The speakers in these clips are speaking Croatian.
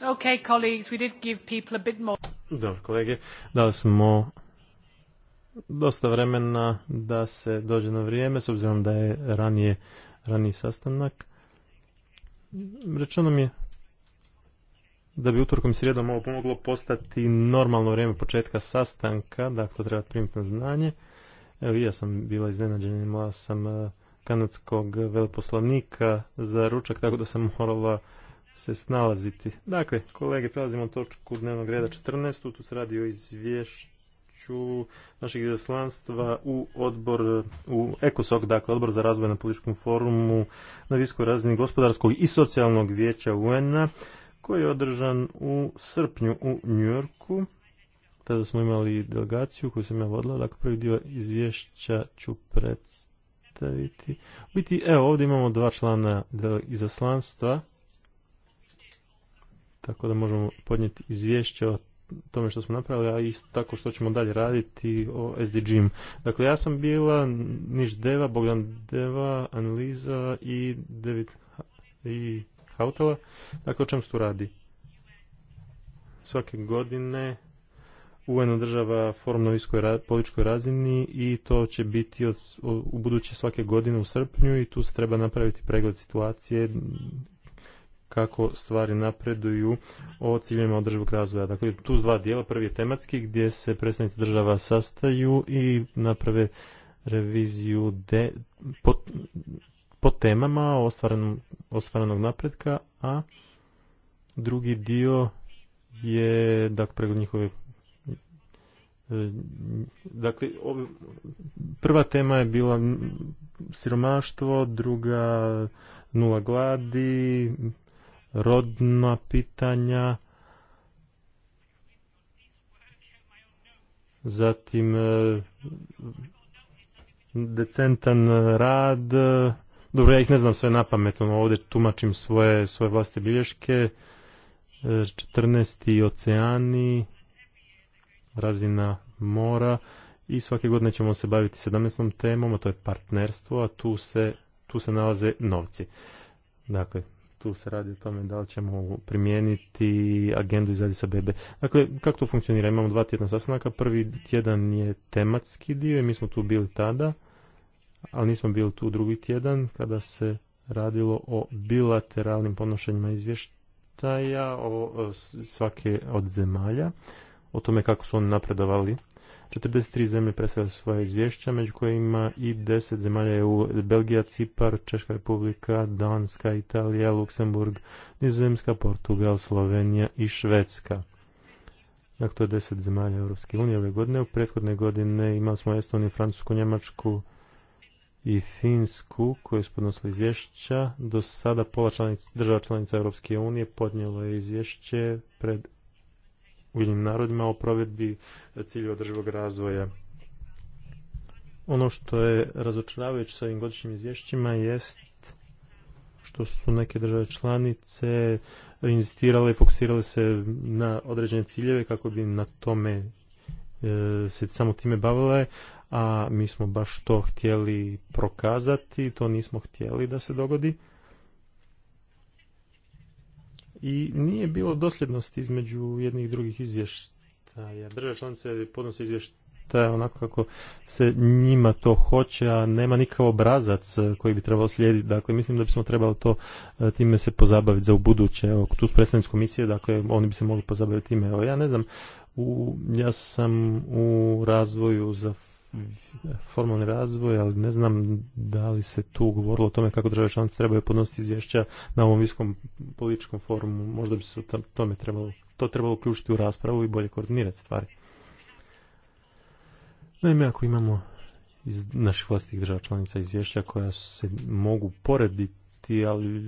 Okay, colleagues, we did give people a bit more. Dobro, kolege, dali smo dosta vremena da se dođe na vrijeme, s obzirom da je ranije, raniji sastanak. Rečeno mi je da bi utorkom i srijedom ovo pomoglo postati normalno vrijeme početka sastanka, dakle treba primiti na znanje. Evo ja sam bila iznenađena, imala sam eh, kanadskog veleposlanika za ručak, tako da sam morala se snalaziti. Dakle, kolege, prelazimo na točku dnevnog reda 14. Tu se radi o izvješću našeg izaslanstva u odbor, u ECOSOC, dakle, odbor za razvoj na političkom forumu na viskoj razini gospodarskog i socijalnog vijeća UN-a, koji je održan u srpnju u Yorku. Tada smo imali delegaciju koju sam ja vodila, dakle, prvi dio izvješća ću predstaviti. biti, evo, ovdje imamo dva člana izaslanstva tako da možemo podnijeti izvješće o tome što smo napravili, a i tako što ćemo dalje raditi o SDG-im. Dakle, ja sam bila Niš Deva, Bogdan Deva, Analiza i David i Hautala. Dakle, o čem se tu radi? Svake godine UN država forum na viskoj političkoj razini i to će biti od, u buduće svake godine u srpnju i tu se treba napraviti pregled situacije kako stvari napreduju o ciljevima održivog razvoja. Dakle, tu su dva dijela. Prvi je tematski gdje se predstavnici država sastaju i naprave reviziju po, po temama ostvarenog napretka, a drugi dio je dakle, pregled njihove e, Dakle, prva tema je bila siromaštvo, druga nula gladi, rodna pitanja, zatim e, decentan rad, dobro, ja ih ne znam sve napametno, ovdje tumačim svoje, svoje vlastite bilješke, 14. E, oceani, razina mora i svake godine ćemo se baviti 17. temom, a to je partnerstvo, a tu se, tu se nalaze novci. Dakle, tu se radi o tome da li ćemo primijeniti agendu iz sa Bebe. Dakle, kako to funkcionira? Imamo dva tjedna sastanaka. Prvi tjedan je tematski dio i mi smo tu bili tada, ali nismo bili tu drugi tjedan kada se radilo o bilateralnim ponošenjima izvještaja o svake od zemalja, o tome kako su oni napredovali 43 zemlje predstavljaju svoje izvješća, među kojima i 10 zemalja EU, Belgija, Cipar, Češka republika, Danska, Italija, Luksemburg, Nizozemska, Portugal, Slovenija i Švedska. Dakle, to je 10 zemalja Europske unije ove godine. U prethodne godine imali smo Estoniju, Francusku, Njemačku i Finsku koje su podnosili izvješća. Do sada pola država članica Europske unije podnijelo je izvješće pred ujedinim narodima o provedbi ciljeva održivog razvoja. Ono što je razočaravajuće sa ovim godišnjim izvješćima jest što su neke države članice inzistirale i fokusirale se na određene ciljeve kako bi na tome e, se samo time bavile, a mi smo baš to htjeli prokazati, to nismo htjeli da se dogodi i nije bilo dosljednosti između jednih i drugih izvještaja. Države članice podnose izvještaje onako kako se njima to hoće, a nema nikakav obrazac koji bi trebalo slijediti. Dakle, mislim da bismo trebali to e, time se pozabaviti za ubuduće. Evo, tu su predstavnici komisije, dakle, oni bi se mogli pozabaviti time. Evo, ja ne znam, u, ja sam u razvoju za formalni razvoj, ali ne znam da li se tu govorilo o tome kako države članice trebaju podnositi izvješća na ovom viskom političkom forumu. Možda bi se tome trebalo, to trebalo uključiti u raspravu i bolje koordinirati stvari. Naime, ako imamo iz naših vlastitih država članica izvješća koja se mogu porediti ali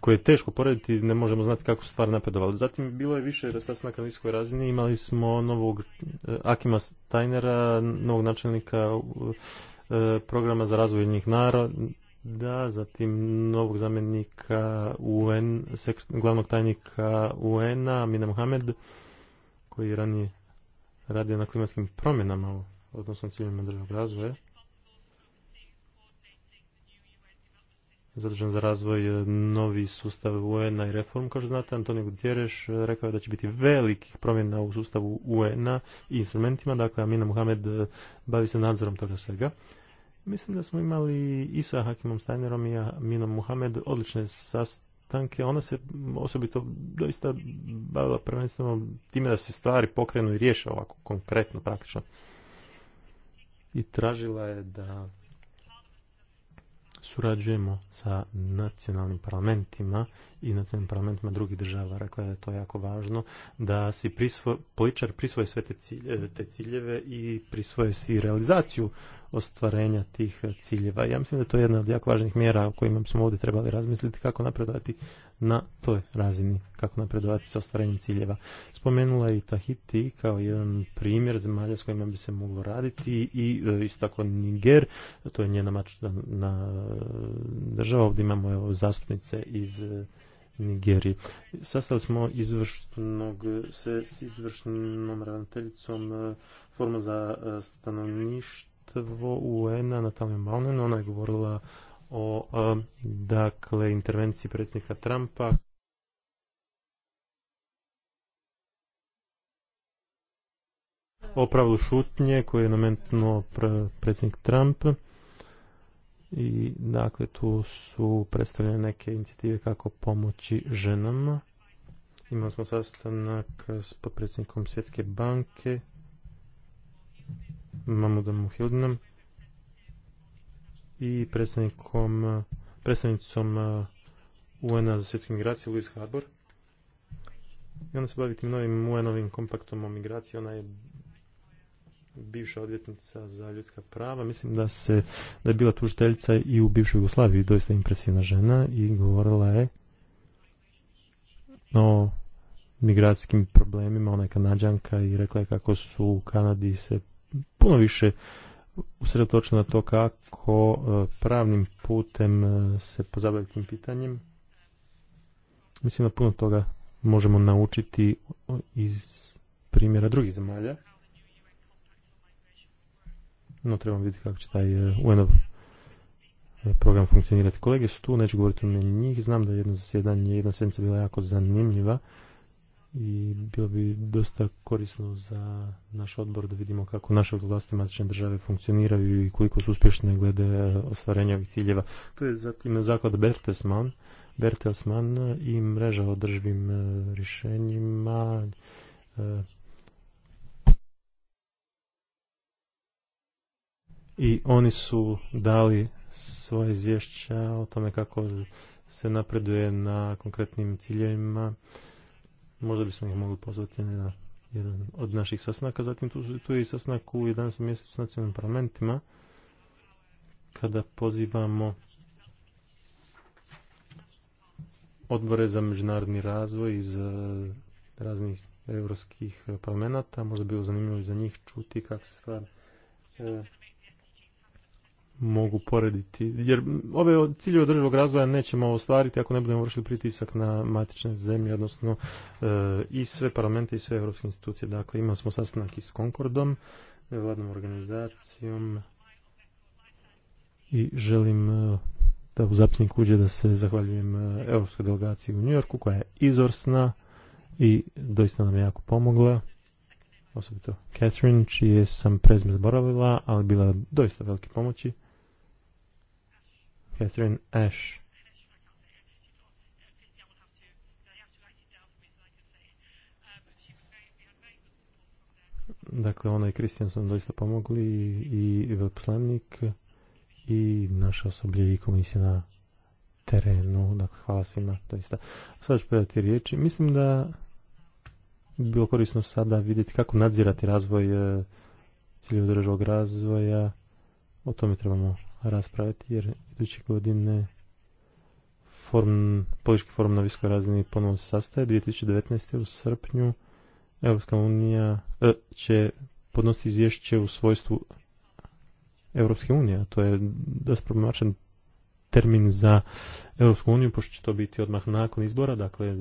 koje je teško porediti, ne možemo znati kako su stvari napredovali. Zatim bilo je više sastanaka na niskoj razini, imali smo novog e, Akima Steinera, novog načelnika e, programa za razvoj njih naroda, zatim novog zamjenika UN, glavnog tajnika UN-a, Mina Mohamed, koji je ranije radio na klimatskim promjenama, odnosno ciljima državnog razvoja. zadužen za razvoj e, novi sustav UN-a i reform, kao što znate, Antonio Gutierrez e, rekao je da će biti velikih promjena u sustavu UN-a i instrumentima, dakle Amina Muhamed e, bavi se nadzorom toga svega. Mislim da smo imali i sa Hakimom Steinerom i Aminom Muhamed odlične sastanke. Ona se osobito doista bavila prvenstveno time da se stvari pokrenu i riješe ovako konkretno, praktično. I tražila je da surađujemo sa nacionalnim parlamentima i nacionalnim parlamentima drugih država. Rekla dakle, je to jako važno da si prisvo, političar prisvoje sve te ciljeve i prisvoje si realizaciju ostvarenja tih ciljeva. Ja mislim da je to jedna od jako važnih mjera o kojima smo ovdje trebali razmisliti kako napredovati na toj razini, kako napredovati sa ostvarenjem ciljeva. Spomenula je i Tahiti kao jedan primjer zemalja s kojima bi se moglo raditi i e, isto tako Niger, to je njena mačna na država, ovdje imamo evo, zastupnice iz e, Nigeri. Sastali smo izvršnog, se s izvršnom ravnateljicom e, Forma za stanovništvo izaslanstvo UN-a Natalija Malnen, ona je govorila o um, dakle intervenciji predsjednika Trumpa o šutnje koje je nametnuo predsjednik Trump i dakle tu su predstavljene neke inicijative kako pomoći ženama. Imali smo sastanak s potpredsjednikom Svjetske banke Mamudom Muhildinom i predstavnikom, predstavnicom eh, UN-a za svjetske migracije, Luis Harbor. I ona se baviti novim UN-ovim kompaktom o migraciji. Ona je bivša odvjetnica za ljudska prava. Mislim da, se, da je bila tužiteljica i u bivšoj Jugoslaviji, doista impresivna žena i govorila je o migracijskim problemima, ona je kanadžanka i rekla je kako su u Kanadi se puno više točno na to kako e, pravnim putem e, se pozabaviti tim pitanjem. Mislim da puno toga možemo naučiti iz primjera drugih zemalja. No, trebamo vidjeti kako će taj e, un program funkcionirati. Kolege su tu, neću govoriti o njih. Znam da je jedno zasjedanje, jedna sjednica bila jako zanimljiva i bilo bi dosta korisno za naš odbor da vidimo kako naše vlasti matične države funkcioniraju i koliko su uspješne glede e, ostvarenja ovih ciljeva. To je zatim zaklad Bertelsmann, Bertelsmann i mreža održivim e, rješenjima. E, I oni su dali svoje izvješća o tome kako se napreduje na konkretnim ciljevima. Možda bismo ih mogli pozvati na jedan od naših sastanaka. Zatim tu, tu je i sasnak u 11. mjesecu s nacionalnim parlamentima kada pozivamo odbore za međunarodni razvoj iz e, raznih europskih parlamenta. Možda bi bilo zanimljivo i za njih čuti kako se stvar e, mogu porediti. Jer ove ciljeve održivog razvoja nećemo ostvariti ako ne budemo vršili pritisak na matične zemlje, odnosno e, i sve parlamente i sve europske institucije. Dakle, imali smo sastanak i s Concordom, e, vladnom organizacijom i želim e, da u zapisnik uđe da se zahvaljujem e, europskoj delegaciji u Yorku, koja je izvrsna i doista nam je jako pomogla osobito Catherine, čije sam prezme zaboravila, ali bila doista velike pomoći. Catherine Ash. Dakle, ona i Kristijan su nam doista pomogli i veleposlanik i naša osoblje i komisija na terenu. Dakle, hvala svima, doista. Sada ću predati riječi. Mislim da bi bilo korisno sada vidjeti kako nadzirati razvoj e, ciljeva održivog razvoja. O tome trebamo raspraviti jer Sljedeće godine politički forum na viskoj razini ponovno se sastaje. 2019. u srpnju Europska unija e, će podnositi izvješće u svojstvu Europske unije. to je dosta problematičan termin za Europsku uniju, pošto će to biti odmah nakon izbora, dakle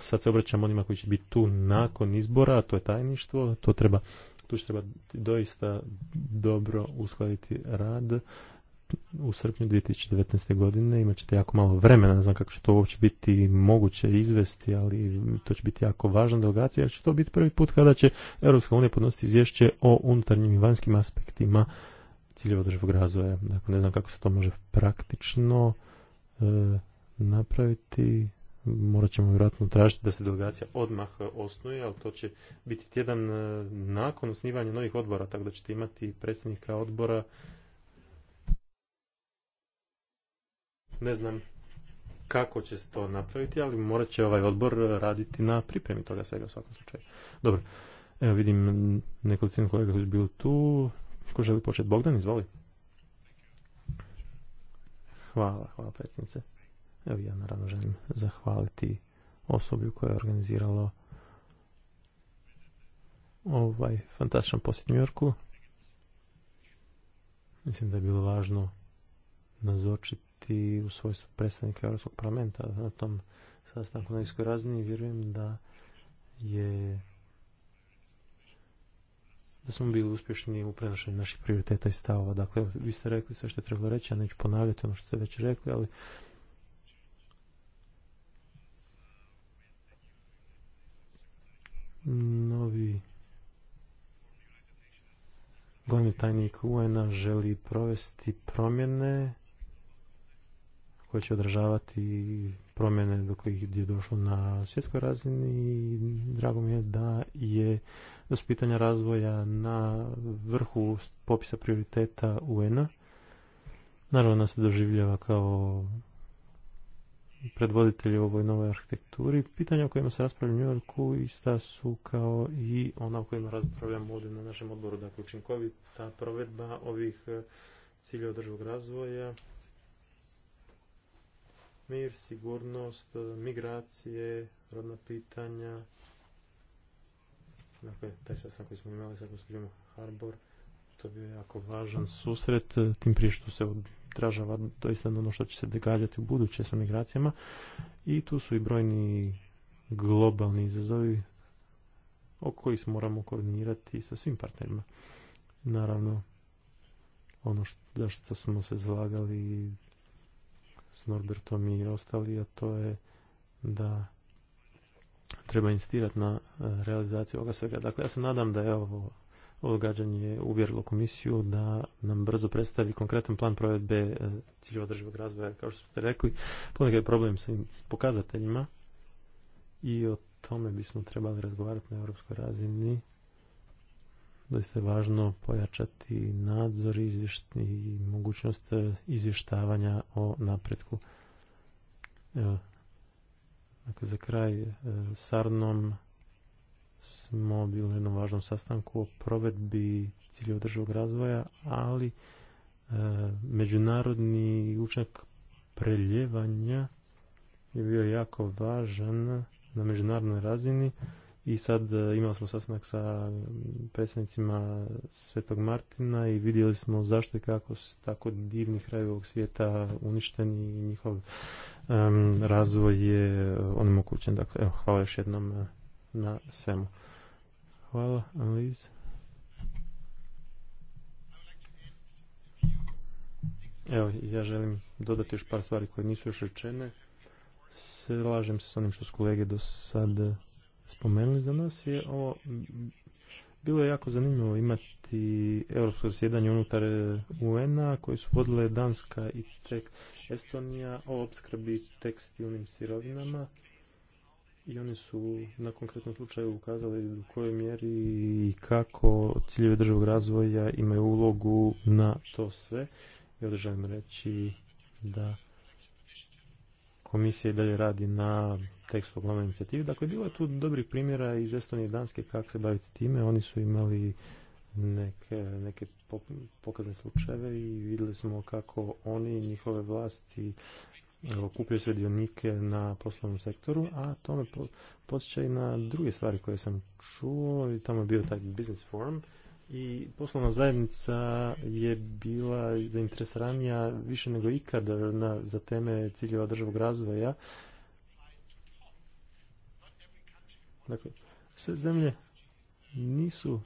sad se obraćam onima koji će biti tu nakon izbora, to je tajništvo, to treba, tu će treba doista dobro uskladiti rad u srpnju 2019. godine imat ćete jako malo vremena, ne znam kako će to uopće biti moguće izvesti, ali to će biti jako važna delegacija, jer će to biti prvi put kada će Europska unija podnositi izvješće o unutarnjim i vanjskim aspektima ciljeva održivog razvoja. Dakle, ne znam kako se to može praktično e, napraviti. Morat ćemo vjerojatno tražiti da se delegacija odmah osnuje, ali to će biti tjedan e, nakon osnivanja novih odbora, tako da ćete imati predsjednika odbora Ne znam kako će se to napraviti, ali morat će ovaj odbor raditi na pripremi toga svega u svakom slučaju. Dobro, evo vidim nekolicinu kolega koji je tu. Ko želi početi? Bogdan, izvoli. Hvala, hvala predsjednice. Evo ja naravno želim zahvaliti osobi koja je organiziralo ovaj fantastičan posjet New Yorku. Mislim da je bilo važno nazočiti biti u svojstvu predstavnika Europskog parlamenta na tom sastanku na iskoj razini. Vjerujem da je da smo bili uspješni u prenošenju naših prioriteta i stavova. Dakle, vi ste rekli sve što je trebalo reći, ja neću ponavljati ono što ste već rekli, ali novi glavni tajnik UN-a želi provesti promjene koje će održavati promjene do kojih je došlo na svjetskoj razini i drago mi je da je do pitanja razvoja na vrhu popisa prioriteta UN-a. Naravno nas se doživljava kao predvoditelji ovoj novoj arhitekturi. Pitanja o kojima se raspravljamo u Yorku ista su kao i ona o kojima raspravljamo ovdje na našem odboru. Dakle, učinkovita provedba ovih eh, cilja održivog razvoja mir, sigurnost, migracije, rodna pitanja. Dakle, taj sastanak koji smo imali sa gospođom Harbor, to bi je jako važan susret, e, tim prije što se odražava doista ono što će se događati u buduće sa migracijama. I tu su i brojni globalni izazovi o koji se moramo koordinirati sa svim partnerima. Naravno, ono što, za što smo se zalagali s Norbertom i ostali, a to je da treba insistirati na e, realizaciju ovoga svega. Dakle, ja se nadam da je ovo odgađanje uvjerilo komisiju da nam brzo predstavi konkretan plan provedbe e, ciljeva održivog razvoja. Kao što ste rekli, ponekad je problem sa pokazateljima i o tome bismo trebali razgovarati na europskoj razini doista je važno pojačati nadzor i mogućnost e, izvještavanja o napretku. Evo, dakle, za kraj e, Sarnom smo bili na jednom važnom sastanku o provedbi cilja održivog razvoja, ali e, međunarodni učak preljevanja je bio jako važan na međunarodnoj razini i sad e, imali smo sastanak sa predsjednicima Svetog Martina i vidjeli smo zašto i kako su tako divni krajevi ovog svijeta uništeni i njihov um, razvoj je onemogućen. Dakle, evo, hvala još jednom e, na, svemu. Hvala, Anliz. Evo, ja želim dodati još par stvari koje nisu još rečene. Slažem se s onim što su kolege do sad spomenuli za nas je ovo bilo je jako zanimljivo imati europsko zasjedanje unutar UN-a koji su vodile Danska i Estonija o opskrbi tekstilnim sirovinama i oni su na konkretnom slučaju ukazali u kojoj mjeri i kako ciljeve državog razvoja imaju ulogu na to sve. Ja želim reći da komisija i dalje radi na tekstu glavne inicijative. Dakle, bilo je tu dobrih primjera iz Estonije i Danske kako se baviti time. Oni su imali neke, neke pokazne slučajeve i vidjeli smo kako oni i njihove vlasti okupljaju sredionike na poslovnom sektoru, a to me podsjeća i na druge stvari koje sam čuo i tamo je bio taj business forum i poslovna zajednica je bila zainteresiranija više nego ikad na, za teme ciljeva državog razvoja. Dakle, sve zemlje nisu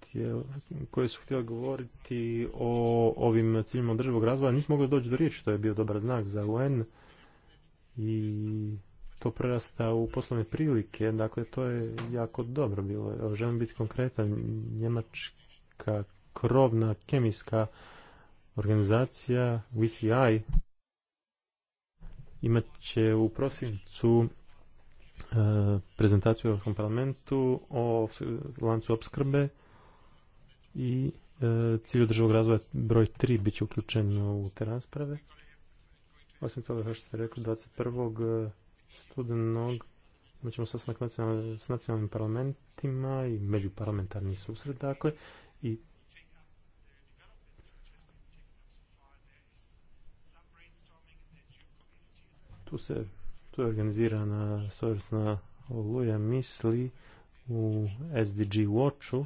htjeli, koje su htjele govoriti o ovim ciljima državog razvoja, nisu mogli doći do riječi, to je bio dobar znak za UN i to prerasta u poslovne prilike, dakle to je jako dobro bilo. Evo, želim biti konkretan, Njemački neka krovna kemijska organizacija VCI imat će u prosincu e, prezentaciju u Europskom parlamentu o lancu opskrbe i e, cilju cilj održivog razvoja broj 3 bit će uključen u te rasprave. Osim toga, kao što ste rekli, 21. E, studenog imat ćemo sastanak s nacionalnim parlamentima i međuparlamentarni susret, dakle, i tu se tu je organizirana svojevrsna oluja misli u SDG Watchu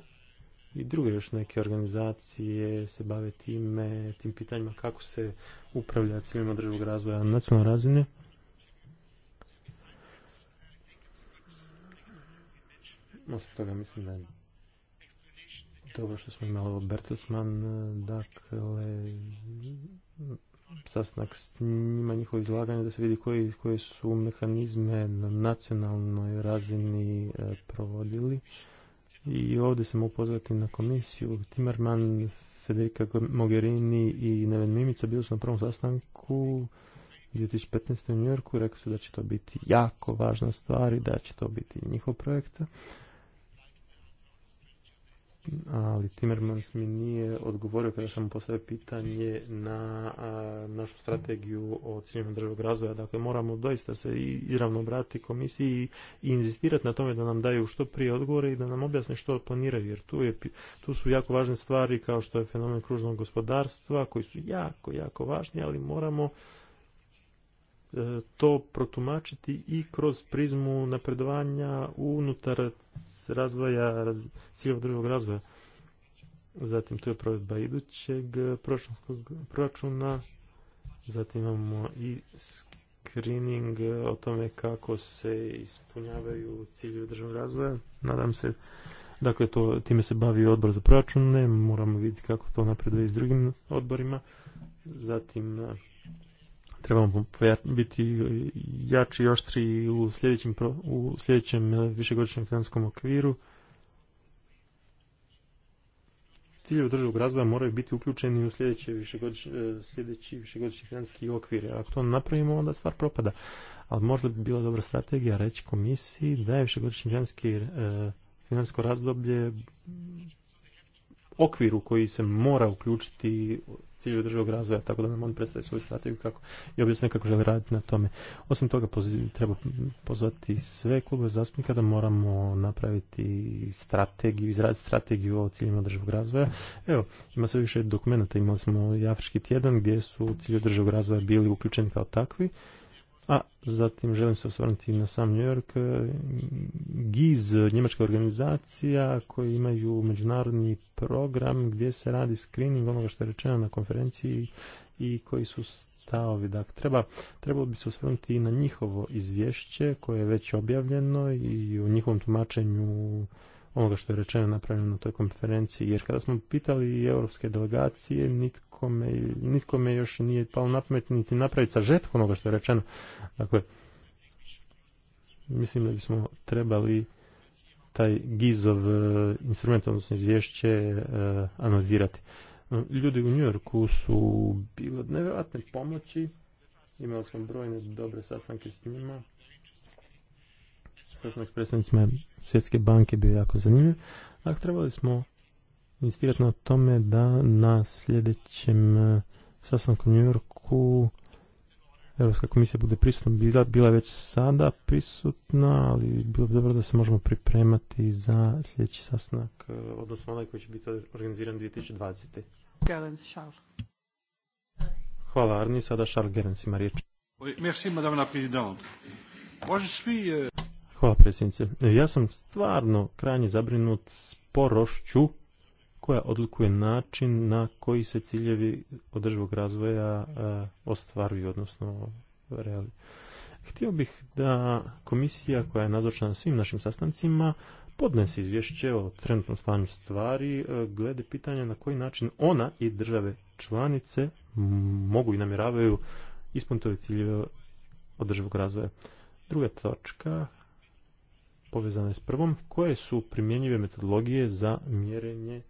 i druge još neke organizacije se bave time, tim pitanjima kako se upravlja ciljima državog razvoja na nacionalnoj razini. Osim toga mislim da je to što smo imali Bertelsmann, e, dakle, sastanak s njima, njihovo izlaganje, da se vidi koji, koje su mehanizme na nacionalnoj razini e, provodili. I ovdje sam pozvati na komisiju. Timerman, Federica Mogherini i Neven Mimica bili su na prvom sastanku 2015. u Njorku. Rekli su da će to biti jako važna stvar i da će to biti njihov projekt ali Timmermans mi nije odgovorio kada sam postavio pitanje na našu strategiju o ciljima državog razvoja. Dakle, moramo doista se izravno obratiti komisiji i, i inzistirati na tome da nam daju što prije odgovore i da nam objasne što planiraju, jer tu, je, tu su jako važne stvari kao što je fenomen kružnog gospodarstva, koji su jako, jako važni, ali moramo e, to protumačiti i kroz prizmu napredovanja unutar razvoja, raz, ciljeva drugog razvoja. Zatim tu je provedba idućeg eh, proračunskog proračuna. Zatim imamo i screening eh, o tome kako se ispunjavaju ciljevi državnog razvoja. Nadam se, dakle, to, time se bavi odbor za proračune, moramo vidjeti kako to napreduje i s drugim odborima. Zatim eh, trebamo biti jači i oštri u sljedećem, u sljedećem eh, višegodišnjem financijskom okviru. Ciljevi održivog razvoja moraju biti uključeni u sljedeće višegodišnji, eh, sljedeći višegodišnji financijski okvir. Ako to napravimo, onda stvar propada. Ali možda bi bila dobra strategija reći komisiji da je višegodišnji finanski eh, financijsko razdoblje okviru koji se mora uključiti cilju državog razvoja, tako da nam on predstavi svoju strategiju kako, i objasni kako želi raditi na tome. Osim toga, treba pozvati sve klube zastupnika da moramo napraviti strategiju, izraditi strategiju o ciljima državog razvoja. Evo, ima sve više dokumenta, imali smo i Afrički tjedan gdje su cilju državog razvoja bili uključeni kao takvi a zatim želim se osvrnuti na sam New York. GIZ, njemačka organizacija koji imaju međunarodni program gdje se radi screening onoga što je rečeno na konferenciji i koji su stavovi. Dakle, treba, trebalo bi se osvrnuti i na njihovo izvješće koje je već objavljeno i u njihovom tumačenju onoga što je rečeno napravljeno na toj konferenciji, jer kada smo pitali i europske delegacije, nitko me, još nije palo na pamet niti napraviti sažetak onoga što je rečeno. Dakle, mislim da bismo trebali taj gizov e, instrument, odnosno izvješće, e, analizirati. Ljudi u Njujorku su bili od nevjerojatne pomoći, imali smo brojne dobre sastanke s njima, sastanak s predstavnicima Svjetske banke bio jako zanimljiv. Dakle, trebali smo insistirati na tome da na sljedećem e, sastanku u New Yorku Europska komisija bude prisutna. Bila, bila je već sada prisutna, ali bilo bi dobro da se možemo pripremati za sljedeći sastanak, e, odnosno onaj koji će biti organiziran 2020. Gerens, Charles. Hvala Arni, sada Charles Gerens ima riječ. Oui, merci madame la présidente. Moi je suis... Euh, Hvala predsjednice. E, ja sam stvarno krajnje zabrinut sporošću koja odlikuje način na koji se ciljevi održivog razvoja e, ostvaruju, odnosno reali. Htio bih da komisija koja je nazočna na svim našim sastancima podnese izvješće o trenutnom stanju stvari e, glede pitanja na koji način ona i države članice mogu i namjeravaju ispuniti ove ciljeve održivog razvoja. Druga točka, Povezane s prvom, koje su primjenjive metodologije za mjerenje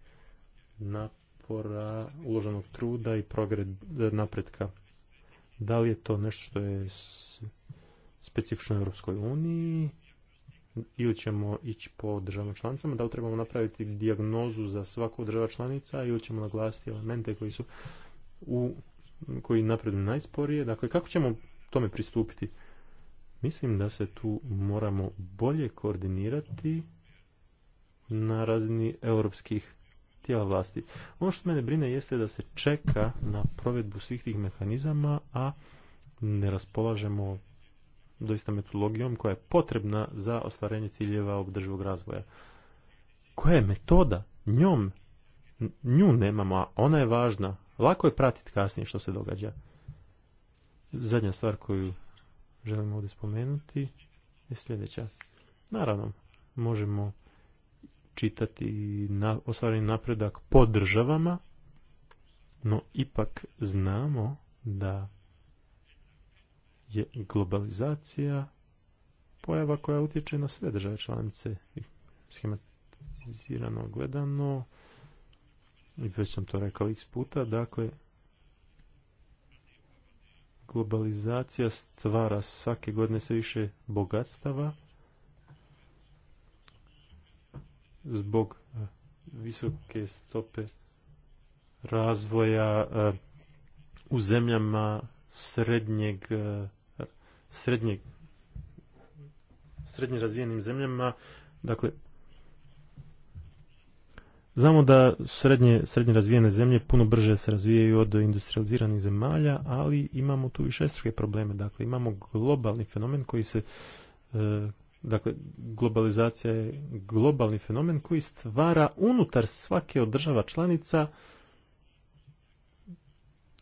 napora, uloženog truda i progred, e, napretka? Da li je to nešto što je specifično Europskoj uniji ili ćemo ići po državama članicama, da li trebamo napraviti dijagnozu za svaku država članica ili ćemo naglasiti elemente koji su u koji napreduju najsporije, dakle kako ćemo tome pristupiti? Mislim da se tu moramo bolje koordinirati na razini europskih tijela vlasti. Ono što mene brine jeste da se čeka na provedbu svih tih mehanizama, a ne raspolažemo doista metodologijom koja je potrebna za ostvarenje ciljeva obdrživog razvoja. Koja je metoda? Njom, nju nemamo, a ona je važna. Lako je pratiti kasnije što se događa. Zadnja stvar koju želim ovdje spomenuti je sljedeća. Naravno, možemo čitati na, ostvareni napredak po državama, no ipak znamo da je globalizacija pojava koja utječe na sve države članice schematizirano gledano i već sam to rekao x puta dakle globalizacija stvara svake godine sve više bogatstava zbog e, visoke stope razvoja e, u zemljama srednjeg, e, srednjeg srednje razvijenim zemljama, dakle Znamo da srednje, srednje razvijene zemlje puno brže se razvijaju od industrializiranih zemalja, ali imamo tu i šestruke probleme. Dakle, imamo globalni fenomen koji se, e, dakle, globalizacija je globalni fenomen koji stvara unutar svake od država članica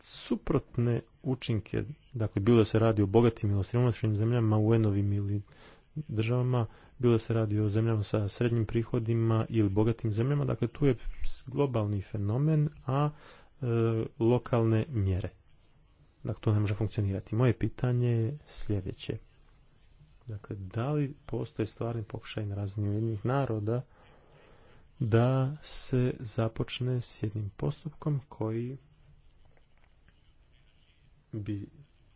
suprotne učinke. Dakle, bilo da se radi o bogatim ili siromašnim zemljama, u ovim ili državama, bilo se radi o zemljama sa srednjim prihodima ili bogatim zemljama, dakle tu je globalni fenomen, a e, lokalne mjere. Dakle, to ne može funkcionirati. Moje pitanje je sljedeće. Dakle, da li postoje stvarni pokušaj na razini naroda da se započne s jednim postupkom koji bi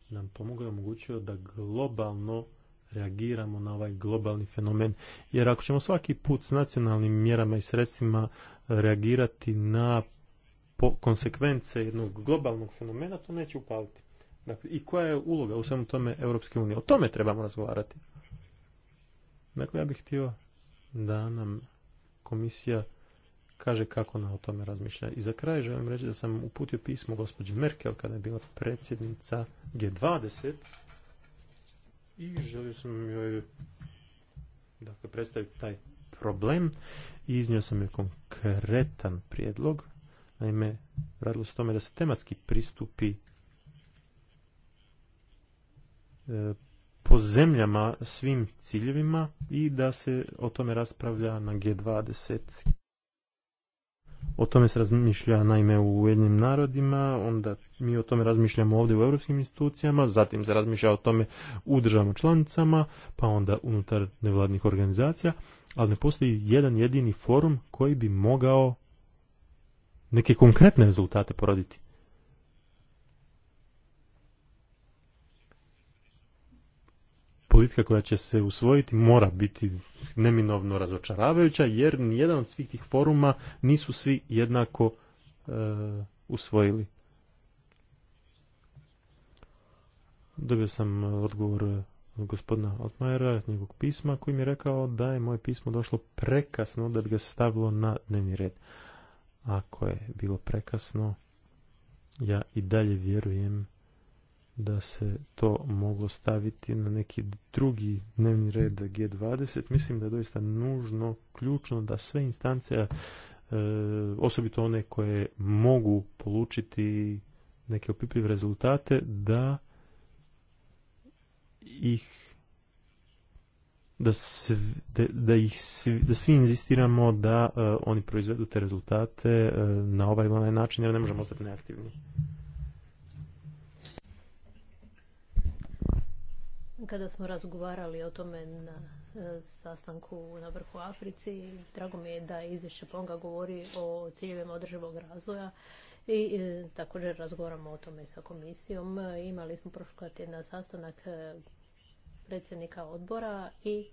nam pomogao i omogućio da globalno reagiramo na ovaj globalni fenomen. Jer ako ćemo svaki put s nacionalnim mjerama i sredstvima reagirati na konsekvence jednog globalnog fenomena, to neće upaliti. Dakle, I koja je uloga u svemu tome Europske unije? O tome trebamo razgovarati. Dakle, ja bih htio da nam komisija kaže kako na o tome razmišlja. I za kraj želim reći da sam uputio pismo gospođi Merkel kada je bila predsjednica G20 i želio sam joj dakle, predstaviti taj problem i iznio sam joj konkretan prijedlog. Naime, radilo se o tome da se tematski pristupi e, po zemljama svim ciljevima i da se o tome raspravlja na G20 o tome se razmišlja naime u jednim narodima, onda mi o tome razmišljamo ovdje u europskim institucijama, zatim se razmišlja o tome u državama članicama, pa onda unutar nevladnih organizacija, ali ne postoji jedan jedini forum koji bi mogao neke konkretne rezultate poroditi. politika koja će se usvojiti mora biti neminovno razočaravajuća jer nijedan od svih tih foruma nisu svi jednako e, usvojili. Dobio sam odgovor gospodina Altmajera, njegovog pisma, koji mi je rekao da je moje pismo došlo prekasno da bi ga stavilo na dnevni red. Ako je bilo prekasno, ja i dalje vjerujem da se to moglo staviti na neki drugi dnevni red G20. Mislim da je doista nužno, ključno da sve instance, e, osobito one koje mogu polučiti neke opipljive rezultate, da ih da, svi, da, da, ih svi, da svi inzistiramo da e, oni proizvedu te rezultate e, na ovaj ili onaj način jer ne možemo ostati neaktivni. kada smo razgovarali o tome na e, sastanku na vrhu Africi. Drago mi je da izvješće Ponga govori o ciljevima održivog razvoja i e, također razgovaramo o tome sa komisijom. Imali smo prošli na sastanak e, predsjednika odbora i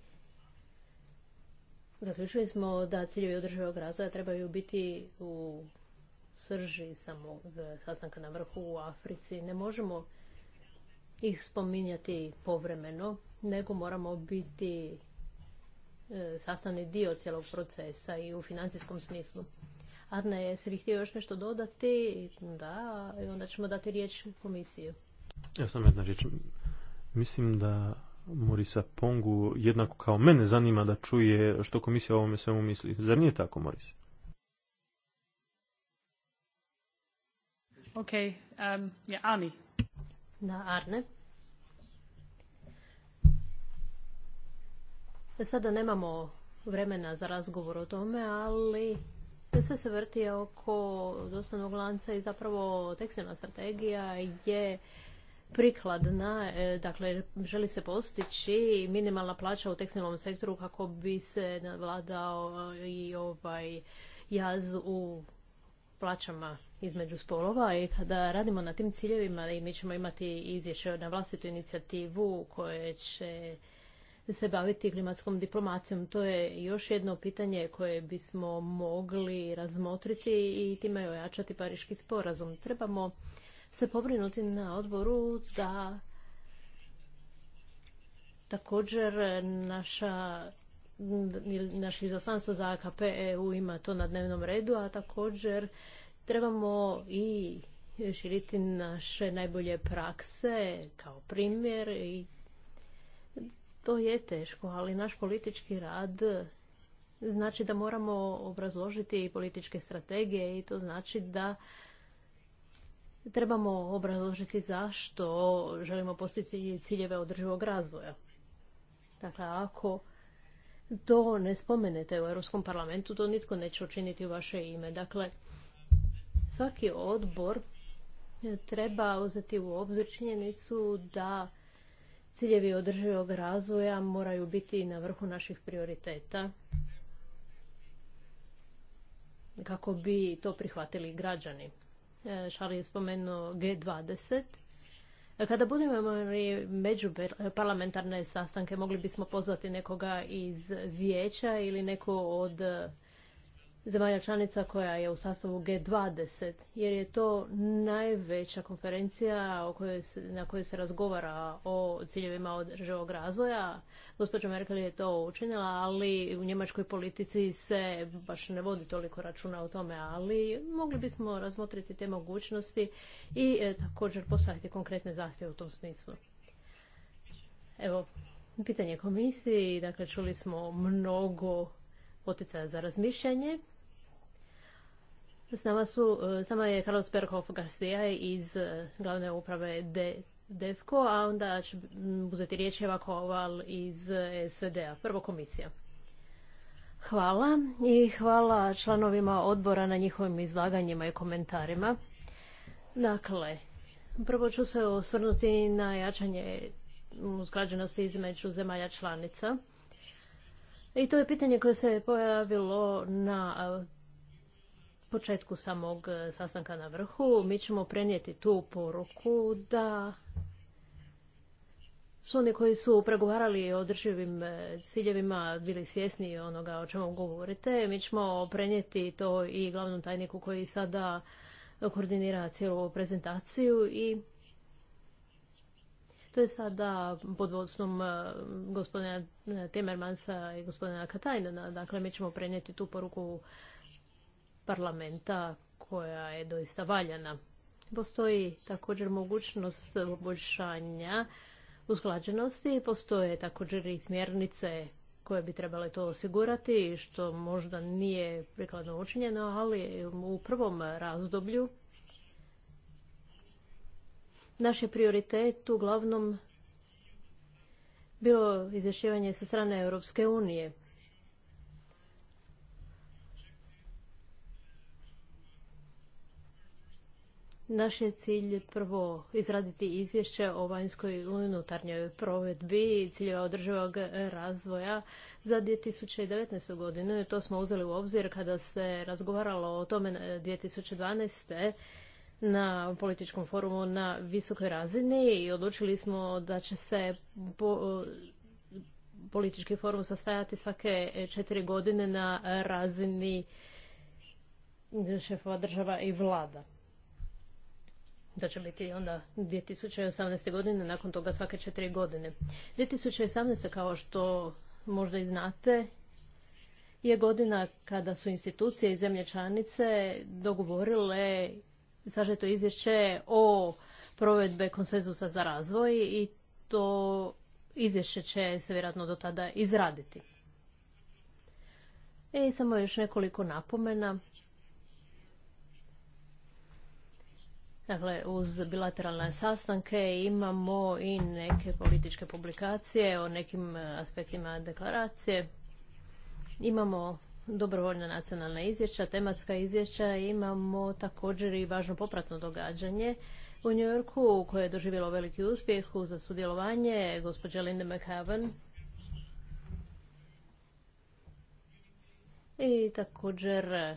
zaključili smo da ciljevi održivog razvoja trebaju biti u srži samog sastanka na vrhu u Africi. Ne možemo ih spominjati povremeno, nego moramo biti e, sastavni dio cijelog procesa i u financijskom smislu. Arne, jesi li htio još nešto dodati? Da, i onda ćemo dati riječ komisiji. Ja sam jedna riječ. Mislim da Morisa Pongu jednako kao mene zanima da čuje što komisija o ovome svemu misli. Zar nije tako, Moris? Ok, um, yeah, Ani, na Arne. Sada nemamo vremena za razgovor o tome, ali sve se vrti oko dostanog lanca i zapravo tekstilna strategija je prikladna, e, dakle želi se postići minimalna plaća u tekstilnom sektoru kako bi se nadvladao i ovaj jaz u plaćama između spolova i kada radimo na tim ciljevima i mi ćemo imati izvješće na vlastitu inicijativu koje će se baviti klimatskom diplomacijom. To je još jedno pitanje koje bismo mogli razmotriti i time ojačati Pariški sporazum. Trebamo se pobrinuti na odboru da također naša naše izaslanstvo za AKP EU ima to na dnevnom redu, a također trebamo i širiti naše najbolje prakse kao primjer i to je teško, ali naš politički rad znači da moramo obrazložiti i političke strategije i to znači da trebamo obrazložiti zašto želimo postići ciljeve održivog razvoja. Dakle, ako to ne spomenete u Europskom parlamentu, to nitko neće učiniti u vaše ime. Dakle, svaki odbor treba uzeti u obzir činjenicu da ciljevi održivog razvoja moraju biti na vrhu naših prioriteta kako bi to prihvatili građani. E, Šali je spomenuo G20. Kada budemo imali parlamentarne sastanke, mogli bismo pozvati nekoga iz vijeća ili neko od zemalja članica koja je u sastavu G20, jer je to najveća konferencija o kojoj se, na kojoj se razgovara o ciljevima održivog razvoja. Gospođa Merkel je to učinila, ali u njemačkoj politici se baš ne vodi toliko računa o tome, ali mogli bismo razmotriti te mogućnosti i e, također postaviti konkretne zahtjeve u tom smislu. Evo, pitanje komisiji, dakle čuli smo mnogo poticaja za razmišljanje. S nama, su, e, s nama je Carlos Perhoff Garcia iz e, glavne uprave DEFKO, a onda će uzeti riječ Eva iz e, SVD-a. Prvo komisija. Hvala i hvala članovima odbora na njihovim izlaganjima i komentarima. Dakle, prvo ću se osvrnuti na jačanje usklađenosti između zemalja članica. I to je pitanje koje se pojavilo na početku samog e, sastanka na vrhu mi ćemo prenijeti tu poruku da su oni koji su pregovarali o održivim e, ciljevima bili svjesni onoga o čemu govorite. Mi ćemo prenijeti to i glavnom tajniku koji sada koordinira cijelu prezentaciju i to je sada pod vodstvom e, gospodina Timmermansa i gospodina Katajnana. Dakle, mi ćemo prenijeti tu poruku parlamenta koja je doista valjana. Postoji također mogućnost poboljšanja usklađenosti, postoje također i smjernice koje bi trebale to osigurati, što možda nije prikladno učinjeno, ali u prvom razdoblju naš je prioritet uglavnom bilo izvješćivanje sa strane Europske unije. Naš je cilj prvo izraditi izvješće o vanjskoj i unutarnjoj provedbi ciljeva održivog razvoja za 2019. godinu. To smo uzeli u obzir kada se razgovaralo o tome 2012 na političkom forumu na visokoj razini i odlučili smo da će se politički forum sastajati svake četiri godine na razini šefova država i vlada. To će biti onda 2018. godine, nakon toga svake četiri godine. 2018. kao što možda i znate, je godina kada su institucije i zemlje članice dogovorile sažeto izvješće o provedbe konsenzusa za razvoj i to izvješće će se vjerojatno do tada izraditi. I e, samo još nekoliko napomena. Dakle, uz bilateralne sastanke imamo i neke političke publikacije o nekim e, aspektima deklaracije. Imamo dobrovoljna nacionalna izvješća, tematska izvješća, imamo također i važno popratno događanje u yorku koje je doživjelo veliki uspjeh za sudjelovanje gospođe Linda McHaven. I također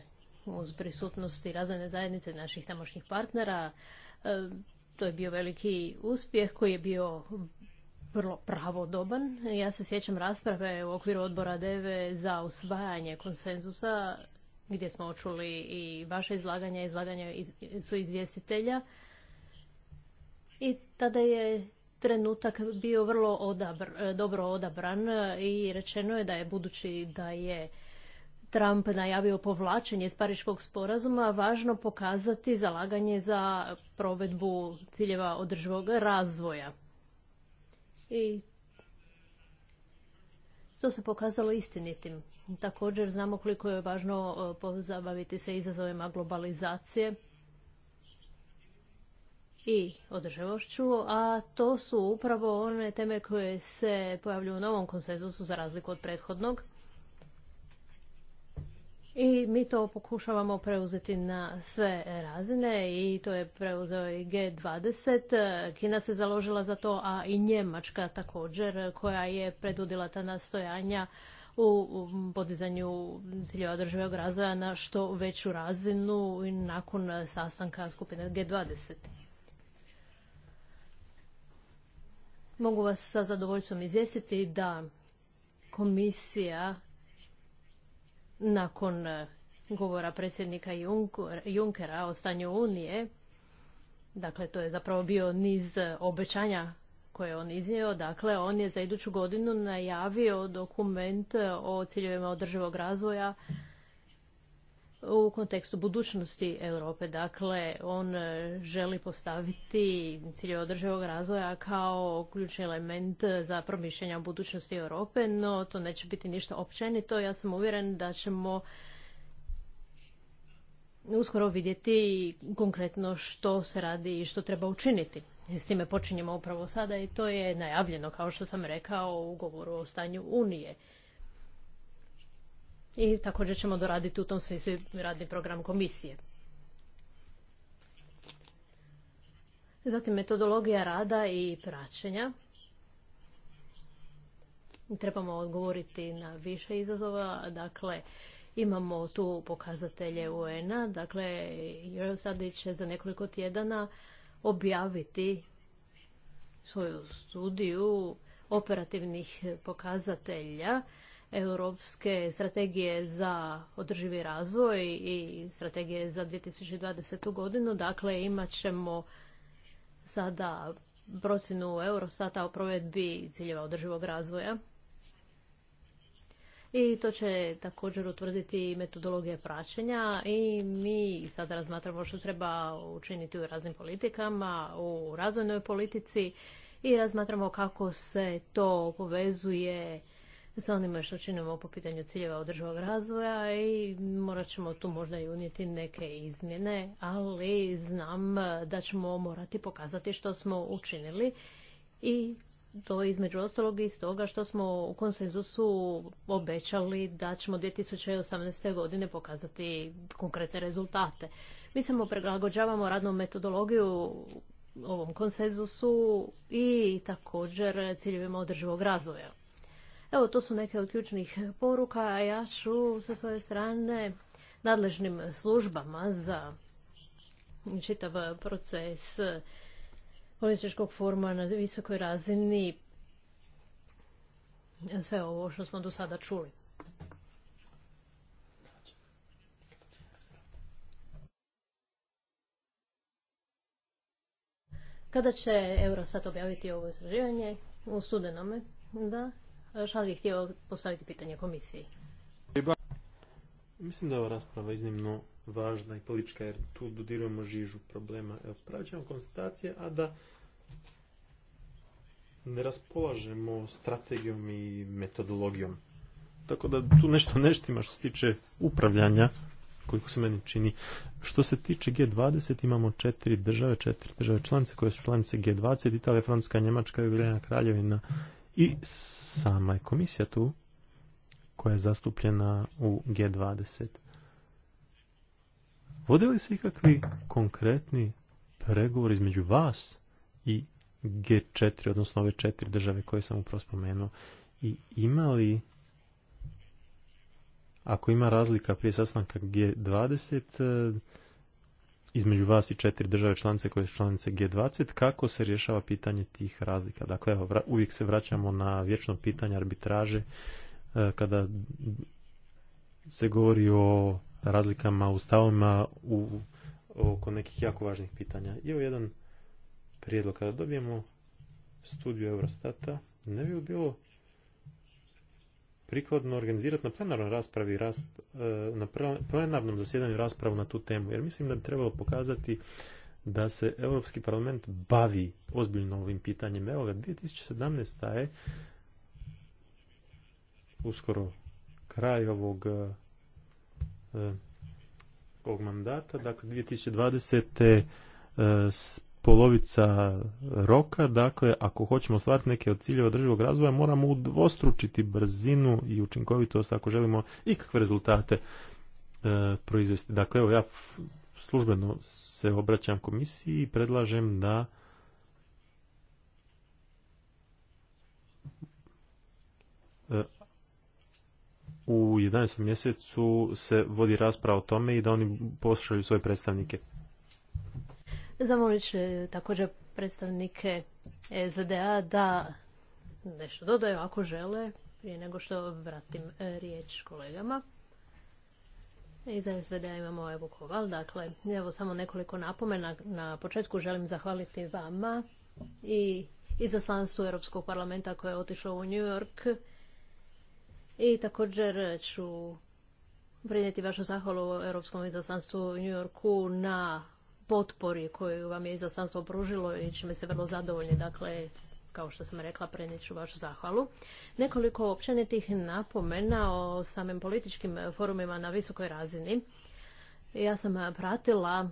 uz prisutnosti razvojne zajednice naših tamošnjih partnera. E, to je bio veliki uspjeh koji je bio vrlo pravodoban. Ja se sjećam rasprave u okviru odbora DEVE za usvajanje konsenzusa gdje smo očuli i vaše izlaganje, izlaganje su izvjestitelja. I tada je trenutak bio vrlo dobro odabran i rečeno je da je budući da je Trump najavio povlačenje iz Pariškog sporazuma, važno pokazati zalaganje za provedbu ciljeva održivog razvoja. I to se pokazalo istinitim. Također znamo koliko je važno e, pozabaviti se izazovima globalizacije i održivošću, a to su upravo one teme koje se pojavljuju u novom konsenzusu za razliku od prethodnog. I mi to pokušavamo preuzeti na sve razine i to je preuzeo i G20. Kina se založila za to, a i Njemačka također koja je predudila ta nastojanja u podizanju ciljeva održivog razvoja na što veću razinu i nakon sastanka skupine G20. Mogu vas sa zadovoljstvom izvijestiti da komisija nakon e, govora predsjednika Junkera o stanju Unije, dakle to je zapravo bio niz e, obećanja koje je on iznio, dakle on je za iduću godinu najavio dokument e, o ciljevima održivog razvoja u kontekstu budućnosti Europe. Dakle, on e, želi postaviti cilje održivog razvoja kao ključni element za promišljanje budućnosti Europe, no to neće biti ništa općenito. Ja sam uvjeren da ćemo uskoro vidjeti konkretno što se radi i što treba učiniti. S time počinjemo upravo sada i to je najavljeno, kao što sam rekao, u govoru o stanju Unije. I također ćemo doraditi u tom smislu radni program komisije. Zatim metodologija rada i praćenja. Trebamo odgovoriti na više izazova. Dakle, imamo tu pokazatelje UN-a. Dakle, sada će za nekoliko tjedana objaviti svoju studiju operativnih pokazatelja europske strategije za održivi razvoj i strategije za 2020. godinu. Dakle, imat ćemo sada procjenu Eurostata o provedbi ciljeva održivog razvoja. I to će također utvrditi metodologije praćenja i mi sada razmatramo što treba učiniti u raznim politikama, u razvojnoj politici i razmatramo kako se to povezuje sa onime što činimo po pitanju ciljeva održivog razvoja i morat ćemo tu možda i unijeti neke izmjene, ali znam da ćemo morati pokazati što smo učinili i to između ostalog iz toga što smo u konsenzusu obećali da ćemo 2018. godine pokazati konkretne rezultate. Mi samo prilagođavamo radnu metodologiju ovom konsenzusu i također ciljevima održivog razvoja. Evo, to su neke od ključnih poruka, a ja ću sa svoje strane nadležnim službama za čitav proces političkog forma na visokoj razini sve ovo što smo do sada čuli. Kada će Eurostat objaviti ovo istraživanje? U studenome, da. E, Šalvi htio postaviti pitanje komisiji. Mislim da je ova rasprava iznimno važna i politička jer tu dodirujemo žižu problema. Evo, ćemo konstatacije, a da ne raspolažemo strategijom i metodologijom. Tako da tu nešto neštima što se tiče upravljanja, koliko se meni čini. Što se tiče G20, imamo četiri države, četiri države članice koje su članice G20, Italija, Francuska, Njemačka i Ugljenja Kraljevina i sama je komisija tu koja je zastupljena u G20. Vode li se ikakvi konkretni pregovor između vas i G4, odnosno ove četiri države koje sam upravo spomenuo? I ima li, ako ima razlika prije sastanka G20, između vas i četiri države članice koje su članice G20, kako se rješava pitanje tih razlika. Dakle, evo, uvijek se vraćamo na vječno pitanje arbitraže e, kada se govori o razlikama u stavima u, oko nekih jako važnih pitanja. I jedan prijedlog. Kada dobijemo studiju Eurostata, ne bi bilo prikladno organizirati na plenarnoj raspravi, e, na plenarnom zasjedanju raspravu na tu temu, jer mislim da bi trebalo pokazati da se Europski parlament bavi ozbiljno ovim pitanjem. Evo ga, 2017. je uskoro kraj ovog e, e, ovog mandata, dakle 2020 polovica roka, dakle ako hoćemo ostvariti neke od ciljeva održivog razvoja moramo udvostručiti brzinu i učinkovitost ako želimo ikakve rezultate e, proizvesti. Dakle, evo ja službeno se obraćam komisiji i predlažem da e, u 11. mjesecu se vodi rasprava o tome i da oni pošalju svoje predstavnike. Zamolit će također predstavnike SDA e da nešto dodaju ako žele, prije nego što vratim e, riječ kolegama. I e za SVD imamo Evo Koval. Dakle, evo samo nekoliko napomena. Na početku želim zahvaliti vama i izaslanstvu Europskog parlamenta koje je otišlo u New York. I također ću prinijeti vašu zahvalu Europskom izaslanstvu u New Yorku na potpori koju vam je izaslanstvo pružilo i čime se vrlo zadovoljni. Dakle, kao što sam rekla, prenijet ću vašu zahvalu. Nekoliko općenitih napomena o samim političkim forumima na visokoj razini. Ja sam pratila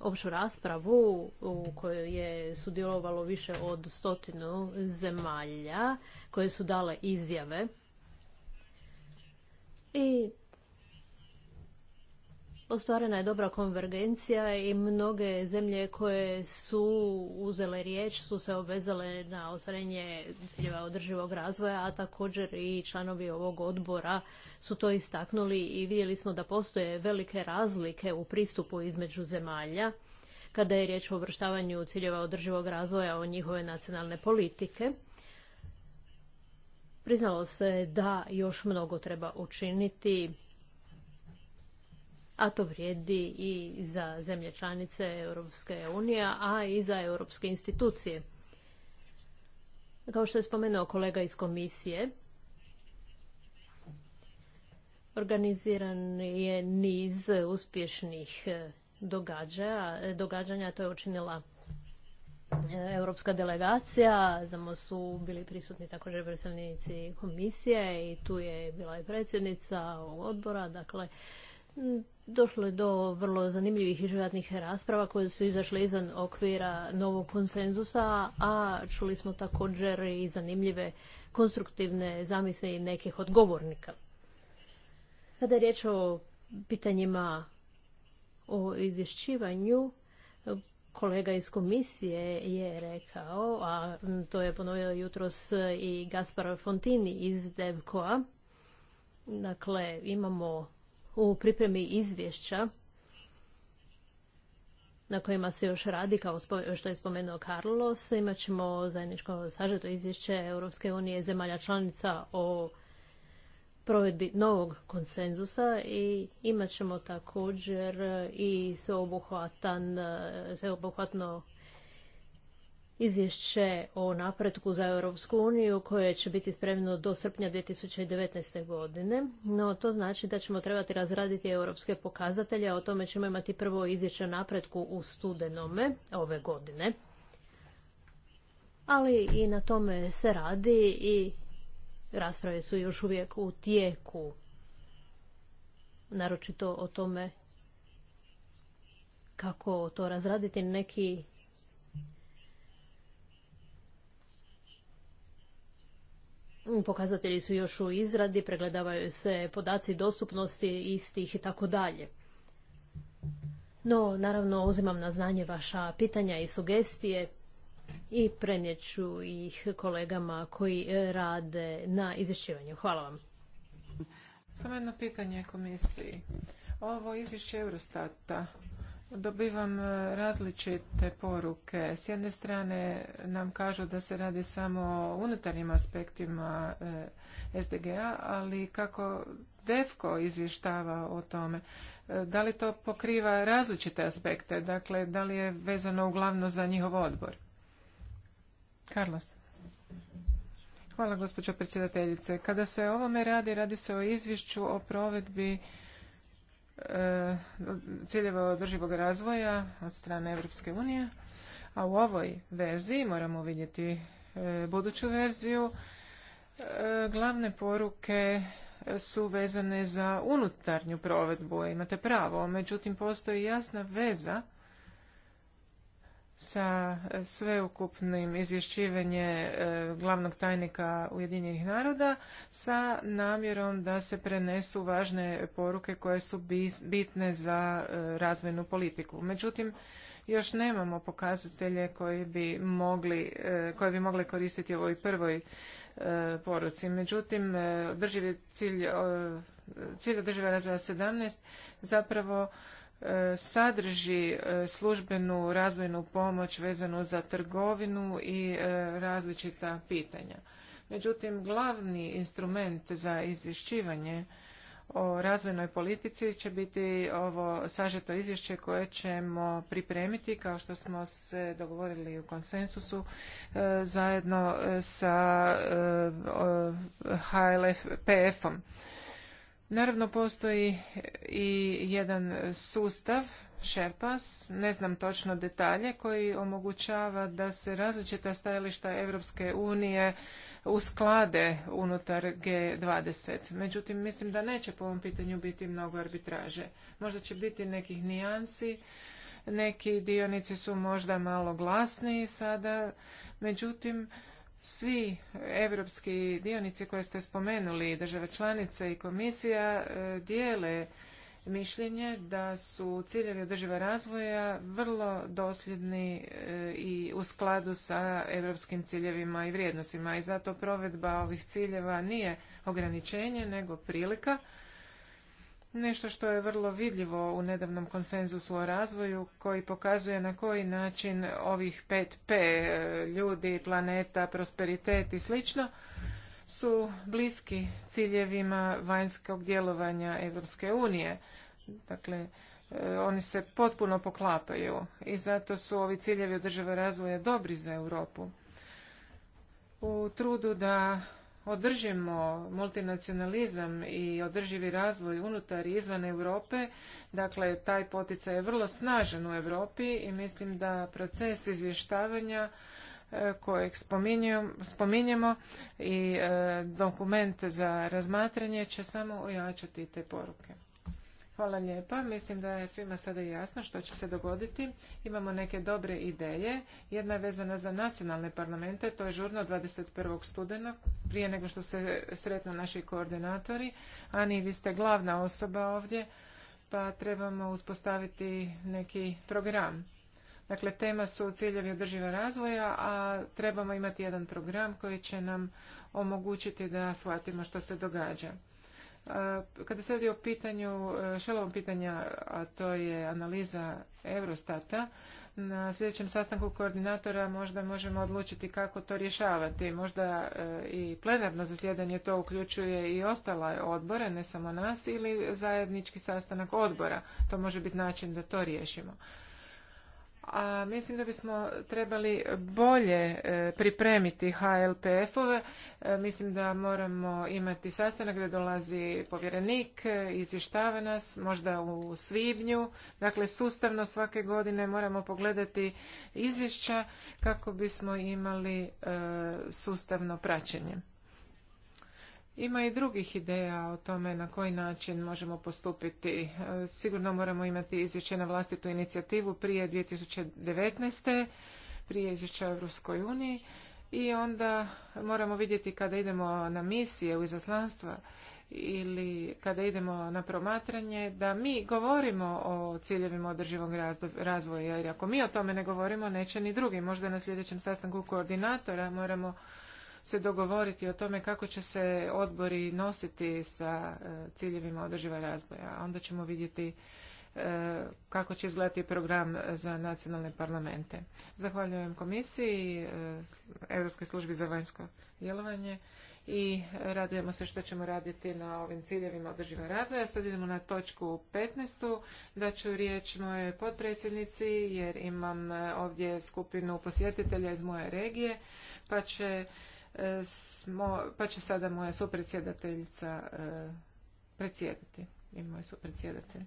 opću raspravu u kojoj je sudjelovalo više od stotinu zemalja koje su dale izjave Ostvarena je dobra konvergencija i mnoge zemlje koje su uzele riječ su se obvezale na ostvarenje ciljeva održivog razvoja, a također i članovi ovog odbora su to istaknuli i vidjeli smo da postoje velike razlike u pristupu između zemalja kada je riječ o uvrštavanju ciljeva održivog razvoja o njihove nacionalne politike. Priznalo se da još mnogo treba učiniti a to vrijedi i za zemlje članice Europske unije, a i za europske institucije. Kao što je spomenuo kolega iz komisije, organiziran je niz uspješnih e, događaja. E, događanja to je učinila e, europska delegacija, znamo su bili prisutni također predstavnici komisije i tu je bila i predsjednica odbora, dakle Došlo je do vrlo zanimljivih i životnih rasprava koje su izašle izvan okvira novog konsenzusa, a čuli smo također i zanimljive konstruktivne zamisle i nekih odgovornika. Kada je riječ o pitanjima o izvješćivanju, kolega iz komisije je rekao, a to je ponovio jutros i Gaspar Fontini iz Devkoa, dakle imamo u pripremi izvješća na kojima se još radi, kao što je spomenuo Carlos, imat ćemo zajedničko sažeto izvješće Europske unije zemalja članica o provedbi novog konsenzusa i imat ćemo također i sveobuhvatan, sveobuhvatno izvješće o napretku za Europsku uniju koje će biti spremno do srpnja 2019. godine. No to znači da ćemo trebati razraditi europske pokazatelje, a o tome ćemo imati prvo izvješće o napretku u studenome ove godine. Ali i na tome se radi i rasprave su još uvijek u tijeku. Naročito o tome kako to razraditi neki Pokazatelji su još u izradi, pregledavaju se podaci dostupnosti istih i tako dalje. No, naravno, uzimam na znanje vaša pitanja i sugestije i prenjeću ih kolegama koji rade na izvješćivanju. Hvala vam. Samo jedno pitanje komisiji. Ovo izvješće Eurostata Dobivam e, različite poruke. S jedne strane nam kažu da se radi samo o unutarnjim aspektima e, sdg ali kako DEFKO izvještava o tome, e, da li to pokriva različite aspekte? Dakle, da li je vezano uglavnom za njihov odbor? Carlos. Hvala, gospođo predsjedateljice. Kada se ovome radi, radi se o izvješću o provedbi E, ciljeva održivog razvoja od strane Europske unije, a u ovoj verziji moramo vidjeti e, buduću verziju. E, glavne poruke su vezane za unutarnju provedbu, imate pravo, međutim postoji jasna veza sa e, sveukupnim izvješćivanje e, glavnog tajnika Ujedinjenih naroda sa namjerom da se prenesu važne poruke koje su bitne za e, razvojnu politiku. Međutim, još nemamo pokazatelje koji bi mogli, koje bi mogle koristiti ovoj prvoj poruci. Međutim, drživi cilj cilj održiva razvoja 17 zapravo E, sadrži e, službenu razvojnu pomoć vezanu za trgovinu i e, različita pitanja. Međutim, glavni instrument za izvješćivanje o razvojnoj politici će biti ovo sažeto izvješće koje ćemo pripremiti kao što smo se dogovorili u konsensusu zajedno sa HLF PF-om. Naravno postoji e, i jedan sustav Sherpas, ne znam točno detalje, koji omogućava da se različita stajališta Europske unije usklade unutar G20. Međutim, mislim da neće po ovom pitanju biti mnogo arbitraže. Možda će biti nekih nijansi, neki dionici su možda malo glasniji sada, međutim, svi europski dionici koje ste spomenuli, države članice i komisija, e, dijele mišljenje da su ciljevi održiva razvoja vrlo dosljedni e, i u skladu sa europskim ciljevima i vrijednostima i zato provedba ovih ciljeva nije ograničenje nego prilika nešto što je vrlo vidljivo u nedavnom konsenzusu o razvoju koji pokazuje na koji način ovih pet p e, ljudi, planeta, prosperitet i slično su bliski ciljevima vanjskog djelovanja Europske unije. Dakle, e, oni se potpuno poklapaju i zato su ovi ciljevi održava razvoja dobri za Europu. U trudu da održimo multinacionalizam i održivi razvoj unutar i izvan Europe, dakle taj poticaj je vrlo snažan u Europi i mislim da proces izvještavanja e, kojeg spominjemo i e, dokument za razmatranje će samo ojačati te poruke. Hvala lijepa. Mislim da je svima sada jasno što će se dogoditi. Imamo neke dobre ideje. Jedna je vezana za nacionalne parlamente, to je žurno 21. studenog, prije nego što se sretnu naši koordinatori. Ani, vi ste glavna osoba ovdje, pa trebamo uspostaviti neki program. Dakle, tema su ciljevi održiva razvoja, a trebamo imati jedan program koji će nam omogućiti da shvatimo što se događa. Kada se radi o pitanju, šelovom pitanja, a to je analiza Eurostata, na sljedećem sastanku koordinatora možda možemo odlučiti kako to rješavati. Možda e, i plenarno zasjedanje to uključuje i ostale odbore, ne samo nas, ili zajednički sastanak odbora. To može biti način da to riješimo a mislim da bismo trebali bolje e, pripremiti HLPF-ove. E, mislim da moramo imati sastanak gdje dolazi povjerenik, e, izvještava nas, možda u svibnju. Dakle, sustavno svake godine moramo pogledati izvješća kako bismo imali sustavno praćenje. Ima i drugih ideja o tome na koji način možemo postupiti. E, sigurno moramo imati izvješće na vlastitu inicijativu prije 2019. prije izvješća u Europskoj uniji i onda moramo vidjeti kada idemo na misije u izaslanstva ili kada idemo na promatranje da mi govorimo o ciljevima održivog razvoja jer ako mi o tome ne govorimo neće ni drugi možda na sljedećem sastanku koordinatora moramo se dogovoriti o tome kako će se odbori nositi sa e, ciljevima održiva razvoja. onda ćemo vidjeti e, kako će izgledati program za nacionalne parlamente. Zahvaljujem komisiji, e, Europskoj službi za vanjsko djelovanje i radujemo se što ćemo raditi na ovim ciljevima održiva razvoja. Sad idemo na točku 15. Da ću riječ moje podpredsjednici jer imam ovdje skupinu posjetitelja iz moje regije pa će E, smo, pa će sada moja supredsjedateljica e, predsjedati i moj supredsjedatelj.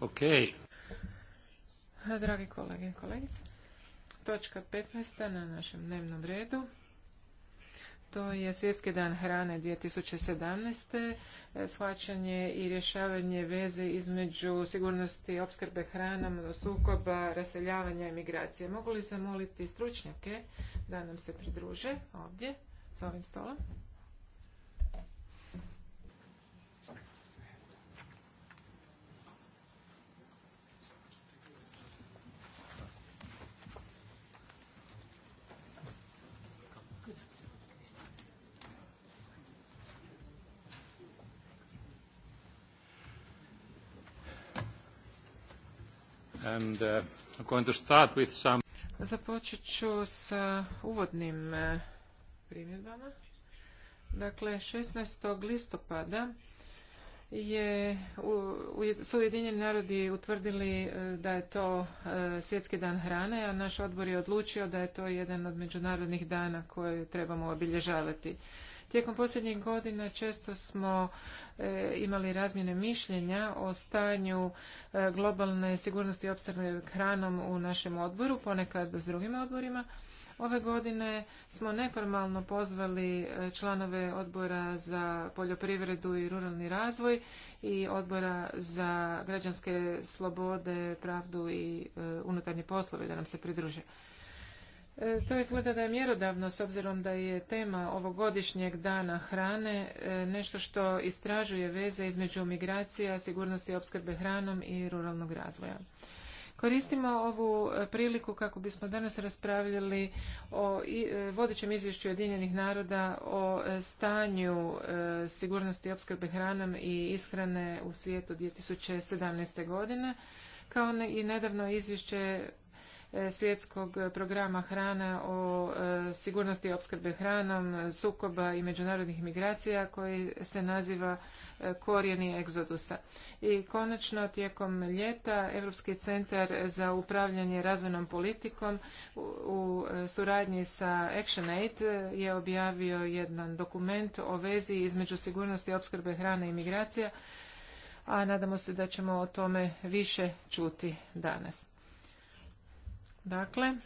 Ok. Dragi kolege i kolegice, točka 15. na našem dnevnom redu to je Svjetski dan hrane 2017. E, shvaćanje i rješavanje veze između sigurnosti opskrbe hranom, sukoba, raseljavanja i migracije. Mogu li zamoliti stručnjake da nam se pridruže ovdje, s ovim stolom? and uh, Započet ću sa uvodnim uh, primjedbama. Dakle, 16. listopada je, su Ujedinjeni narodi utvrdili uh, da je to svjetski dan hrane, a naš odbor je odlučio da je to jedan od međunarodnih dana koje trebamo obilježavati. Tijekom posljednjih godina često smo e, imali razmjene mišljenja o stanju e, globalne sigurnosti opskrbe hranom u našem odboru, ponekad s drugim odborima. Ove godine smo neformalno pozvali e, članove odbora za poljoprivredu i ruralni razvoj i odbora za građanske slobode, pravdu i unutarnje poslove da nam se pridruže. E, to izgleda da je mjerodavno s obzirom da je tema ovogodišnjeg dana hrane e, nešto što istražuje veze između migracija, sigurnosti opskrbe hranom i ruralnog razvoja. Koristimo ovu e, priliku kako bismo danas raspravljali o vodećem izvješću Jedinjenih naroda o stanju sigurnosti opskrbe hranom i ishrane u svijetu 2017. godine, kao i nedavno izvješće E, svjetskog programa hrana o e, sigurnosti opskrbe hranom, sukoba i međunarodnih migracija koji se naziva e, korijeni egzodusa. I konačno tijekom ljeta Europski centar za upravljanje razvojnom politikom u suradnji sa ActionAid je objavio jedan dokument o vezi između sigurnosti opskrbe hrane i migracija, a nadamo se da ćemo o tome više čuti danas. Dakle,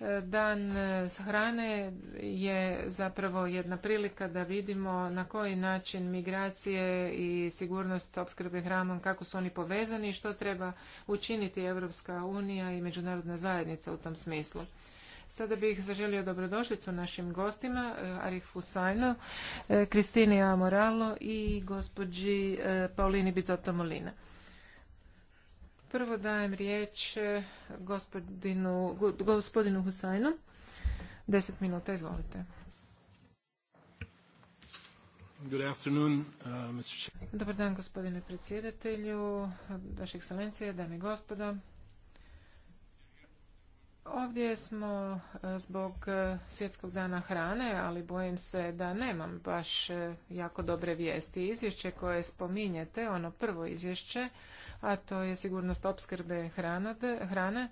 e, Dan e, hrane je zapravo jedna prilika da vidimo na koji način migracije i sigurnost opskrbe hranom, kako su oni povezani i što treba učiniti Europska unija i međunarodna zajednica u tom smislu. Sada bih zaželio dobrodošlicu našim gostima, e, Arif Sajnu, Kristini Amoralo i gospođi Paulini Bizotto Molina. Prvo dajem riječ eh, gospodinu, gospodinu Husajnu. Deset minuta, izvolite. Uh, Dobar dan gospodine predsjedatelju, vaše ekscelencije, dame i gospodo. Ovdje smo eh, zbog eh, svjetskog dana hrane, ali bojim se da nemam baš jako dobre vijesti. Izvješće koje spominjete, ono prvo izvješće, a to je sigurnost opskrbe hrane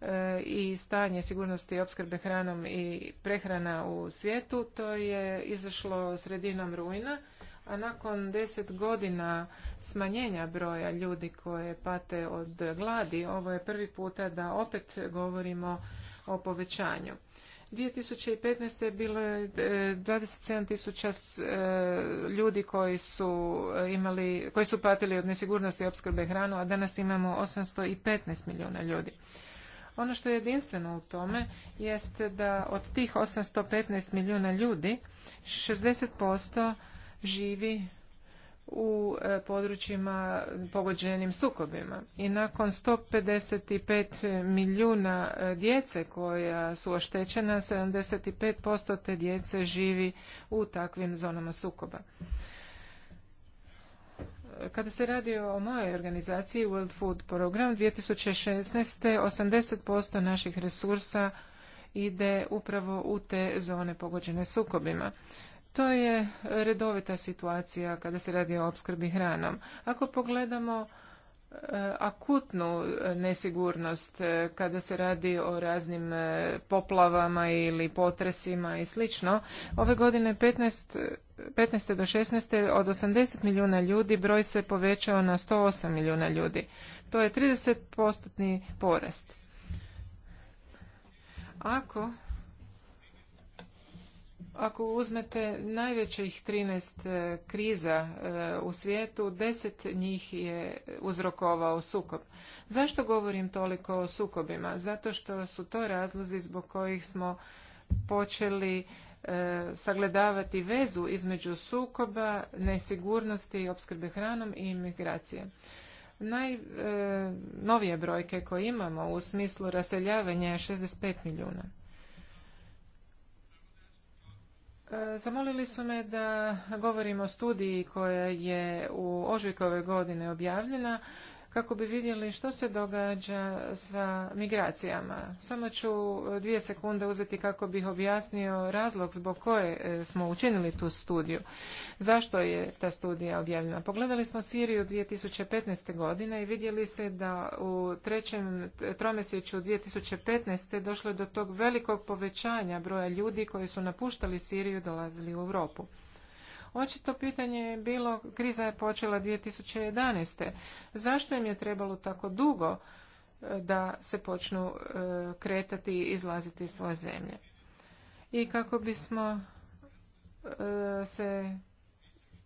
e, i stanje sigurnosti opskrbe hranom i prehrana u svijetu. To je izašlo sredinom rujna, a nakon deset godina smanjenja broja ljudi koje pate od gladi, ovo je prvi puta da opet govorimo o povećanju. 2015. je bilo e, 27 tisuća e, ljudi koji su, e, imali, koji su patili od nesigurnosti opskrbe hranu, a danas imamo 815 milijuna ljudi. Ono što je jedinstveno u tome jest da od tih 815 milijuna ljudi 60% živi u e, područjima pogođenim sukobima. I nakon 155 milijuna e, djece koja su oštećena, 75% te djece živi u takvim zonama sukoba. Kada se radi o mojoj organizaciji World Food Program, 2016. 80% naših resursa ide upravo u te zone pogođene sukobima. To je redovita situacija kada se radi o opskrbi hranom. Ako pogledamo e, akutnu nesigurnost e, kada se radi o raznim e, poplavama ili potresima i slično. Ove godine 15, 15. do 16. od 80 milijuna ljudi broj se povećao na 108 milijuna ljudi. To je 30 porast. Ako ako uzmete najvećih 13 e, kriza e, u svijetu, deset njih je uzrokovao sukob. Zašto govorim toliko o sukobima? Zato što su to razlozi zbog kojih smo počeli e, sagledavati vezu između sukoba, nesigurnosti i opskrbe hranom i imigracije. Najnovije brojke koje imamo u smislu raseljavanja je 65 milijuna. E, zamolili su me da govorim o studiji koja je u ožujkove godine objavljena kako bi vidjeli što se događa sa migracijama. Samo ću e, dvije sekunde uzeti kako bih objasnio razlog zbog koje e, smo učinili tu studiju. Zašto je ta studija objavljena? Pogledali smo Siriju 2015. godine i vidjeli se da u trećem tromjesečju 2015. došlo je do tog velikog povećanja broja ljudi koji su napuštali Siriju i dolazili u Europu. Očito pitanje je bilo, kriza je počela 2011. Zašto im je trebalo tako dugo e, da se počnu e, kretati i izlaziti iz svoje zemlje? I kako bismo e, se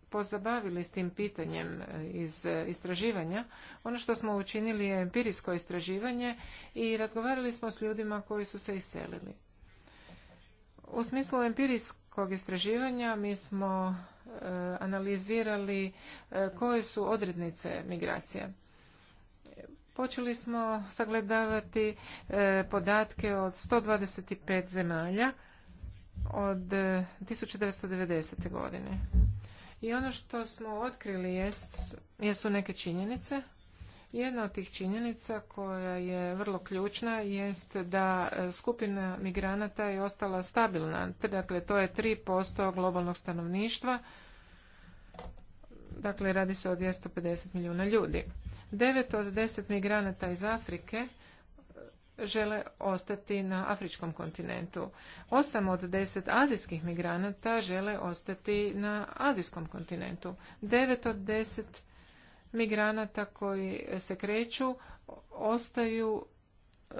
pozabavili s tim pitanjem iz istraživanja. Ono što smo učinili je empirisko istraživanje i razgovarali smo s ljudima koji su se iselili. U smislu empirijskog istraživanja mi smo Eh, analizirali eh, koje su odrednice migracije. Počeli smo sagledavati eh, podatke od 125 zemalja od 1990. godine. I ono što smo otkrili jest, jesu neke činjenice jedna od tih činjenica koja je vrlo ključna jest da e, skupina migranata je ostala stabilna. Dakle, to je 3% globalnog stanovništva. Dakle, radi se o 250 milijuna ljudi. 9 od 10 migranata iz Afrike e, žele ostati na afričkom kontinentu. 8 od 10 azijskih migranata žele ostati na azijskom kontinentu. 9 od 10 migranata koji se kreću ostaju e,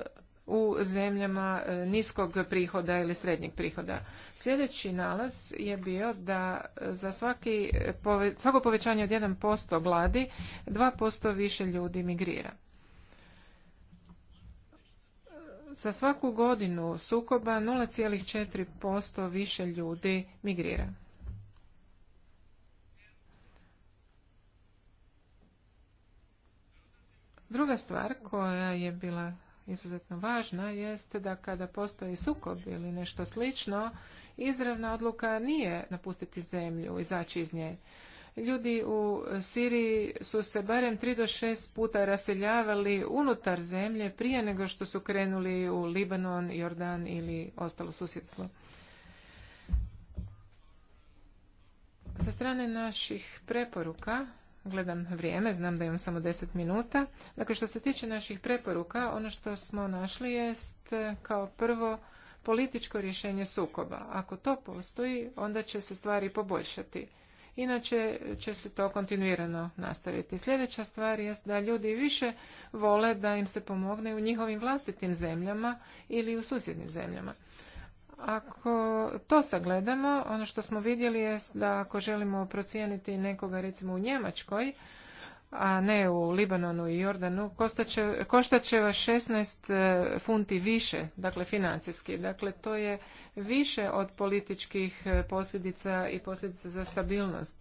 u zemljama e, niskog prihoda ili srednjeg prihoda. Sljedeći nalaz je bio da za svaki, e, svako povećanje od 1% gladi 2% više ljudi migrira. Za svaku godinu sukoba 0,4% više ljudi migrira. Druga stvar koja je bila izuzetno važna jeste da kada postoji sukob ili nešto slično, izravna odluka nije napustiti zemlju, izaći iz nje. Ljudi u Siriji su se barem tri do šest puta raseljavali unutar zemlje prije nego što su krenuli u Libanon, Jordan ili ostalo susjedstvo. Sa strane naših preporuka gledam vrijeme, znam da imam samo 10 minuta. Dakle, što se tiče naših preporuka, ono što smo našli jest e, kao prvo političko rješenje sukoba. Ako to postoji, onda će se stvari poboljšati. Inače će se to kontinuirano nastaviti. Sljedeća stvar je da ljudi više vole da im se pomogne u njihovim vlastitim zemljama ili u susjednim zemljama. Ako to sagledamo, ono što smo vidjeli je da ako želimo procijeniti nekoga recimo u Njemačkoj, a ne u Libanonu i Jordanu, košta će vas 16 e, funti više, dakle financijski. Dakle, to je više od političkih e, posljedica i posljedica za stabilnost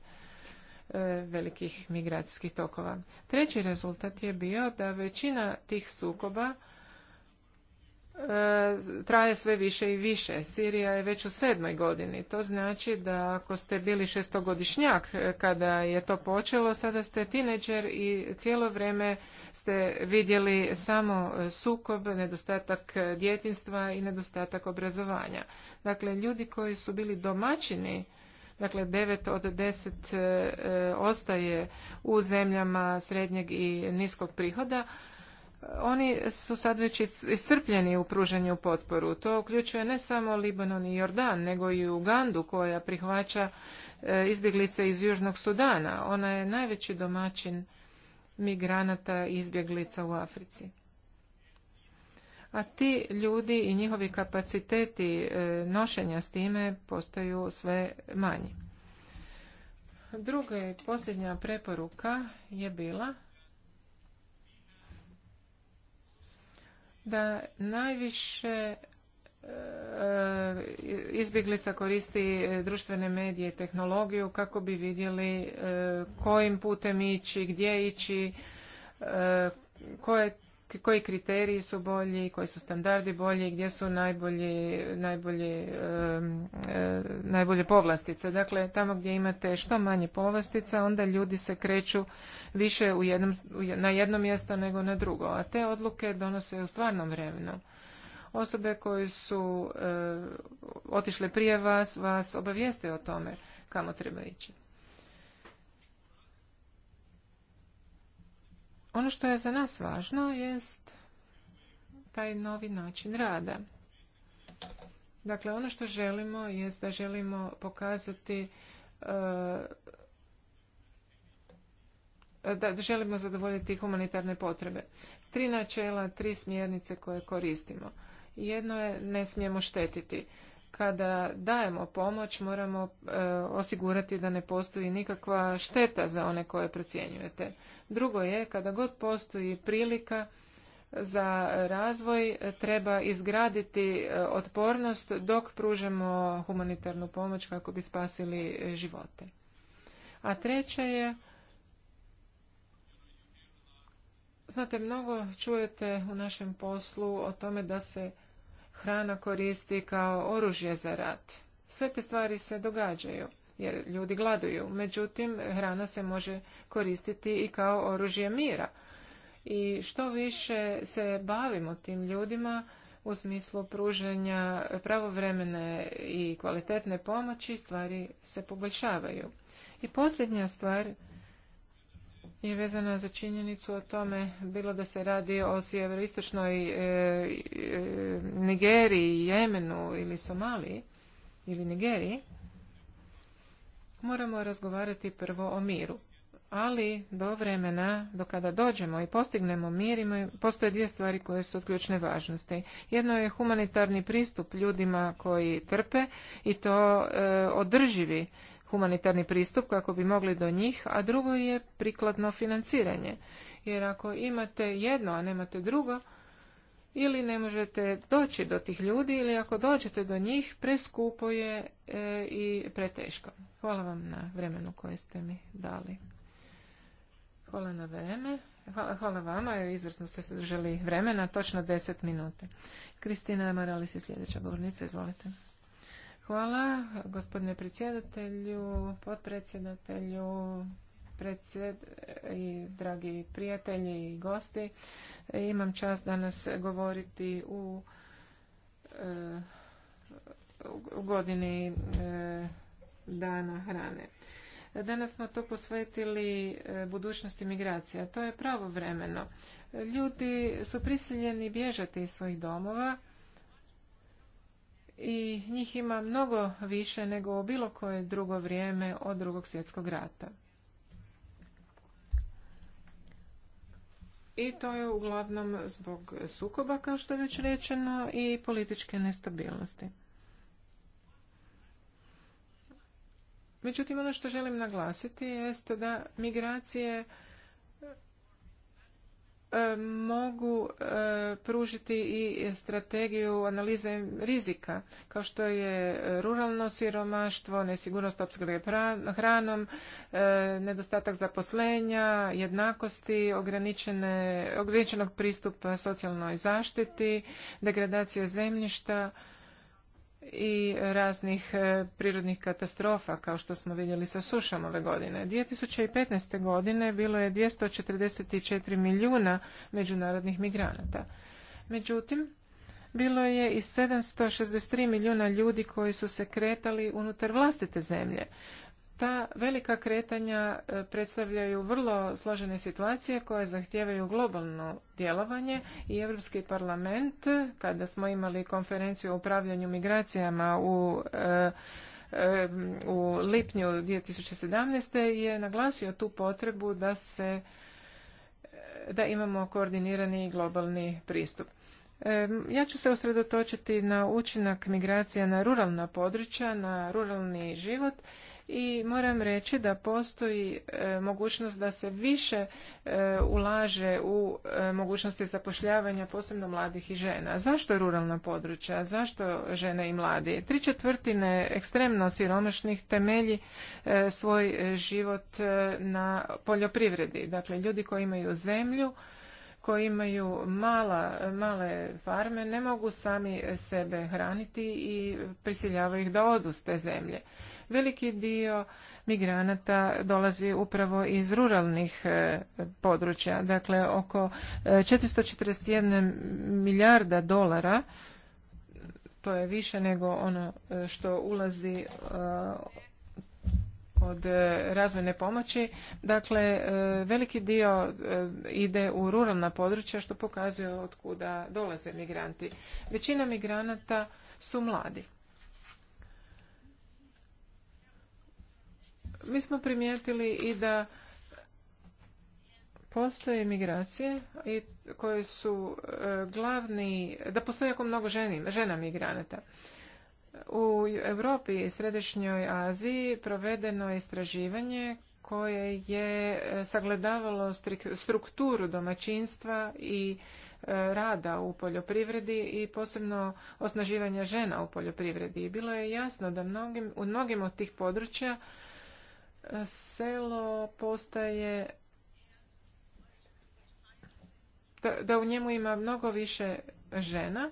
e, velikih migracijskih tokova. Treći rezultat je bio da većina tih sukoba E, traje sve više i više. Sirija je već u sedmoj godini. To znači da ako ste bili šestogodišnjak e, kada je to počelo, sada ste tineđer i cijelo vrijeme ste vidjeli samo sukob, nedostatak djetinstva i nedostatak obrazovanja. Dakle, ljudi koji su bili domaćini Dakle, devet od deset e, ostaje u zemljama srednjeg i niskog prihoda, oni su sad već iscrpljeni u pružanju potporu. To uključuje ne samo Libanon i Jordan, nego i Ugandu koja prihvaća e, izbjeglice iz Južnog Sudana. Ona je najveći domaćin migranata i izbjeglica u Africi. A ti ljudi i njihovi kapaciteti e, nošenja s time postaju sve manji. Druga i posljednja preporuka je bila da najviše e, izbjeglica koristi e, društvene medije i tehnologiju kako bi vidjeli e, kojim putem ići, gdje ići, koje koji kriteriji su bolji, koji su standardi bolji, gdje su najbolji, najbolje povlastice. Dakle, tamo gdje imate što manje povlastica, onda ljudi se kreću više u jednom, na jedno mjesto nego na drugo, a te odluke donose u stvarnom vremenu. Osobe koje su otišle prije vas, vas obavijeste o tome kamo treba ići. Ono što je za nas važno jest taj novi način rada. Dakle, ono što želimo jest da želimo pokazati e, da želimo zadovoljiti humanitarne potrebe. Tri načela, tri smjernice koje koristimo. Jedno je ne smijemo štetiti kada dajemo pomoć moramo e, osigurati da ne postoji nikakva šteta za one koje procjenjujete. Drugo je kada god postoji prilika za razvoj treba izgraditi e, otpornost dok pružemo humanitarnu pomoć kako bi spasili živote. A treće je Znate, mnogo čujete u našem poslu o tome da se hrana koristi kao oružje za rat. Sve te stvari se događaju jer ljudi gladuju. Međutim, hrana se može koristiti i kao oružje mira. I što više se bavimo tim ljudima u smislu pruženja pravovremene i kvalitetne pomoći, stvari se poboljšavaju. I posljednja stvar i vezano za činjenicu o tome bilo da se radi o sjeveroistočnoj e, e, Nigeriji, Jemenu ili Somaliji ili Nigeriji, moramo razgovarati prvo o miru. Ali do vremena, do kada dođemo i postignemo mir, postoje dvije stvari koje su od ključne važnosti. Jedno je humanitarni pristup ljudima koji trpe i to e, održivi humanitarni pristup kako bi mogli do njih, a drugo je prikladno financiranje. Jer ako imate jedno, a nemate drugo, ili ne možete doći do tih ljudi ili ako dođete do njih preskupo je e, i preteško. Hvala vam na vremenu koje ste mi dali. Hvala na vreme. Hvala, hvala vama, izvrsno ste se držali vremena, točno 10 minuta. Kristina Amarali se sljedeća govornica, izvolite. Hvala gospodine predsjedatelju, potpredsjedatelju, predsjed i dragi prijatelji i gosti. E, imam čast danas govoriti u, e, godini e, dana hrane. Danas smo to posvetili budućnosti migracija. To je pravovremeno. Ljudi su prisiljeni bježati iz svojih domova i njih ima mnogo više nego u bilo koje drugo vrijeme od drugog svjetskog rata. I to je uglavnom zbog sukoba, kao što je već rečeno, i političke nestabilnosti. Međutim, ono što želim naglasiti jest da migracije E, mogu e, pružiti i strategiju analize rizika, kao što je ruralno siromaštvo, nesigurnost opskrbe hranom, e, nedostatak zaposlenja, jednakosti, ograničenog pristupa socijalnoj zaštiti, degradacija zemljišta, i raznih e, prirodnih katastrofa kao što smo vidjeli sa sušom ove godine. 2015. godine bilo je 244 milijuna međunarodnih migranata. Međutim, bilo je i 763 milijuna ljudi koji su se kretali unutar vlastite zemlje. Ta velika kretanja e, predstavljaju vrlo složene situacije koje zahtijevaju globalno djelovanje i Europski parlament, kada smo imali konferenciju o upravljanju migracijama u e, e, u lipnju 2017. je naglasio tu potrebu da se da imamo koordinirani globalni pristup. Ja ću se usredotočiti na učinak migracija na ruralna područja, na ruralni život i moram reći da postoji e, mogućnost da se više e, ulaže u e, mogućnosti zapošljavanja posebno mladih i žena. Zašto ruralna područja? Zašto žene i mladi? Tri četvrtine ekstremno siromašnih temelji svoj život na poljoprivredi. Dakle, ljudi koji imaju zemlju, koji imaju mala, male farme ne mogu sami sebe hraniti i prisiljavaju ih da odu s te zemlje. Veliki dio migranata dolazi upravo iz ruralnih e, područja, dakle oko 441 e, milijarda dolara to je više nego ono e, što ulazi od razvojne pomoći. Dakle, veliki dio ide u ruralna područja što pokazuje od kuda dolaze migranti. Većina migranata su mladi. mi smo primijetili i da postoje migracije i koje su e, glavni, da postoji jako mnogo žena migranata. U Europi i Središnjoj Aziji provedeno je istraživanje koje je e, sagledavalo strukturu domaćinstva i e, rada u poljoprivredi i posebno osnaživanja žena u poljoprivredi. I bilo je jasno da mnogim, u mnogim od tih područja selo postaje da, da u njemu ima mnogo više žena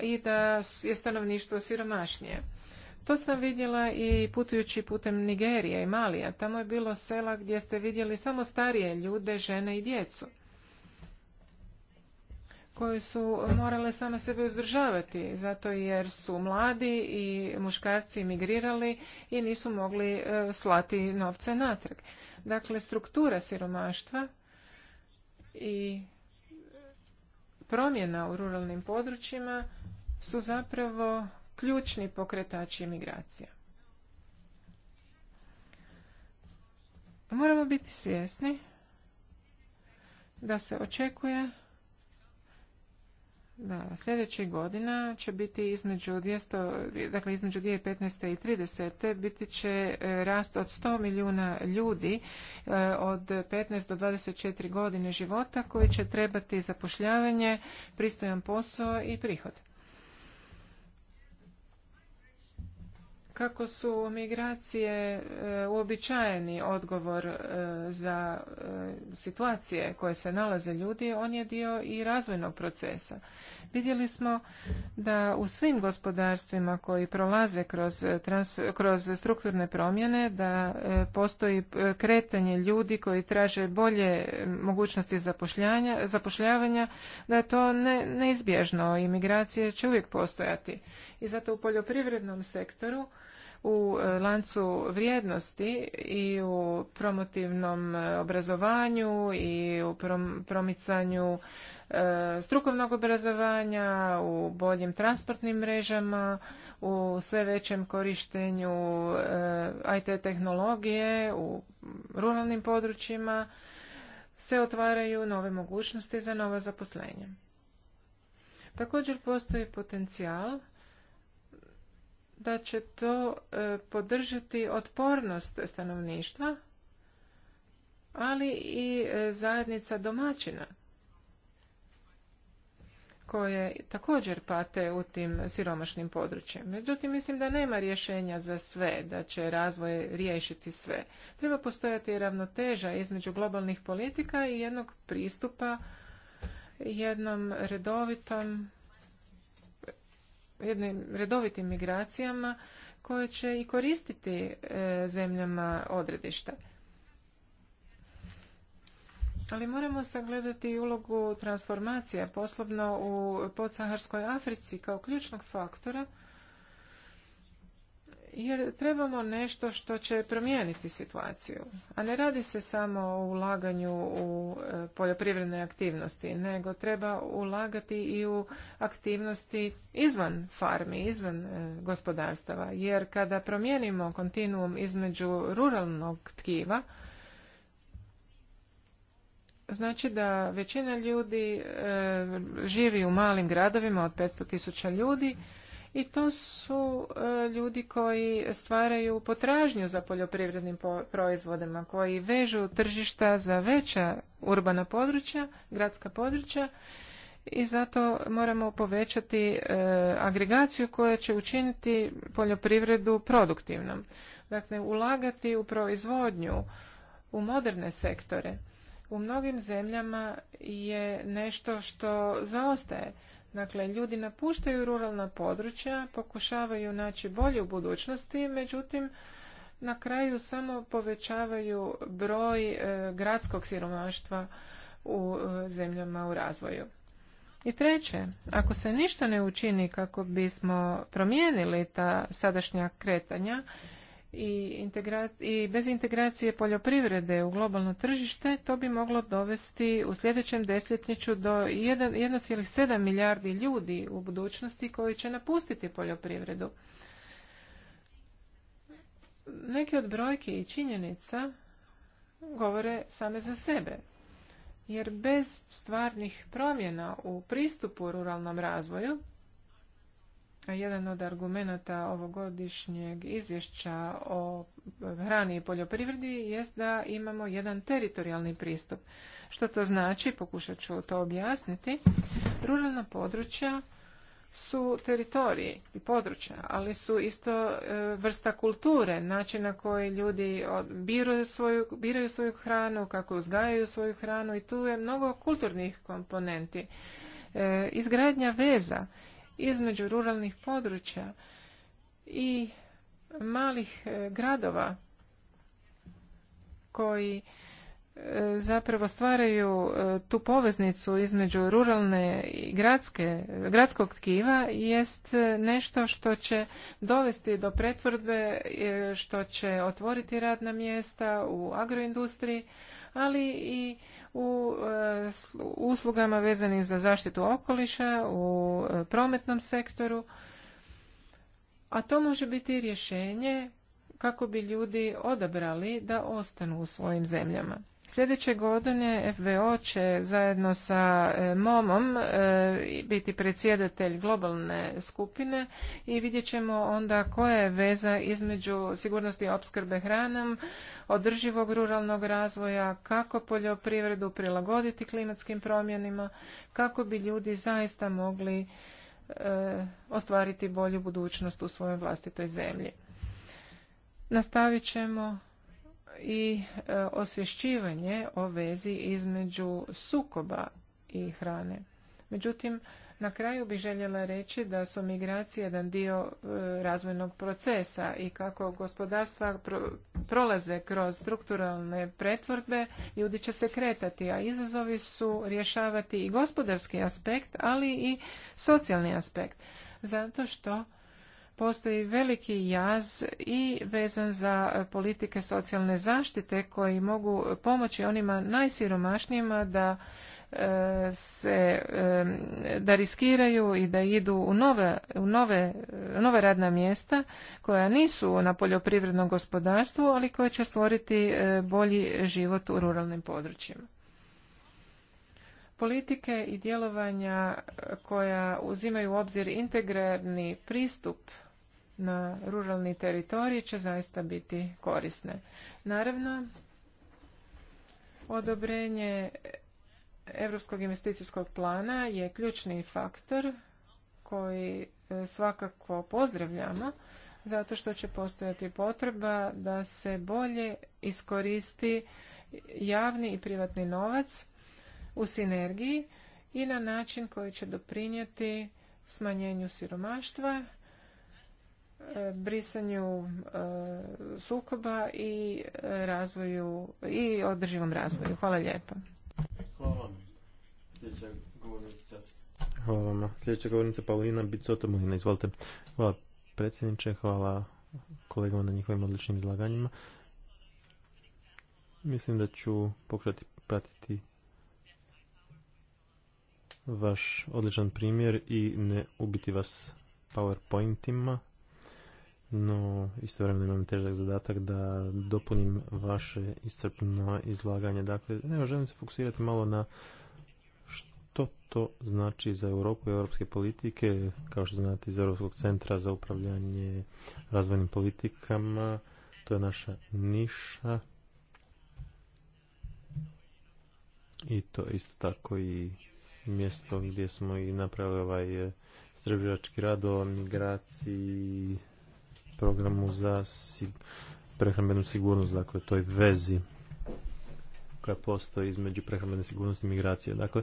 i da je stanovništvo siromašnije. To sam vidjela i putujući putem Nigerije i Malija. Tamo je bilo sela gdje ste vidjeli samo starije ljude, žene i djecu koje su morale same sebe uzdržavati zato jer su mladi i muškarci migrirali i nisu mogli e, slati novce natrag. Dakle, struktura siromaštva i promjena u ruralnim područjima su zapravo ključni pokretači migracija. Moramo biti svjesni da se očekuje da, sljedećih godina će biti između 200, dakle između 2015. i 30. biti će e, rast od 100 milijuna ljudi e, od 15 do 24 godine života koji će trebati zapošljavanje, pristojan posao i prihod. kako su migracije e, uobičajeni odgovor e, za e, situacije koje se nalaze ljudi, on je dio i razvojnog procesa. Vidjeli smo da u svim gospodarstvima koji prolaze kroz, kroz strukturne promjene, da postoji kretanje ljudi koji traže bolje mogućnosti zapošljavanja, da je to ne, neizbježno i migracije će uvijek postojati. I zato u poljoprivrednom sektoru u e, lancu vrijednosti i u promotivnom e, obrazovanju i u promicanju e, strukovnog obrazovanja, u boljim transportnim mrežama, u sve većem korištenju IT tehnologije u ruralnim područjima se otvaraju nove mogućnosti za nova zaposlenja. Također postoji potencijal da će to e, podržati otpornost stanovništva, ali i e, zajednica domaćina koje također pate u tim siromašnim područjima. Međutim, mislim da nema rješenja za sve, da će razvoj riješiti sve. Treba postojati ravnoteža između globalnih politika i jednog pristupa jednom redovitom jednim redovitim migracijama koje će i koristiti e, zemljama odredišta. Ali moramo sagledati ulogu transformacija, poslovno u podsaharskoj Africi, kao ključnog faktora jer trebamo nešto što će promijeniti situaciju. A ne radi se samo o ulaganju u e, poljoprivredne aktivnosti, nego treba ulagati i u aktivnosti izvan farmi, izvan e, gospodarstava. Jer kada promijenimo kontinuum između ruralnog tkiva, Znači da većina ljudi e, živi u malim gradovima od 500.000 tisuća ljudi, i to su e, ljudi koji stvaraju potražnju za poljoprivrednim proizvodima, koji vežu tržišta za veća urbana područja, gradska područja i zato moramo povećati e, agregaciju koja će učiniti poljoprivredu produktivnom. Dakle, ulagati u proizvodnju, u moderne sektore. U mnogim zemljama je nešto što zaostaje. Dakle, ljudi napuštaju ruralna područja, pokušavaju naći bolje u budućnosti, međutim, na kraju samo povećavaju broj e, gradskog siromaštva u e, zemljama u razvoju. I treće, ako se ništa ne učini kako bismo promijenili ta sadašnja kretanja i, i bez integracije poljoprivrede u globalno tržište to bi moglo dovesti u sljedećem desetljeću do 1,7 milijardi ljudi u budućnosti koji će napustiti poljoprivredu. Neke od brojki i činjenica govore same za sebe. Jer bez stvarnih promjena u pristupu ruralnom razvoju jedan od argumenata ovogodišnjeg izvješća o hrani i poljoprivredi jest da imamo jedan teritorijalni pristup. Što to znači? Pokušat ću to objasniti. Ruralna područja su teritoriji i područja, ali su isto e, vrsta kulture, način na koji ljudi biraju svoju, biraju svoju hranu, kako uzgajaju svoju hranu i tu je mnogo kulturnih komponenti. E, izgradnja veza između ruralnih područja i malih e, gradova koji zapravo stvaraju e, tu poveznicu između ruralne i gradske, gradskog tkiva jest e, nešto što će dovesti do pretvorbe, e, što će otvoriti radna mjesta u agroindustriji, ali i u uslugama vezanim za zaštitu okoliša, u prometnom sektoru. A to može biti rješenje kako bi ljudi odabrali da ostanu u svojim zemljama. Sljedeće godine FBO će zajedno sa e, MOM-om e, biti predsjedatelj globalne skupine i vidjet ćemo onda koja je veza između sigurnosti opskrbe hranom, održivog ruralnog razvoja, kako poljoprivredu prilagoditi klimatskim promjenima, kako bi ljudi zaista mogli e, ostvariti bolju budućnost u svojoj vlastitoj zemlji. Nastavit ćemo i e, osvješćivanje o vezi između sukoba i hrane. Međutim, na kraju bih željela reći da su migracije jedan dio e, razvojnog procesa i kako gospodarstva prolaze kroz strukturalne pretvorbe, ljudi će se kretati, a izazovi su rješavati i gospodarski aspekt, ali i socijalni aspekt. Zato što postoji veliki jaz i vezan za politike socijalne zaštite koji mogu pomoći onima najsiromašnijima da e, se e, da riskiraju i da idu u nove, u nove, nove radna mjesta koja nisu na poljoprivrednom gospodarstvu, ali koje će stvoriti e, bolji život u ruralnim područjima. Politike i djelovanja koja uzimaju u obzir integrarni pristup na ruralni teritorij će zaista biti korisne. Naravno, odobrenje Europskog investicijskog plana je ključni faktor koji e, svakako pozdravljamo zato što će postojati potreba da se bolje iskoristi javni i privatni novac u sinergiji i na način koji će doprinijeti smanjenju siromaštva brisanju e, sukoba i razvoju i održivom razvoju. Hvala lijepa. Hvala vam. Sljedeća govornica. Hvala Sljedeća govornica Paulina Bicota Izvolite. Hvala predsjedniče, hvala kolegama na njihovim odličnim izlaganjima. Mislim da ću pokušati pratiti vaš odličan primjer i ne ubiti vas powerpointima no istovremeno imam težak zadatak da dopunim vaše iscrpno izlaganje. Dakle, evo, želim se fokusirati malo na što to znači za Europu i europske politike, kao što znate iz Europskog centra za upravljanje razvojnim politikama, to je naša niša. I to isto tako i mjesto gdje smo i napravili ovaj eh, istraživački rad o migraciji programu za prehrambenu sigurnost, dakle toj vezi koja postoji između prehrambene sigurnosti i migracije. Dakle,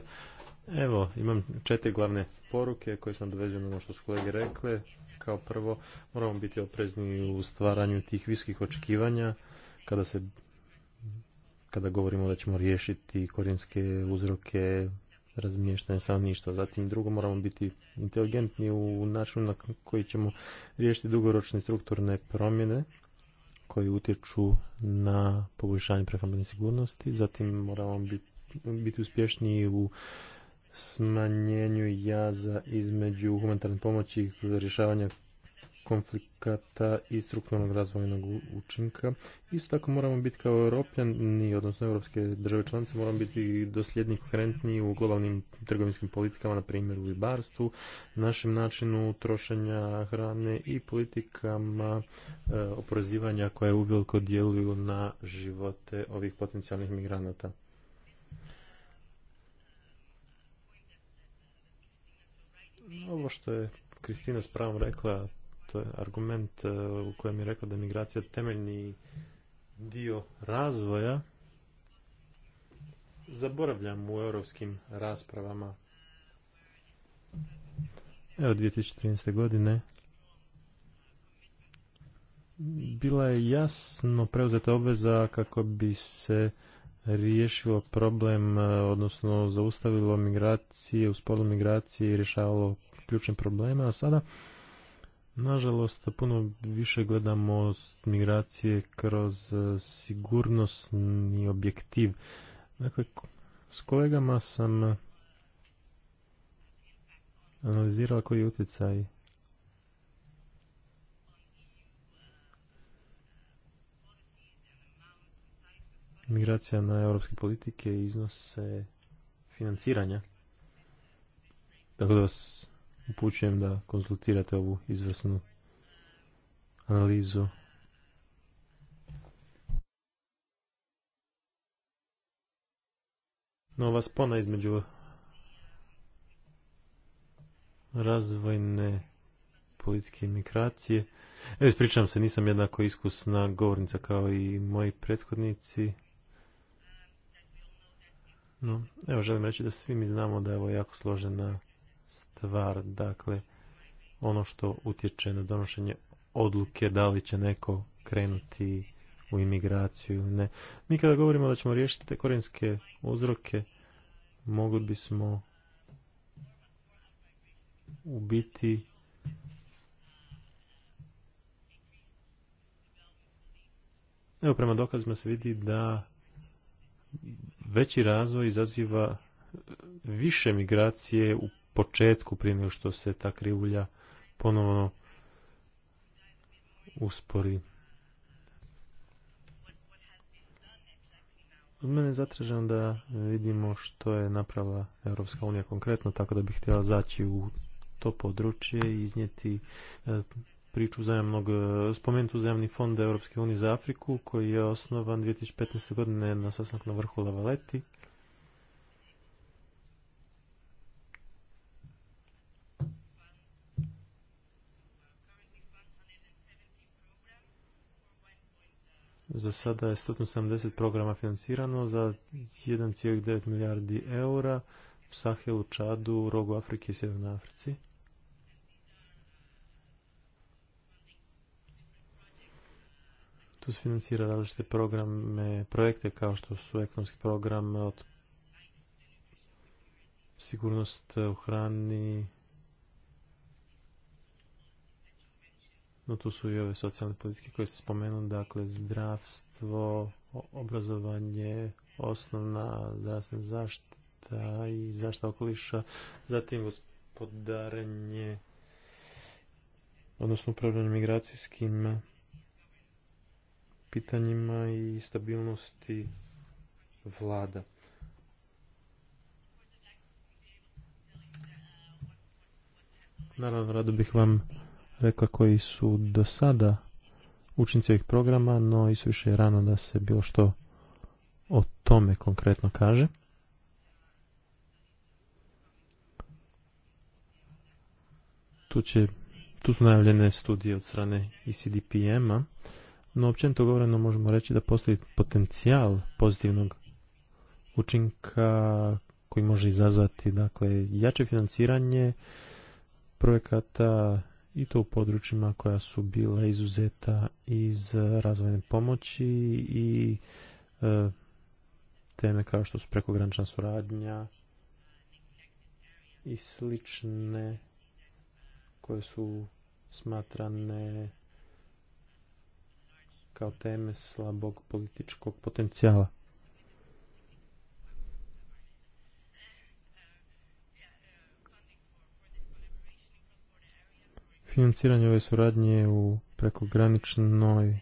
evo, imam četiri glavne poruke koje sam dovezio na ono što su kolege rekle. Kao prvo, moramo biti oprezni u stvaranju tih viskih očekivanja kada se kada govorimo da ćemo riješiti korijenske uzroke sam stanovništva. Zatim drugo moramo biti inteligentni u načinu na koji ćemo riješiti dugoročne strukturne promjene koji utječu na poboljšanje prehrambene sigurnosti. Zatim moramo biti, biti uspješniji u smanjenju jaza između humanitarne pomoći i rješavanja konflikata i strukturnog razvojnog učinka. Isto tako moramo biti kao europljani, odnosno europske države članice, moramo biti dosljedni, koherentni u globalnim trgovinskim politikama, na primjer u ribarstvu, našem načinu trošenja hrane i politikama e, oporezivanja koje je uveliko djeluju na živote ovih potencijalnih migranata. Ovo što je Kristina s pravom rekla, to je argument e, u kojem je rekla da je migracija temeljni dio razvoja, zaboravljam u europskim raspravama. Evo 2013. godine bila je jasno preuzeta obveza kako bi se riješilo problem, e, odnosno zaustavilo migracije, usporilo migracije i rješavalo ključne probleme, a sada Nažalost, puno više gledamo migracije kroz e, sigurnosni objektiv. Dakle, s kolegama sam e, analizirao koji je utjecaj migracija na europske politike iznose financiranja. Tako da vas upućujem da konzultirate ovu izvrsnu analizu. Nova spona između razvojne politike migracije. Evo, ispričavam se, nisam jednako iskusna govornica kao i moji prethodnici. No, evo, želim reći da svi mi znamo da je ovo jako složena stvar, dakle, ono što utječe na donošenje odluke da li će neko krenuti u imigraciju ili ne. Mi kada govorimo da ćemo riješiti te korijenske uzroke, mogli bismo u biti Evo, prema dokazima se vidi da veći razvoj izaziva više migracije u početku prije nego što se ta krivulja ponovno uspori. Od mene je zatraženo da vidimo što je napravila Europska unija konkretno, tako da bih htjela zaći u to područje i iznijeti e, priču uzajamnog, e, spomenuti uzajamni fond Europske unije za Afriku koji je osnovan 2015. godine na sastanku na vrhu Lavaleti. Za sada je 170 programa financirano za 1,9 milijardi eura u Sahelu, Čadu, Rogu Afrike i Sjevernoj Africi. Tu se financira različite programe, projekte kao što su ekonomski program od sigurnost u hrani, No tu su i ove socijalne politike koje ste spomenuli, dakle zdravstvo, obrazovanje, osnovna zdravstvena zaštita i zaštita okoliša, zatim gospodarenje odnosno upravljanje migracijskim pitanjima i stabilnosti vlada. Naravno, rado bih vam rekla koji su do sada učinci ovih programa, no i više je rano da se bilo što o tome konkretno kaže. Tu, će, tu su najavljene studije od strane ICDPM-a, e no općenito govoreno možemo reći da postoji potencijal pozitivnog učinka koji može izazvati dakle, jače financiranje projekata i to u područjima koja su bila izuzeta iz e, razvojne pomoći i e, teme kao što su prekogranična suradnja i slične koje su smatrane kao teme slabog političkog potencijala. financiranje ove suradnje u prekograničnoj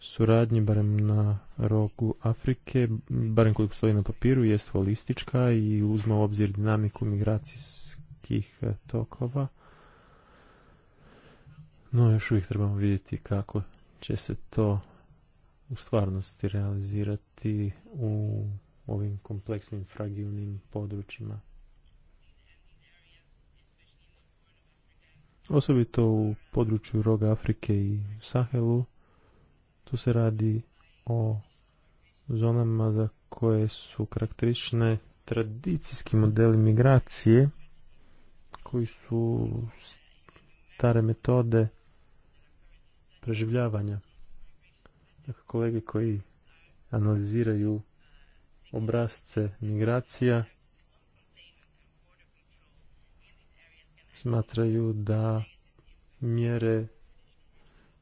suradnji, barem na rogu Afrike, barem koliko stoji na papiru, jest holistička i uzma u obzir dinamiku migracijskih e, tokova. No, još uvijek trebamo vidjeti kako će se to u stvarnosti realizirati u ovim kompleksnim, fragilnim područjima. osobito u području roga Afrike i Sahelu. Tu se radi o zonama za koje su karakterične tradicijski modeli migracije koji su stare metode preživljavanja. Dakle, kolege koji analiziraju obrazce migracija smatraju da mjere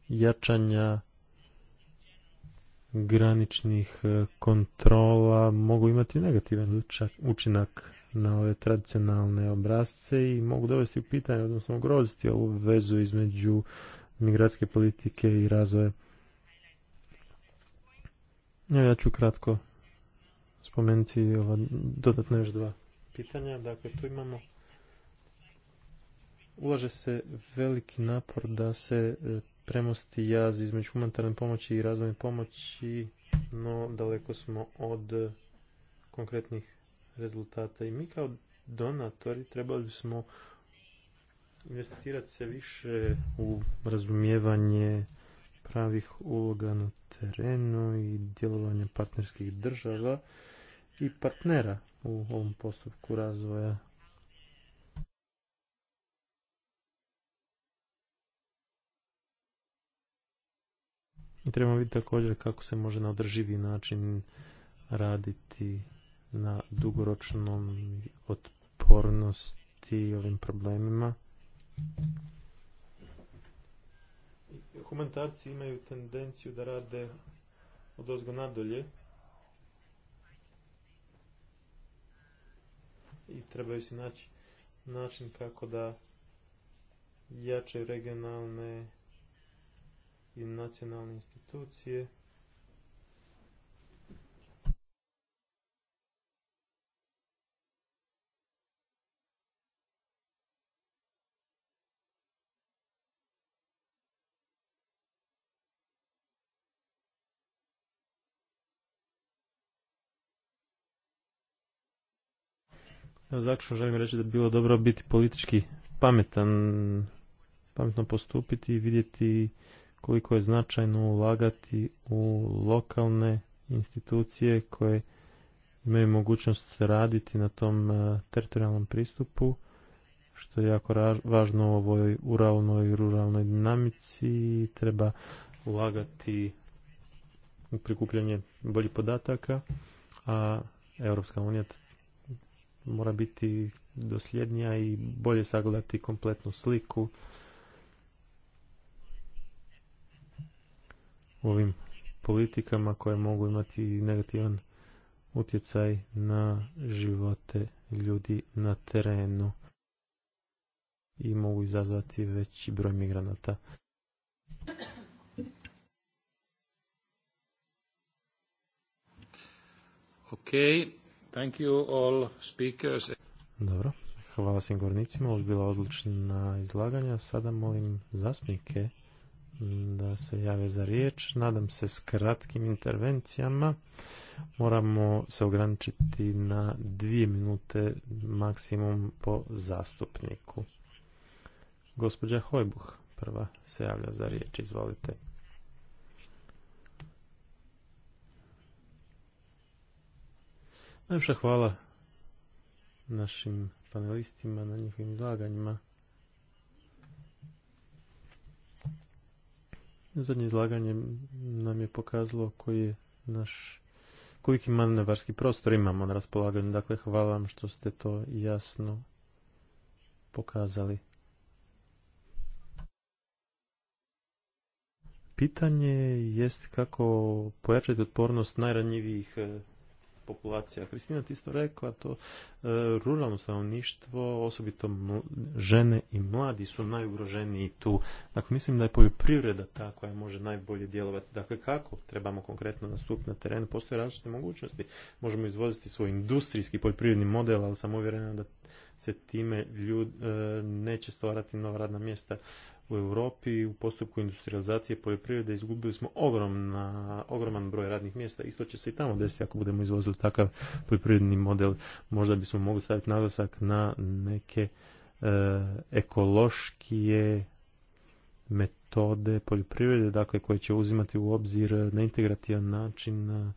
jačanja graničnih e, kontrola mogu imati negativan učinak na ove tradicionalne obrazce i mogu dovesti u pitanje, odnosno ugroziti ovu vezu između migracijske politike i razvoja. Ja ću kratko spomenuti ova još dva pitanja. Dakle, tu imamo ulaže se veliki napor da se e, premosti jaz između humanitarne pomoći i razvojne pomoći, no daleko smo od konkretnih rezultata. I mi kao donatori trebali smo investirati se više u razumijevanje pravih uloga na terenu i djelovanje partnerskih država i partnera u ovom postupku razvoja I trebamo vidjeti također kako se može na održivi način raditi na dugoročnom otpornosti ovim problemima. Komentarci imaju tendenciju da rade od ozgo nadolje i trebaju se naći način kako da jače regionalne i nacionalne institucije Evo zaključno želim reći da bi bilo dobro biti politički pametan, pametno postupiti i vidjeti koliko je značajno ulagati u lokalne institucije koje imaju mogućnost raditi na tom e, teritorijalnom pristupu, što je jako važno u ovoj uralnoj i ruralnoj dinamici. Treba ulagati u prikupljanje boljih podataka, a Europska unija mora biti dosljednija i bolje sagledati kompletnu sliku u ovim politikama koje mogu imati negativan utjecaj na živote ljudi na terenu i mogu izazvati veći broj migranata. ok thank you all speakers. Dobro, hvala svim govornicima, ovo je bila odlična izlaganja. Sada molim zastupnike da se jave za riječ. Nadam se s kratkim intervencijama. Moramo se ograničiti na dvije minute maksimum po zastupniku. Gospođa Hojbuh prva se javlja za riječ. Izvolite. Najviše hvala našim panelistima na njihovim izlaganjima. Zadnje izlaganje nam je pokazalo koji je naš koliki manevarski prostor imamo na raspolaganju. Dakle, hvala vam što ste to jasno pokazali. Pitanje jest kako pojačati otpornost najranjivijih eh, populacija. Kristina ti isto rekla to, e, ruralno stanovništvo, osobito žene i mladi su najugroženiji tu. Dakle, mislim da je poljoprivreda ta koja može najbolje djelovati. Dakle, kako trebamo konkretno nastupiti na terenu? Postoje različite mogućnosti. Možemo izvoziti svoj industrijski poljoprivredni model, ali sam uvjerena da se time ljud, e, neće stvarati nova radna mjesta u Europi u postupku industrializacije poljoprivrede izgubili smo ogromna, ogroman broj radnih mjesta. Isto će se i tamo desiti ako budemo izvozili takav poljoprivredni model. Možda bismo mogli staviti naglasak na neke e, ekološkije metode poljoprivrede, dakle koje će uzimati u obzir na integrativan način eh,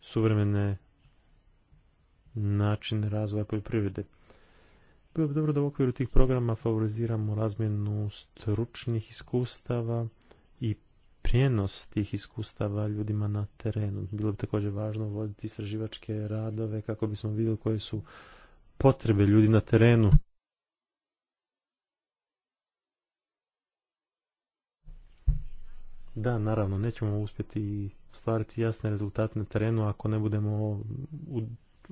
suvremene način razvoja poljoprivrede. Bilo bi dobro da u okviru tih programa favoriziramo razmjenu stručnih iskustava i prijenos tih iskustava ljudima na terenu. Bilo bi također važno voditi istraživačke radove kako bismo vidjeli koje su potrebe ljudi na terenu. Da, naravno, nećemo uspjeti stvariti jasne rezultate na terenu ako ne budemo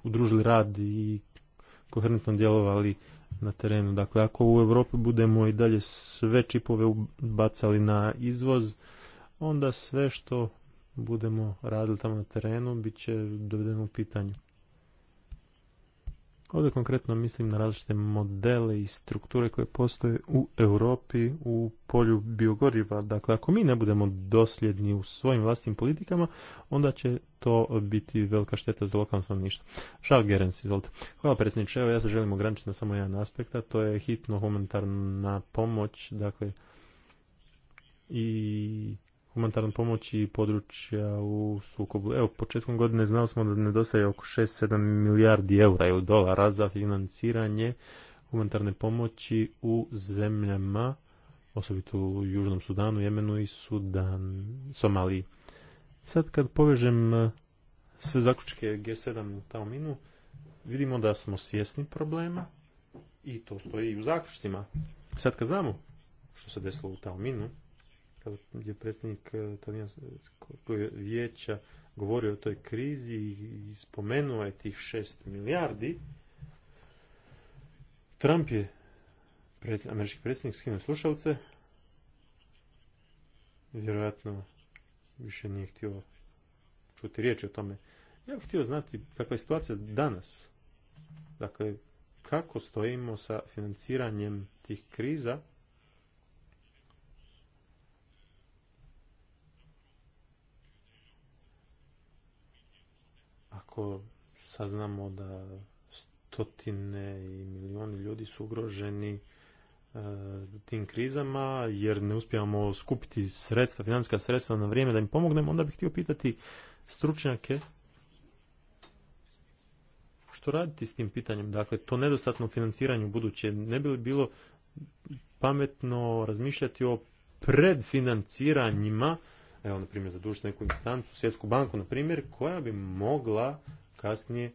udružili rad i koherentno djelovali na terenu. Dakle, ako u Europi budemo i dalje sve čipove bacali na izvoz, onda sve što budemo radili tamo na terenu bit će dovedeno u pitanju. Ovdje konkretno mislim na različite modele i strukture koje postoje u Europi u polju biogoriva. Dakle, ako mi ne budemo dosljedni u svojim vlastnim politikama, onda će to biti velika šteta za lokalno stanovništvo. Šal Gerens, izvolite. Hvala predsjedniče, evo ja se želim ograničiti na samo jedan aspekt, a to je hitno humanitarna pomoć, dakle i humanitarna pomoć i područja u sukobu. Evo, početkom godine znali smo da nedostaje oko 6-7 milijardi eura ili dolara za financiranje humanitarne pomoći u zemljama, osobito u Južnom Sudanu, Jemenu i Sudan, Somaliji. Sad kad povežem e, sve zaključke G7 u minu, vidimo da smo svjesni problema i to stoji i u zaključcima. Sad kad znamo što se desilo u minu, kad je predsjednik e, talijanskog vijeća govorio o toj krizi i spomenuo je tih šest milijardi, Trump je američki predsjednik skinuo slušalce, vjerojatno više nije htio čuti riječ o tome. Ja bih htio znati kakva je situacija danas. Dakle, kako stojimo sa financiranjem tih kriza ako saznamo da stotine i milijoni ljudi su ugroženi E, tim krizama jer ne uspijamo skupiti sredstva, financijska sredstva na vrijeme da im pomognemo, onda bih htio pitati stručnjake što raditi s tim pitanjem. Dakle, to nedostatno financiranje u buduće ne bi li bilo pametno razmišljati o predfinanciranjima, evo na primjer zadužiti neku instancu, svjetsku banku na primjer, koja bi mogla kasnije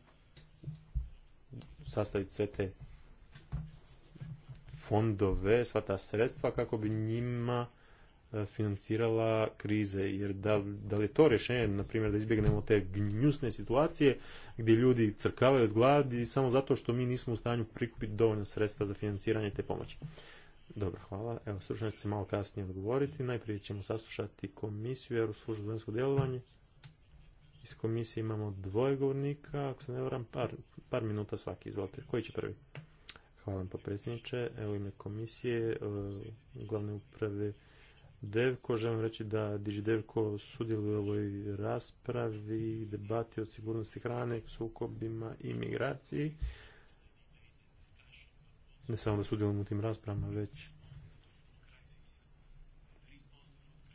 sastaviti sve te fondove, sva ta sredstva kako bi njima e, financirala krize. Jer da, da li je to rješenje, na primjer, da izbjegnemo te gnjusne situacije gdje ljudi crkavaju od gladi samo zato što mi nismo u stanju prikupiti dovoljno sredstva za financiranje te pomoći. Dobro, hvala. Evo, stručnjaci će malo kasnije odgovoriti. Najprije ćemo saslušati komisiju, u službu vanjsko djelovanje. Iz komisije imamo dvoje govornika, ako se ne varam, par, par minuta svaki, izvolite. Koji će prvi? Hvala vam potpredsjedniče. Evo ime komisije, e, glavne uprave Devko. Želim reći da Devko sudjeluje u ovoj raspravi, debati o sigurnosti hrane, sukobima i migraciji. Ne samo da sudjelujemo u tim raspravama, već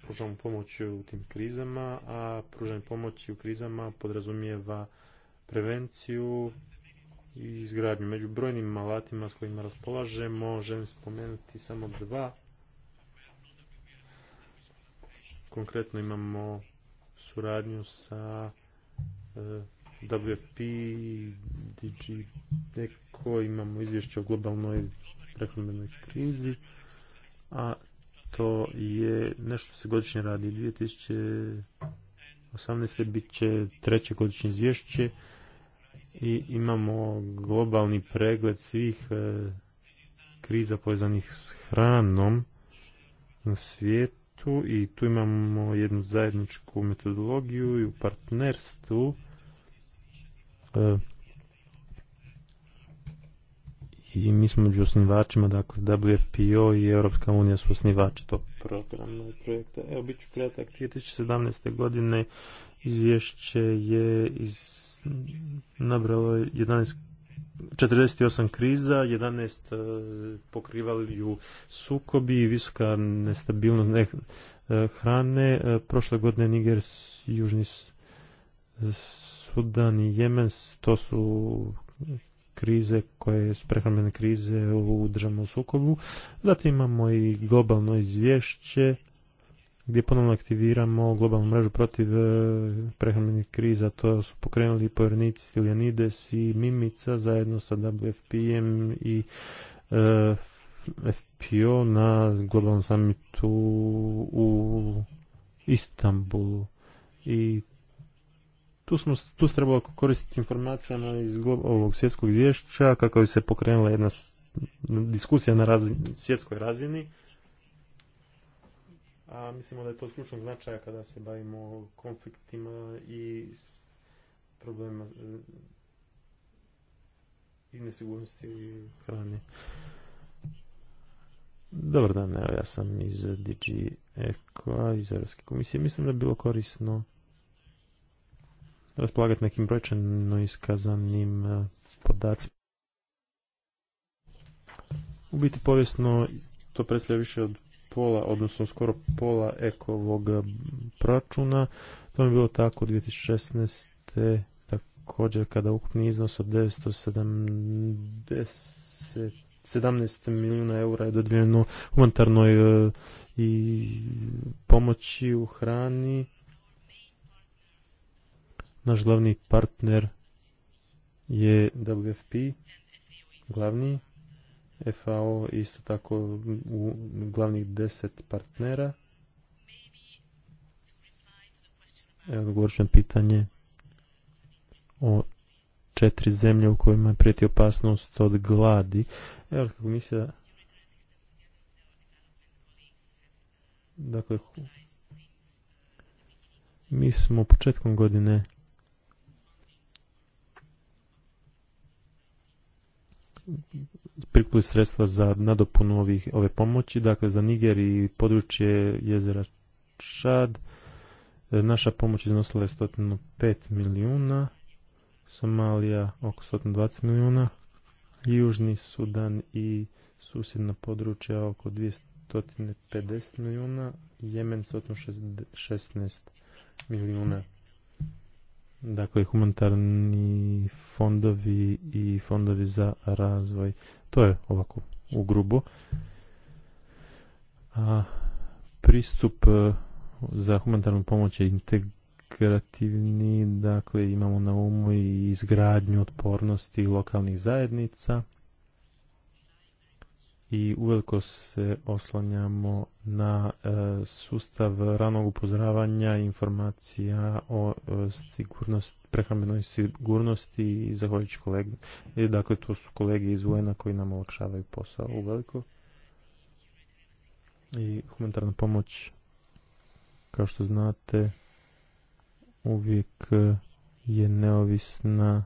pružamo pomoć u tim krizama, a pružanje pomoći u krizama podrazumijeva prevenciju, i izgradnju. Među brojnim alatima s kojima raspolažemo, želim spomenuti samo dva. Konkretno imamo suradnju sa e, WFP, DG neko imamo izvješće o globalnoj prehrambenoj krizi, a to je nešto se godišnje radi. 2018. bit će treće godišnje izvješće i imamo globalni pregled svih e, kriza povezanih s hranom na svijetu i tu imamo jednu zajedničku metodologiju i u partnerstvu e, i mi smo među osnivačima, dakle WFPO i Europska unija su osnivači tog programa projekta. Evo, bit ću kratak, 2017. godine izvješće je iz nabralo 11 48 kriza, 11 e, pokrivali ju sukobi, visoka nestabilnost e, hrane. E, prošle godine Niger, Južni Sudan i Jemen, to su krize koje su prehrambene krize u državnom sukobu. Zatim imamo i globalno izvješće gdje ponovno aktiviramo globalnu mrežu protiv e, prehrambenih kriza. To su pokrenuli povjernici Stiljanides i Mimica zajedno sa WFPM i e, FPO na globalnom samitu u Istanbulu. I tu, se trebalo koristiti informacijama iz ovog svjetskog vješća kako bi se pokrenula jedna diskusija na svjetskoj razini a mislimo da je to od ključnog značaja kada se bavimo konfliktima i problemima e, i nesigurnosti hrane. Dobar dan, ja sam iz DG Eko, iz Europske komisije. Mislim da bi bilo korisno raspolagati nekim brojčano iskazanim e, podacima. U biti povijesno to predstavlja više od pola, odnosno skoro pola ekovog pračuna. To je bilo tako 2016. također kada ukupni iznos od 970 milijuna eura je dodijeljeno humanitarnoj e, i pomoći u hrani. Naš glavni partner je WFP, glavni FAO isto tako u glavnih deset partnera. Evo odgovorit ću pitanje o četiri zemlje u kojima je prijeti opasnost od gladi. Evo, mislim komisija dakle mi smo početkom godine prikupili sredstva za nadopunu ovih, ove pomoći, dakle za Niger i područje jezera Čad. E, naša pomoć iznosila je 105 milijuna, Somalija oko 120 milijuna, Južni Sudan i susjedna područja oko 250 milijuna, Jemen 116 milijuna. Dakle, humanitarni fondovi i fondovi za razvoj. To je ovako u grubo. A pristup e, za humanitarnu pomoć je integrativni, dakle imamo na umu i izgradnju otpornosti lokalnih zajednica i uveliko se oslanjamo na e, sustav ranog upozoravanja informacija o e, sigurnost, prehrambenoj sigurnosti i zahvaljujući kolegi. E, dakle, to su kolege iz un koji nam olakšavaju posao uveliko. I humanitarna pomoć, kao što znate, uvijek je neovisna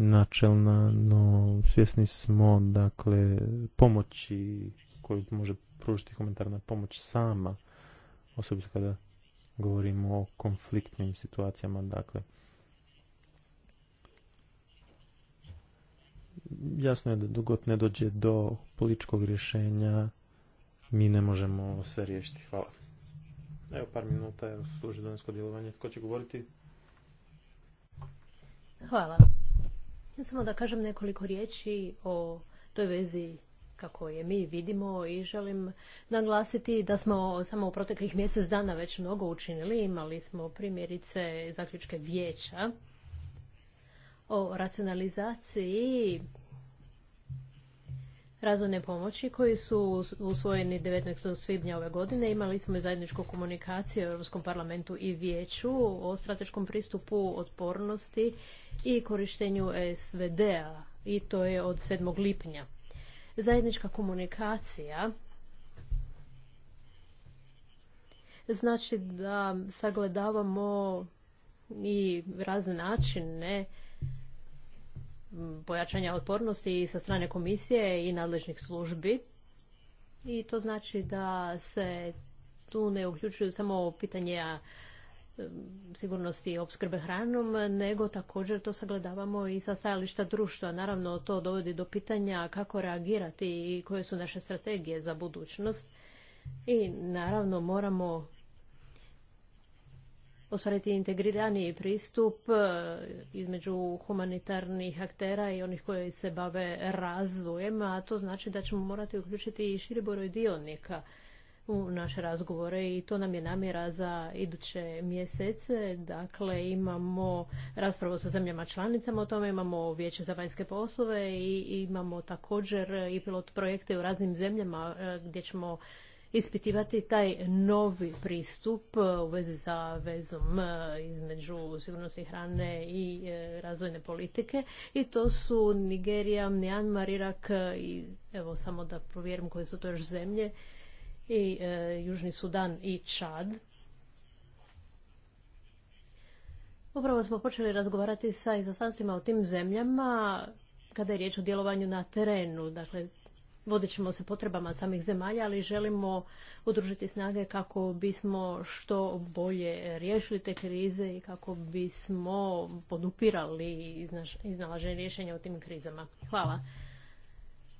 načelna, no svjesni smo dakle pomoći koju može pružiti komentarna pomoć sama, osobito kada govorimo o konfliktnim situacijama, dakle. Jasno je da dogod ne dođe do političkog rješenja, mi ne možemo sve riješiti. Hvala. Evo par minuta, služi dansko djelovanje. Tko će govoriti? Hvala. Samo da kažem nekoliko riječi o toj vezi kako je mi vidimo i želim naglasiti da smo samo u proteklih mjesec dana već mnogo učinili. Imali smo primjerice zaključke vijeća o racionalizaciji razvojne pomoći koji su usvojeni 19. svibnja ove godine. Imali smo i zajedničku komunikaciju u Europskom parlamentu i vijeću o strateškom pristupu otpornosti i korištenju SVD-a i to je od 7. lipnja. Zajednička komunikacija znači da sagledavamo i razne načine pojačanja otpornosti i sa strane komisije i nadležnih službi. I to znači da se tu ne uključuju samo pitanje eh, sigurnosti opskrbe hranom, nego također to sagledavamo i sa stajališta društva. Naravno, to dovodi do pitanja kako reagirati i koje su naše strategije za budućnost. I naravno moramo ostvariti integriraniji pristup e, između humanitarnih aktera i onih koji se bave razvojem, a to znači da ćemo morati uključiti i širi broj dionika u naše razgovore i to nam je namjera za iduće mjesece. Dakle, imamo raspravu sa zemljama članicama o tome, imamo vijeće za vanjske poslove i imamo također i pilot projekte u raznim zemljama e, gdje ćemo ispitivati taj novi pristup e, u vezi sa vezom e, između sigurnosti hrane i e, razvojne politike i to su Nigerija, Nian Irak i evo samo da provjerim koje su to još zemlje i Južni Sudan i Čad. Upravo smo počeli razgovarati sa izaslanstvima u tim zemljama kada je riječ o djelovanju na terenu. Dakle, vodit ćemo se potrebama samih zemalja, ali želimo udružiti snage kako bismo što bolje riješili te krize i kako bismo podupirali iznalaženje rješenja u tim krizama. Hvala.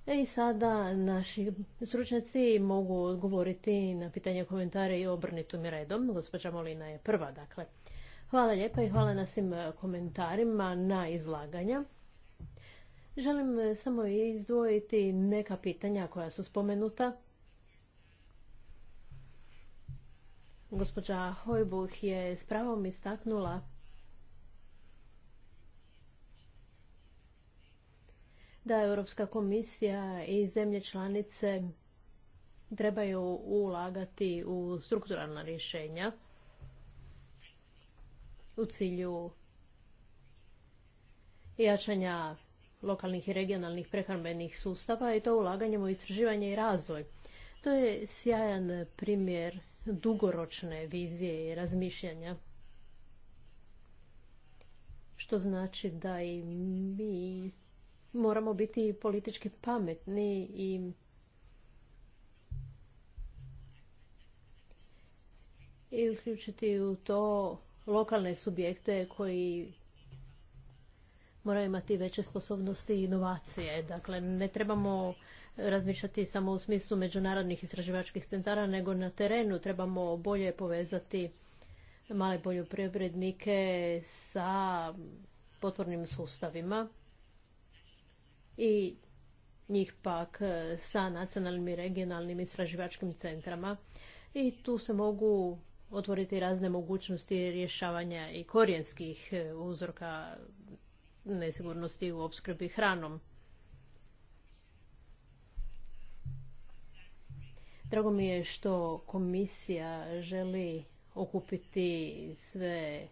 E, I sada naši stručnjaci mogu odgovoriti na pitanje, komentare i obrnitom redom. Gospođa Molina je prva, dakle. Hvala lijepa i hvala na svim komentarima na izlaganja. Želim e, samo izdvojiti neka pitanja koja su spomenuta. Gospođa Hojbuh je s pravom istaknula da Europska komisija i zemlje članice trebaju ulagati u strukturalna rješenja u cilju jačanja lokalnih i regionalnih prehrambenih sustava i to ulaganjem u istraživanje i razvoj. To je sjajan primjer dugoročne vizije i razmišljanja. Što znači da i mi moramo biti politički pametni i i uključiti u to lokalne subjekte koji moraju imati veće sposobnosti i inovacije. Dakle, ne trebamo razmišljati samo u smislu međunarodnih istraživačkih centara, nego na terenu trebamo bolje povezati male poljoprivrednike sa potvornim sustavima i njih pak sa nacionalnim i regionalnim istraživačkim centrama i tu se mogu otvoriti razne mogućnosti rješavanja i korijenskih uzroka nesigurnosti u opskrbi hranom. Drago mi je što komisija želi okupiti sve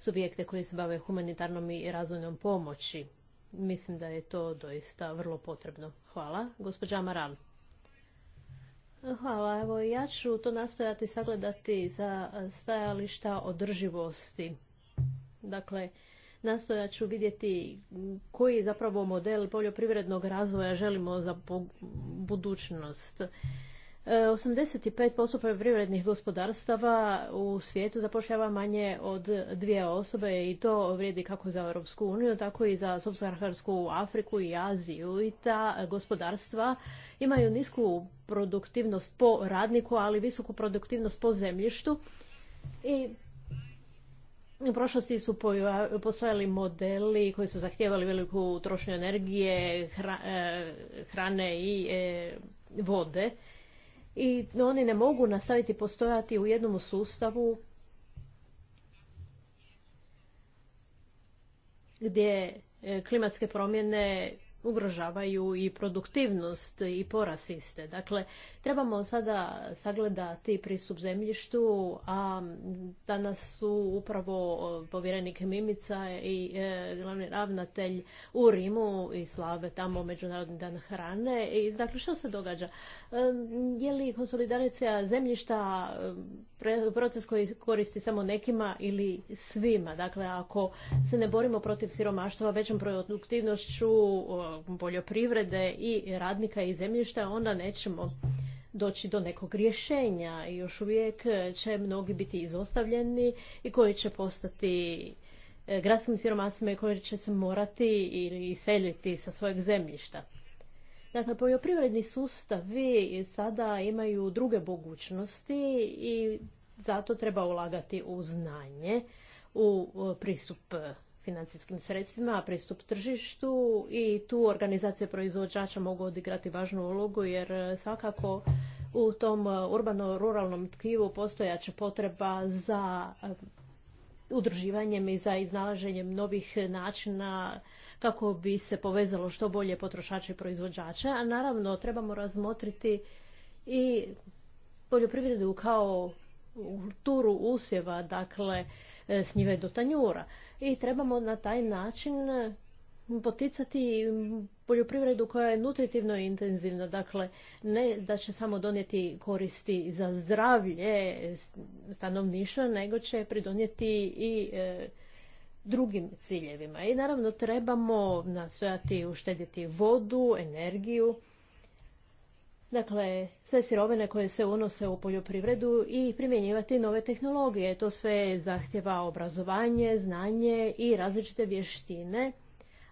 subjekte koji se bave humanitarnom i razvojnom pomoći. Mislim da je to doista vrlo potrebno. Hvala. Gospođa Amaral. Hvala. Evo, ja ću to nastojati sagledati za stajališta održivosti. Dakle, nastojat ću vidjeti koji zapravo model poljoprivrednog razvoja želimo za budućnost. 85% e, poljoprivrednih gospodarstava u svijetu zapošljava manje od dvije osobe i to vrijedi kako za Europsku uniju, tako i za subsaharsku Afriku i Aziju. I ta gospodarstva imaju nisku produktivnost po radniku, ali visoku produktivnost po zemljištu. I u prošlosti su postojali modeli koji su zahtijevali veliku trošnju energije, e, hrane i e, vode. I oni ne mogu nastaviti postojati u jednom sustavu gdje e, klimatske promjene ugrožavaju i produktivnost i poras iste. Dakle, trebamo sada sagledati pristup zemljištu, a danas su upravo povjerenik Mimica i e, glavni ravnatelj u Rimu i slave tamo Međunarodni dan hrane. I, dakle, što se događa? E, je li konsolidacija zemljišta e, proces koji koristi samo nekima ili svima? Dakle, ako se ne borimo protiv siromaštva većom produktivnošću, poljoprivrede i radnika i zemljišta, onda nećemo doći do nekog rješenja i još uvijek će mnogi biti izostavljeni i koji će postati e, gradskim siromasima i koji će se morati ili iseliti sa svojeg zemljišta. Dakle, poljoprivredni sustavi sada imaju druge mogućnosti i zato treba ulagati u znanje, u e, pristup financijskim sredstvima, pristup tržištu i tu organizacije proizvođača mogu odigrati važnu ulogu jer e, svakako u tom e, urbano-ruralnom tkivu postojaće potreba za e, udruživanjem i za iznalaženjem novih načina kako bi se povezalo što bolje potrošače i proizvođače, a naravno trebamo razmotriti i poljoprivredu kao kulturu usjeva, dakle e, s njive do tanjura. I trebamo na taj način e, poticati poljoprivredu koja je nutritivno intenzivna, dakle ne da će samo donijeti koristi za zdravlje stanovništva, nego će pridonijeti i e, drugim ciljevima. I naravno trebamo nastojati uštedjeti vodu, energiju, Dakle, sve sirovine koje se unose u poljoprivredu i primjenjivati nove tehnologije. To sve zahtjeva obrazovanje, znanje i različite vještine.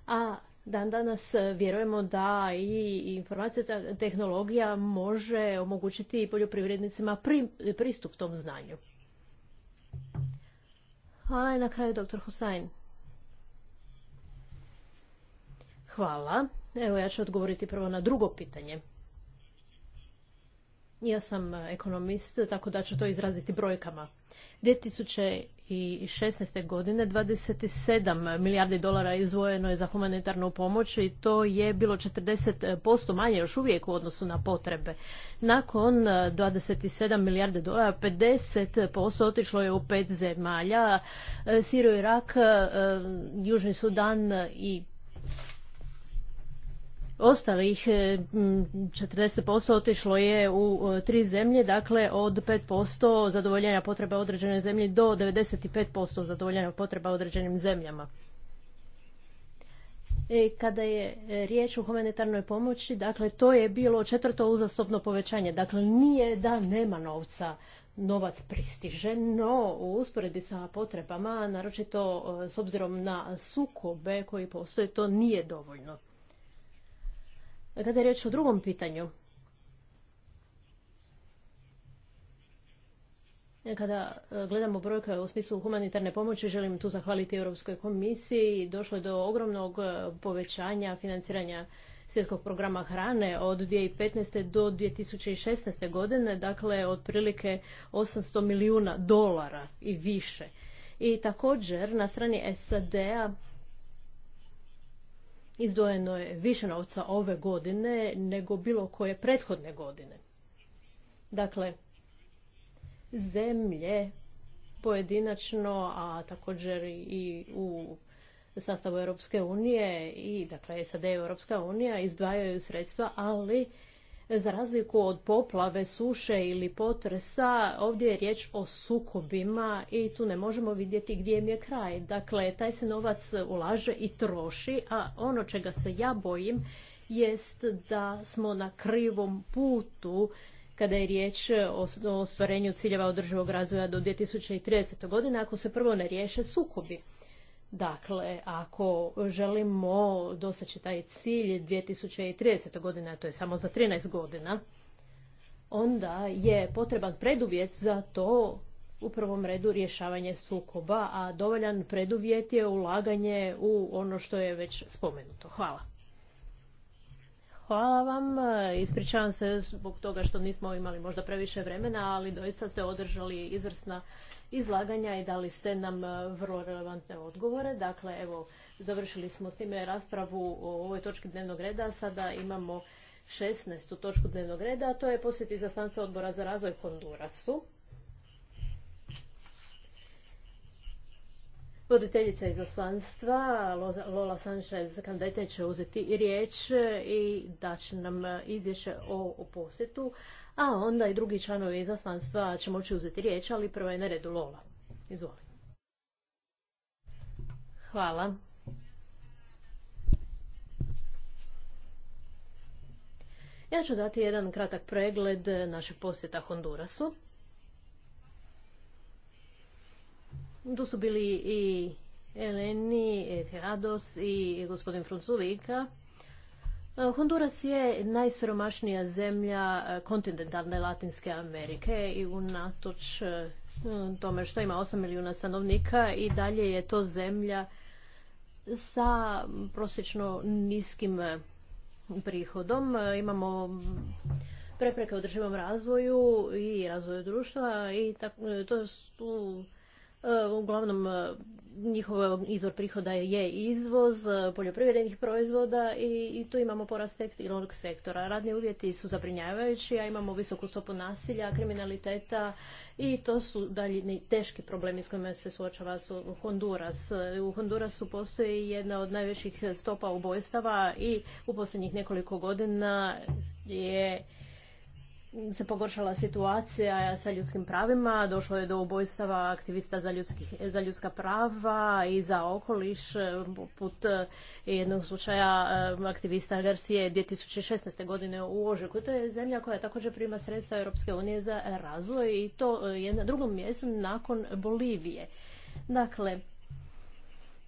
A dan danas vjerujemo da i informacija tehnologija može omogućiti poljoprivrednicima pristup tom znanju. Hvala i na kraju dr. Husain. Hvala. Evo ja ću odgovoriti prvo na drugo pitanje. Ja sam e, ekonomist, tako da ću to izraziti brojkama. 2016. godine 27 milijardi dolara izvojeno je za humanitarnu pomoć i to je bilo 40% manje još uvijek u odnosu na potrebe. Nakon 27 e, milijardi dolara 50% otišlo je u pet zemalja, e, i Irak, Južni Sudan i Ostalih 40% e, otišlo je u e, tri zemlje, dakle od 5% zadovoljenja potreba određene zemlje do 95% zadovoljenja potreba određenim zemljama. I e, kada je riječ o humanitarnoj pomoći, dakle to je bilo četvrto uzastopno povećanje. Dakle nije da nema novca, novac pristiže, no u usporedbi sa potrebama, naročito s obzirom na sukobe koji postoje, to nije dovoljno. Kada je riječ o drugom pitanju, Kada e, gledamo brojke u smislu humanitarne pomoći, želim tu zahvaliti Europskoj komisiji. Došlo je do ogromnog e, povećanja financiranja svjetskog programa hrane od 2015. do 2016. godine, dakle otprilike 800 milijuna dolara i više. I također na strani SAD-a izdvojeno je više novca ove godine nego bilo koje prethodne godine. Dakle, zemlje pojedinačno, a također i u sastavu Europske unije i dakle SAD i Europska unija izdvajaju sredstva, ali za razliku od poplave, suše ili potresa, ovdje je riječ o sukobima i tu ne možemo vidjeti gdje im je kraj. Dakle, taj se novac ulaže i troši, a ono čega se ja bojim jest da smo na krivom putu kada je riječ o ostvarenju ciljeva održivog razvoja do 2030. godine ako se prvo ne riješe sukobi. Dakle, ako želimo doseći taj cilj 2030. godine, a to je samo za 13 godina, onda je potreban preduvjet za to u prvom redu rješavanje sukoba, a dovoljan preduvjet je ulaganje u ono što je već spomenuto. Hvala. Hvala vam. Ispričavam se zbog toga što nismo imali možda previše vremena, ali doista ste održali izvrsna izlaganja i dali ste nam e, vrlo relevantne odgovore. Dakle, evo, završili smo s time raspravu o ovoj točki dnevnog reda. Sada imamo 16. točku dnevnog reda, a to je posjet izaslanstva odbora za razvoj Hondurasu. Voditeljica izaslanstva Lola Sanchez Kandete će uzeti riječ i će nam izvješće o, posjetu, a onda i drugi članovi izaslanstva će moći uzeti riječ, ali prvo je na redu Lola. Izvoli. Hvala. Ja ću dati jedan kratak pregled našeg posjeta Hondurasu. Tu su bili i Eleni Tirados i gospodin Frunzulika. E, Honduras je najsiromašnija zemlja e, kontinentalne Latinske Amerike i unatoč e, tome što ima 8 milijuna stanovnika i dalje je to zemlja sa prosječno niskim prihodom. Imamo prepreke održivom razvoju i razvoju društva i to su E, uglavnom, e, njihov e, izvor prihoda je izvoz poljoprivrednih proizvoda i, i tu imamo porast tekstilnog sektora. Radni uvjeti su zabrinjavajući, a imamo visoku stopu nasilja, kriminaliteta i to su daljnji teški problemi s kojima se suočava Honduras. U Hondurasu postoji jedna od najvećih stopa ubojstava i u posljednjih nekoliko godina je se pogoršala situacija sa ljudskim pravima, došlo je do ubojstava aktivista za, ljudskih, za ljudska prava i za okoliš, e, put e, jednog slučaja e, aktivista Garcije 2016. godine u Ožeku. To je zemlja koja također prima sredstva Europske unije za razvoj i to je na drugom mjestu nakon Bolivije. Dakle,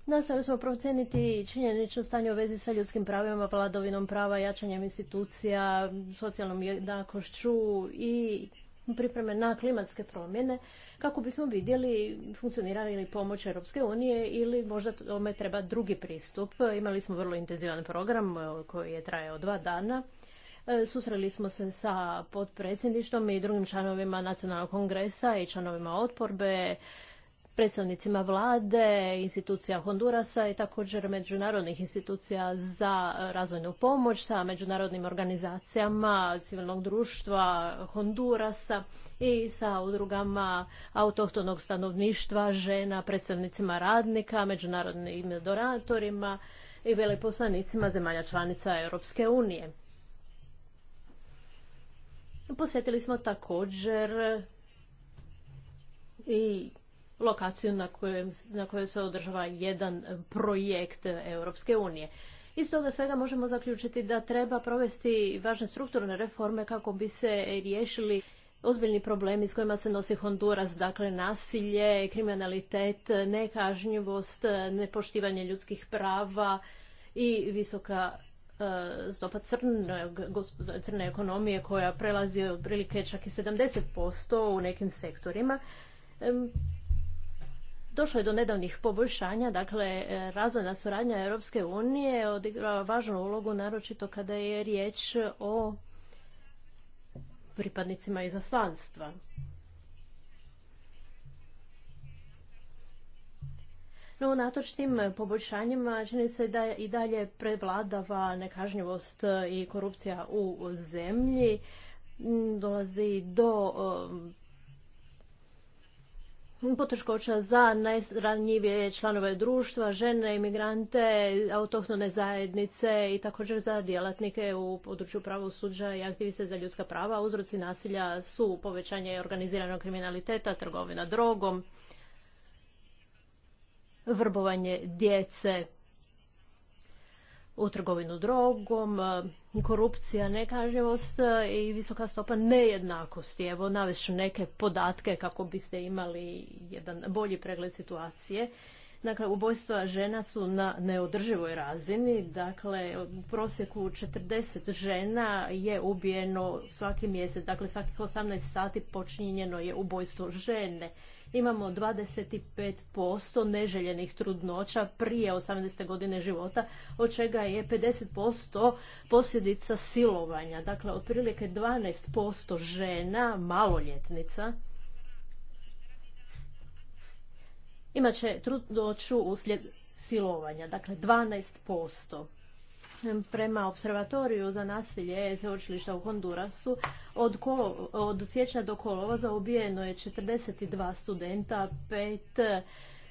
Nastavili smo procijeniti činjenično stanje u vezi sa ljudskim pravima, vladovinom prava, jačanjem institucija, socijalnom jednakošću i pripreme na klimatske promjene kako bismo vidjeli funkcionira ili pomoć Europske unije ili možda tome treba drugi pristup. Imali smo vrlo intenzivan program e, koji je trajao dva dana. E, susreli smo se sa potpredsjedništvom i drugim članovima Nacionalnog kongresa i članovima otporbe predstavnicima vlade, institucija Hondurasa i također međunarodnih institucija za razvojnu pomoć sa međunarodnim organizacijama civilnog društva Hondurasa i sa udrugama autohtonog stanovništva, žena, predstavnicima radnika, međunarodnim doratorima i veleposlanicima zemalja članica Europske unije. Posjetili smo također i lokaciju na, kojem, na kojoj se održava jedan projekt Europske unije. Iz toga svega možemo zaključiti da treba provesti važne strukturne reforme kako bi se riješili ozbiljni problemi s kojima se nosi Honduras, dakle nasilje, kriminalitet, nekažnjivost, nepoštivanje ljudskih prava i visoka e, stopa crne, crne ekonomije koja prelazi otprilike čak i 70% u nekim sektorima. Došlo je do nedavnih poboljšanja, dakle e, razvojna suradnja Europske unije odigrava važnu ulogu, naročito kada je riječ o pripadnicima izaslanstva. No, U tim poboljšanjima čini se da i dalje prevladava nekažnjivost i korupcija u zemlji. Dolazi do e, poteškoća za najranjivije članove društva, žene, imigrante, autohtone zajednice i također za djelatnike u području pravosuđa i aktiviste za ljudska prava. Uzroci nasilja su povećanje organiziranog kriminaliteta, trgovina drogom, vrbovanje djece u trgovinu drogom, korupcija, nekažnjivost e, i visoka stopa nejednakosti. Evo ću neke podatke kako biste imali jedan bolji pregled situacije. Dakle, ubojstva žena su na neodrživoj razini. Dakle, u prosjeku 40 žena je ubijeno svaki mjesec. Dakle, svakih 18 sati počinjeno je ubojstvo žene. Imamo 25% neželjenih trudnoća prije 18. godine života, od čega je 50% posljedica silovanja. Dakle, otprilike 12% žena, maloljetnica, imat će trudnoću uslijed silovanja, dakle 12%. Prema observatoriju za nasilje sveučilišta u Hondurasu od, kolo, od siječnja do kolovoza ubijeno je 42 studenta, 5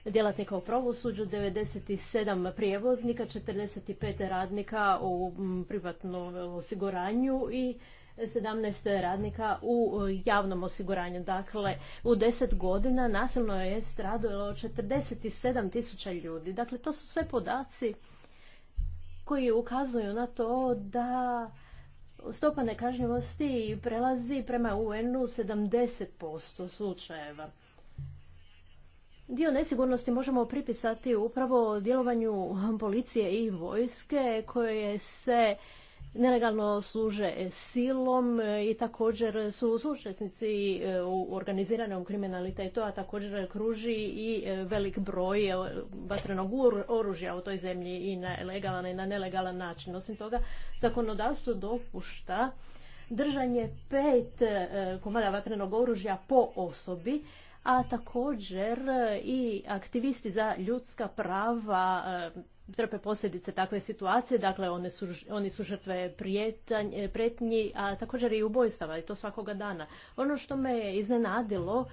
djelatnika u pravosuđu, 97 prijevoznika, 45 radnika u privatnom osiguranju i 17 radnika u e, javnom osiguranju. Dakle, u 10 godina nasilno je stradilo 47 tisuća ljudi. Dakle, to su sve podaci koji ukazuju na to da stopa nekažnjivosti prelazi prema UN-u 70% slučajeva. Dio nesigurnosti možemo pripisati upravo djelovanju policije i vojske koje se nelegalno služe silom e, i također su sučesnici e, u organiziranom kriminalitetu, a također kruži i e, velik broj vatrenog oružja u toj zemlji i na legalan i na nelegalan način. Osim toga, zakonodavstvo dopušta držanje pet komada vatrenog oružja po osobi, a također i aktivisti za ljudska prava trpe posljedice takve situacije, dakle one su, oni su žrtve prijetnji, a također i ubojstava i to svakoga dana. Ono što me je iznenadilo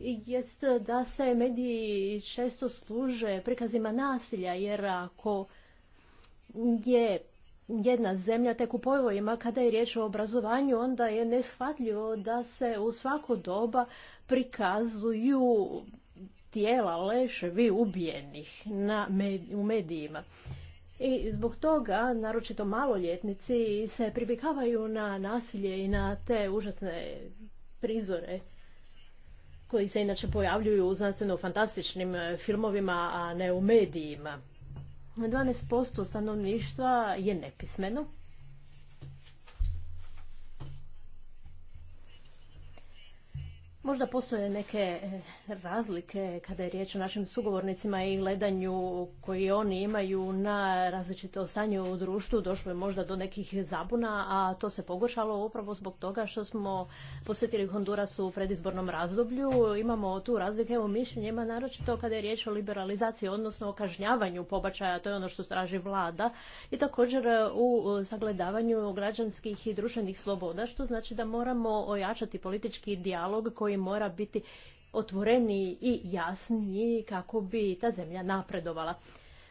jest da se mediji često služe prikazima nasilja, jer ako je jedna zemlja tek u povojima kada je riječ o obrazovanju, onda je neshvatljivo da se u svako doba prikazuju tijela, leševi ubijenih na u medijima. I zbog toga, naročito maloljetnici, se privikavaju na nasilje i na te užasne prizore koji se inače pojavljuju u znanstveno-fantastičnim e, filmovima, a ne u medijima. 12% stanovništva je nepismeno Možda postoje neke e, razlike kada je riječ o našim sugovornicima i gledanju koji oni imaju na različito stanje u društvu. Došlo je možda do nekih zabuna, a to se pogoršalo upravo zbog toga što smo posjetili Honduras u predizbornom razdoblju. Imamo tu razlike u mišljenjima, naročito kada je riječ o liberalizaciji, odnosno o kažnjavanju pobačaja, to je ono što straži vlada, i također e, u sagledavanju građanskih i društvenih sloboda, što znači da moramo ojačati politički dijalog koji koji mora biti otvoreniji i jasniji kako bi ta zemlja napredovala.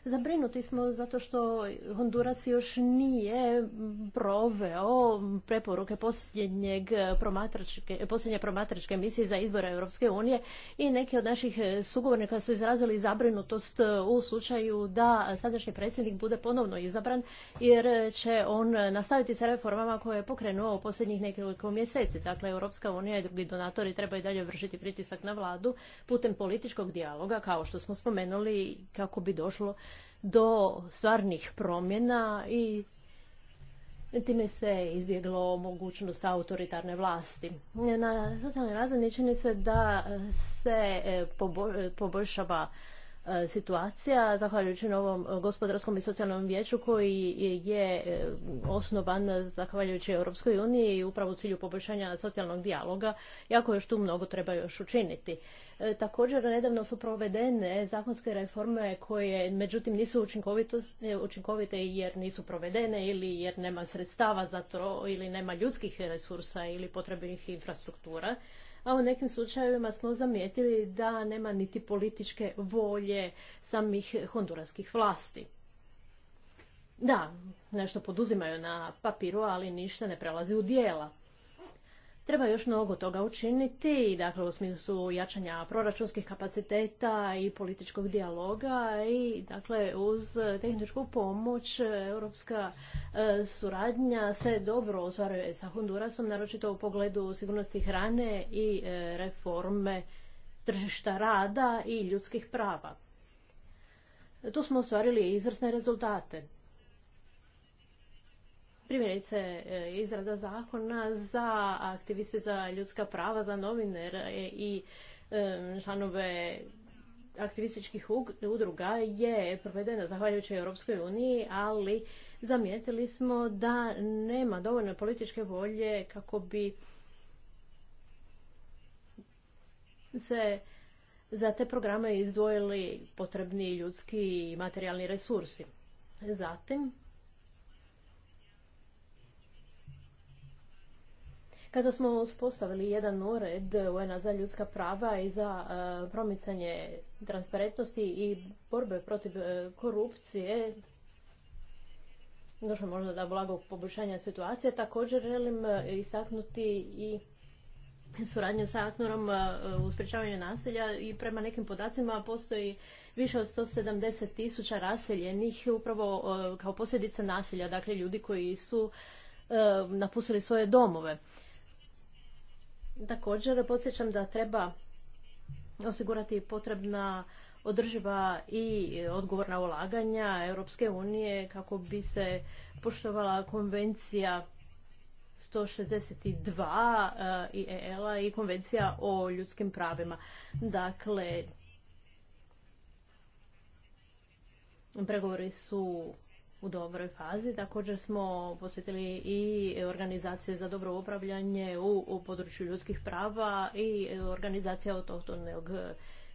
Zabrinuti smo zato što Honduras još nije proveo preporuke posljednje promatračke misije za izbore Europske unije i neki od naših sugovornika su izrazili zabrinutost u slučaju da sadašnji predsjednik bude ponovno izabran jer će on nastaviti sa reformama koje je pokrenuo u posljednjih nekoliko mjeseci. Dakle, Europska unija i drugi donatori trebaju i dalje vršiti pritisak na vladu putem političkog dijaloga, kao što smo spomenuli, kako bi došlo do stvarnih promjena i Time se izbjeglo mogućnost autoritarne vlasti. Na socijalnoj razini čini se da se eh, poboljšava E, situacija, zahvaljujući novom e, gospodarskom i socijalnom vijeću koji je e, osnovan zahvaljujući Europskoj uniji i upravo u cilju poboljšanja socijalnog dijaloga, jako još tu mnogo treba još učiniti. Također, nedavno su provedene zakonske reforme koje, međutim, nisu učinkovite jer nisu provedene ili jer nema sredstava za to ili nema ljudskih resursa ili potrebnih infrastruktura a u nekim slučajevima smo zamijetili da nema niti političke volje samih honduraskih vlasti. Da, nešto poduzimaju na papiru, ali ništa ne prelazi u dijela. Treba još mnogo toga učiniti, dakle u smislu jačanja proračunskih kapaciteta i političkog dijaloga i dakle uz tehničku pomoć europska e, suradnja se dobro ostvaruje sa Hondurasom, naročito u pogledu sigurnosti hrane i e, reforme tržišta rada i ljudskih prava. Tu smo ostvarili izvrsne rezultate primjerice e, izrada zakona za aktiviste za ljudska prava, za novinare i e, članove aktivističkih udruga je provedena zahvaljujući Europskoj uniji, ali zamijetili smo da nema dovoljno političke volje kako bi se za te programe izdvojili potrebni ljudski i materijalni resursi. Zatim, Kada smo uspostavili jedan ured un za ljudska prava i za e, promicanje transparentnosti i borbe protiv e, korupcije, došlo možda da blago poboljšanja situacije, također želim e, istaknuti i suradnju sa Aknurom u sprječavanju nasilja i prema nekim podacima postoji više od 170 tisuća raseljenih upravo kao posljedica nasilja, dakle ljudi koji su napustili svoje domove. Također podsjećam da treba osigurati potrebna održiva i odgovorna ulaganja Europske unije kako bi se poštovala konvencija 162 eh, IEL-a i konvencija o ljudskim pravima. Dakle, pregovori su u dobroj fazi. Također smo posjetili i organizacije za dobro upravljanje u, području ljudskih prava i organizacija autohtonog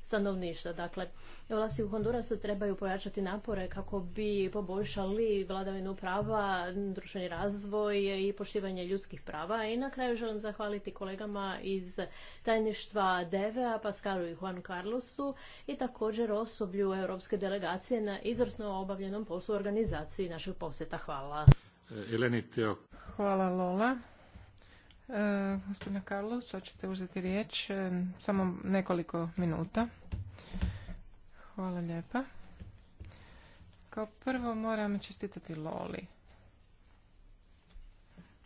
stanovništva. Dakle, vlasti u Hondurasu trebaju pojačati napore kako bi poboljšali vladavinu prava, društveni razvoj i poštivanje ljudskih prava. I na kraju želim zahvaliti kolegama iz tajništva DVA, Pascalu i Juan Carlosu i također osoblju Europske delegacije na izvrsno obavljenom poslu organizaciji našeg posjeta. Hvala. Hvala Lola. Gospodina e, gospodine Carlos, hoćete uzeti riječ? E, samo nekoliko minuta. Hvala lijepa. Kao prvo moram čestitati Loli.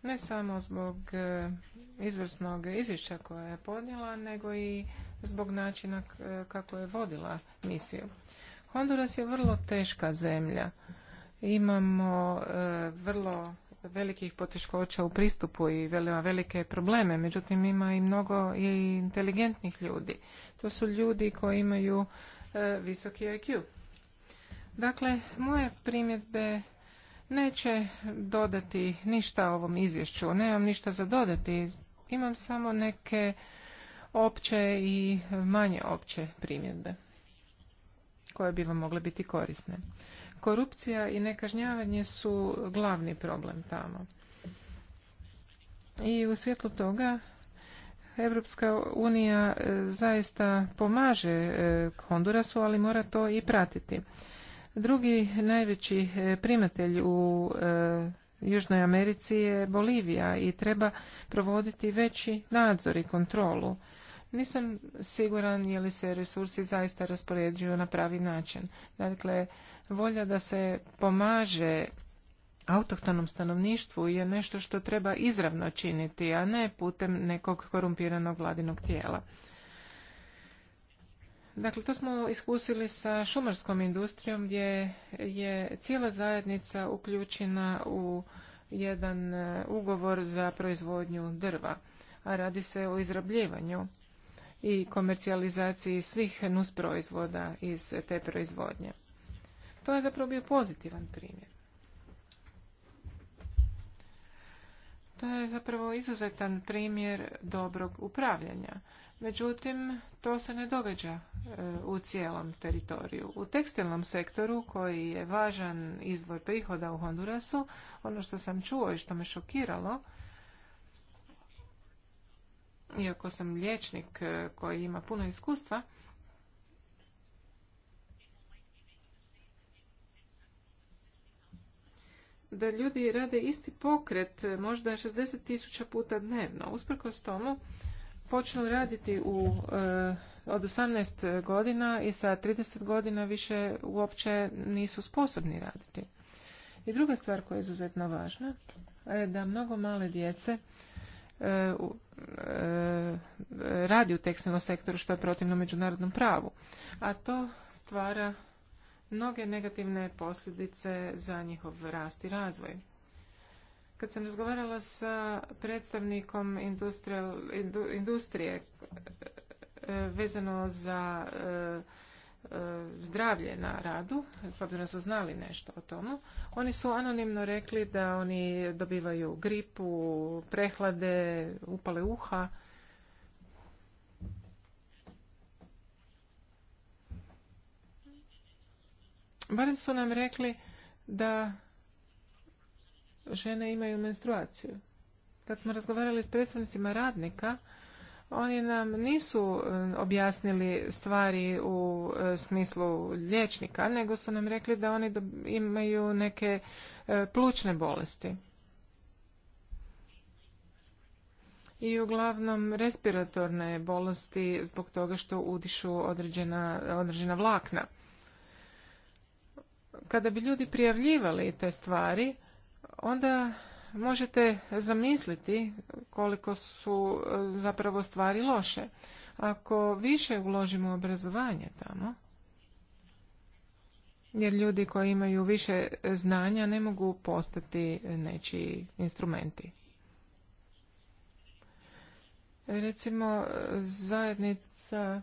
Ne samo zbog e, izvrsnog izvješća koja je podnijela, nego i zbog načina kako je vodila misiju. Honduras je vrlo teška zemlja. Imamo vrlo velikih poteškoća u pristupu i velike probleme, međutim ima i mnogo i inteligentnih ljudi. To su ljudi koji imaju e, visoki IQ. Dakle, moje primjedbe neće dodati ništa ovom izvješću. Nemam ništa za dodati. Imam samo neke opće i manje opće primjedbe koje bi vam mogle biti korisne. Korupcija i nekažnjavanje su glavni problem tamo. I u svjetlu toga Evropska unija e, zaista pomaže e, Hondurasu, ali mora to i pratiti. Drugi najveći e, primatelj u Južnoj Americi je Bolivija i treba provoditi veći nadzor i kontrolu nisam siguran je li se resursi zaista raspoređuju na pravi način. Dakle, volja da se pomaže autohtonom stanovništvu je nešto što treba izravno činiti, a ne putem nekog korumpiranog vladinog tijela. Dakle, to smo iskusili sa šumarskom industrijom gdje je cijela zajednica uključena u jedan e, ugovor za proizvodnju drva, a radi se o izrabljivanju i komercijalizaciji svih nus proizvoda iz te proizvodnje. To je zapravo bio pozitivan primjer. To je zapravo izuzetan primjer dobrog upravljanja. Međutim, to se ne događa e, u cijelom teritoriju. U tekstilnom sektoru, koji je važan izvor prihoda u Hondurasu, ono što sam čuo i što me šokiralo, iako sam liječnik e, koji ima puno iskustva, da ljudi rade isti pokret e, možda 60 tisuća puta dnevno. Usprkos tomu počnu raditi u, e, od 18 godina i sa 30 godina više uopće nisu sposobni raditi. I druga stvar koja je izuzetno važna je da mnogo male djece E, radi u tekstilnom sektoru što je protivno međunarodnom pravu. A to stvara mnoge negativne posljedice za njihov rast i razvoj. Kad sam razgovarala sa predstavnikom industrije e, vezano za e, E, zdravlje na radu, s obzirom su znali nešto o tomu, oni su anonimno rekli da oni dobivaju gripu, prehlade, upale uha. Barem su nam rekli da žene imaju menstruaciju. Kad smo razgovarali s predstavnicima radnika, oni nam nisu e, objasnili stvari u e, smislu liječnika, nego su nam rekli da oni imaju neke e, plućne bolesti. I uglavnom respiratorne bolesti zbog toga što udišu određena, određena vlakna. Kada bi ljudi prijavljivali te stvari, onda možete zamisliti koliko su e, zapravo stvari loše. Ako više uložimo obrazovanje tamo, jer ljudi koji imaju više znanja ne mogu postati nečiji instrumenti. Recimo, zajednica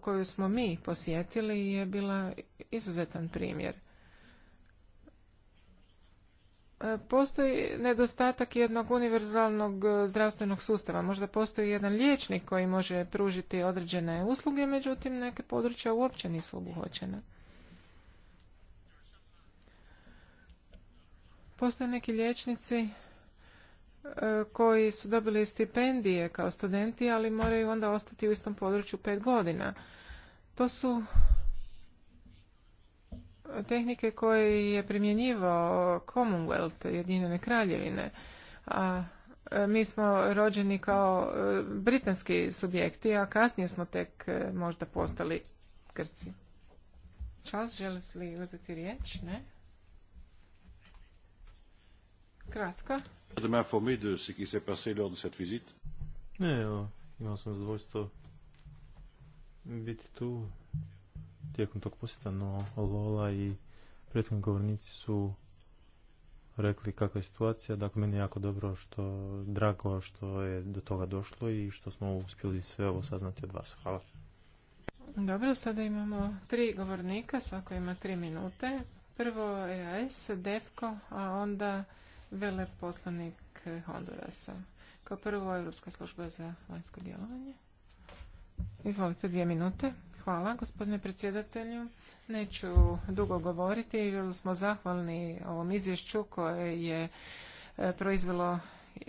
koju smo mi posjetili je bila izuzetan primjer. E, postoji nedostatak jednog univerzalnog e, zdravstvenog sustava. Možda postoji jedan liječnik koji može pružiti određene usluge, međutim neke područja uopće nisu obuhvaćena. Postoje neki liječnici e, koji su dobili stipendije kao studenti, ali moraju onda ostati u istom području pet godina. To su tehnike koji je primjenjivao Commonwealth, Jedinene kraljevine. A e, mi smo rođeni kao e, britanski subjekti, a kasnije smo tek e, možda postali krci. Čas, želiš li uzeti riječ? Ne? Kratko. De Ne, evo, imao sam zadovoljstvo biti tu tijekom tog posjeta, no Lola i prethodni govornici su rekli kakva je situacija. Dakle, meni je jako dobro što, drago što je do toga došlo i što smo uspjeli sve ovo saznati od vas. Hvala. Dobro, sada imamo tri govornika, svako ima tri minute. Prvo EAS, DEFKO, a onda veleposlanik Hondurasa. Kao prvo Europska služba za vanjsko djelovanje. Izvolite dvije minute. Hvala gospodine predsjedatelju. Neću dugo govoriti jer smo zahvalni ovom izvješću koje je e, proizvelo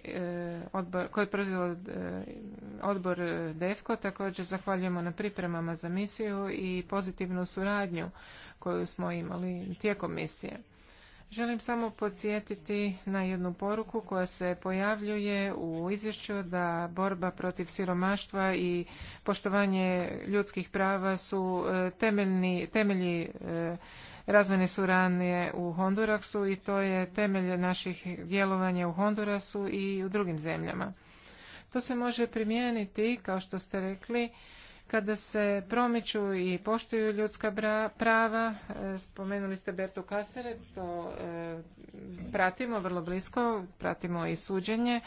e, odbor, koje je proizvelo e, odbor DEFKO. Također zahvaljujemo na pripremama za misiju i pozitivnu suradnju koju smo imali tijekom misije. Želim samo podsjetiti na jednu poruku koja se pojavljuje u izvješću da borba protiv siromaštva i poštovanje ljudskih prava su e, temeljni, temelji e, razvojne suradnje u Hondurasu i to je temelj naših djelovanja u Hondurasu i u drugim zemljama. To se može primijeniti, kao što ste rekli, kada se promiču i poštuju ljudska prava, e, spomenuli ste Bertu Kasere, to e, pratimo vrlo blisko, pratimo i suđenje,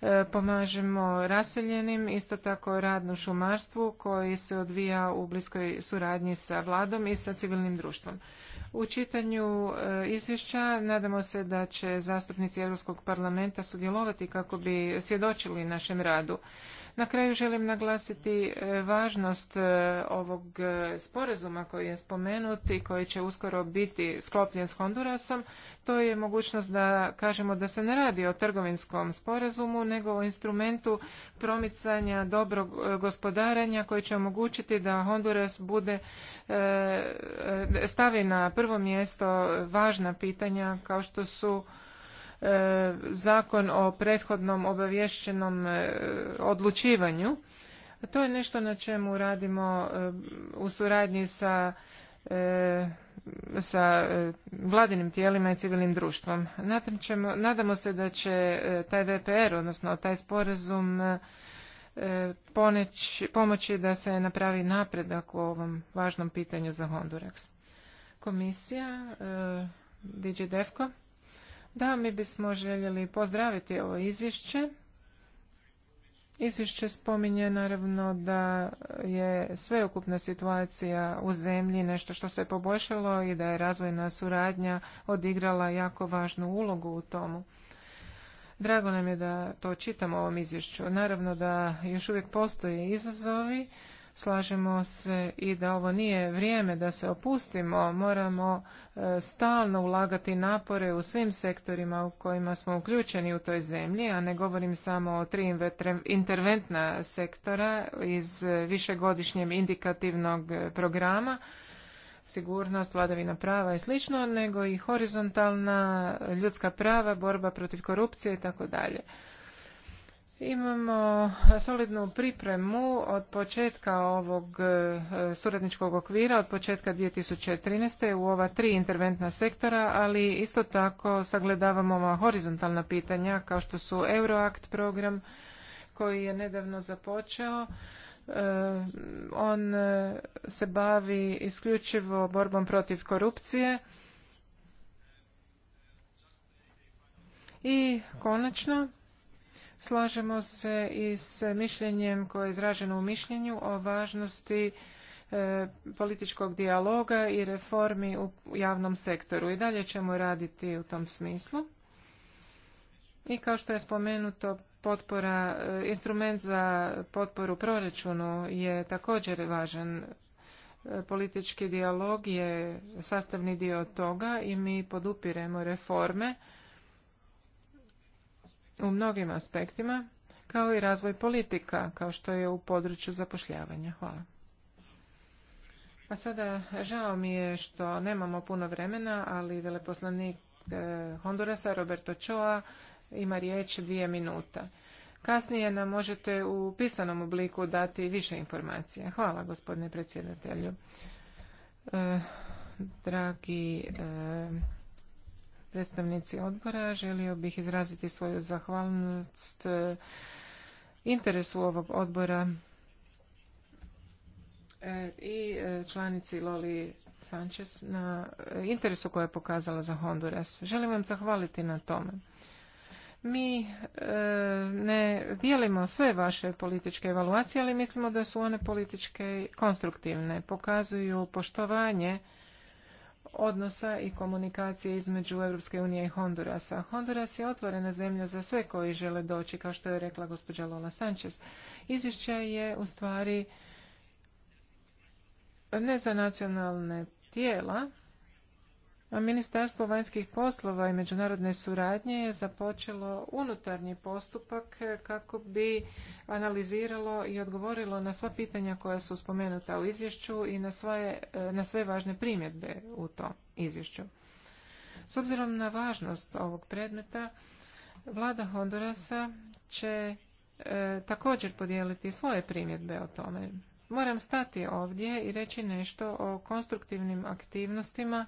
e, pomažemo raseljenim, isto tako radnu šumarstvu koji se odvija u bliskoj suradnji sa vladom i sa civilnim društvom. U čitanju izvješća nadamo se da će zastupnici Europskog parlamenta sudjelovati kako bi svjedočili našem radu. Na kraju želim naglasiti e, važnost e, ovog e, sporazuma koji je spomenut i koji će uskoro biti sklopljen s Hondurasom. To je mogućnost da kažemo da se ne radi o trgovinskom sporazumu, nego o instrumentu promicanja dobrog gospodaranja koji će omogućiti da Honduras bude stavi na prvo mjesto važna pitanja kao što su E, zakon o prethodnom obavješćenom e, odlučivanju. To je nešto na čemu radimo e, u suradnji sa sa vladinim tijelima i civilnim društvom. nadamo se da će taj VPR, odnosno taj sporazum, poneć, pomoći da se napravi napredak u ovom važnom pitanju za Honduras. Komisija, DG Defko. Da, mi bismo željeli pozdraviti ovo izvješće. Izvješće spominje naravno da je sveukupna situacija u zemlji nešto što se poboljšalo i da je razvojna suradnja odigrala jako važnu ulogu u tomu. Drago nam je da to čitamo u ovom izvješću. Naravno da još uvijek postoje izazovi slažemo se i da ovo nije vrijeme da se opustimo, moramo e, stalno ulagati napore u svim sektorima u kojima smo uključeni u toj zemlji, a ne govorim samo o tri interventna sektora iz višegodišnjem indikativnog e, programa, sigurnost, vladavina prava i slično, nego i horizontalna ljudska prava, borba protiv korupcije i tako dalje. Imamo solidnu pripremu od početka ovog e, suradničkog okvira, od početka 2013. u ova tri interventna sektora, ali isto tako sagledavamo ova horizontalna pitanja kao što su Euroact program koji je nedavno započeo. E, on e, se bavi isključivo borbom protiv korupcije. I konačno, Slažemo se i s mišljenjem koje je izraženo u mišljenju o važnosti e, političkog dijaloga i reformi u javnom sektoru. I dalje ćemo raditi u tom smislu. I kao što je spomenuto, potpora, e, instrument za potporu proračunu je također važan. E, politički dijalog je sastavni dio toga i mi podupiremo reforme u mnogim aspektima, kao i razvoj politika, kao što je u području zapošljavanja. Hvala. A sada žao mi je što nemamo puno vremena, ali veleposlanik e, Hondurasa Roberto Choa ima riječ dvije minuta. Kasnije nam možete u pisanom obliku dati više informacija. Hvala gospodine predsjedatelju. E, dragi e, predstavnici odbora. Želio bih izraziti svoju zahvalnost e, interesu ovog odbora e, i e, članici Loli Sanchez na interesu koje je pokazala za Honduras. Želim vam zahvaliti na tome. Mi ne dijelimo sve vaše političke evaluacije, ali mislimo da su one političke konstruktivne. Pokazuju poštovanje odnosa i komunikacije između Europske unije i Hondurasa. Honduras je otvorena zemlja za sve koji žele doći, kao što je rekla gospođa Lola Sanchez. Izvješće je u stvari ne za nacionalne tijela, Ministarstvo vanjskih poslova i međunarodne suradnje je započelo unutarnji postupak kako bi analiziralo i odgovorilo na sva pitanja koja su spomenuta u izvješću i na sve, na sve važne primjedbe u tom izvješću. S obzirom na važnost ovog predmeta, vlada Hondurasa će e, također podijeliti svoje primjedbe o tome. Moram stati ovdje i reći nešto o konstruktivnim aktivnostima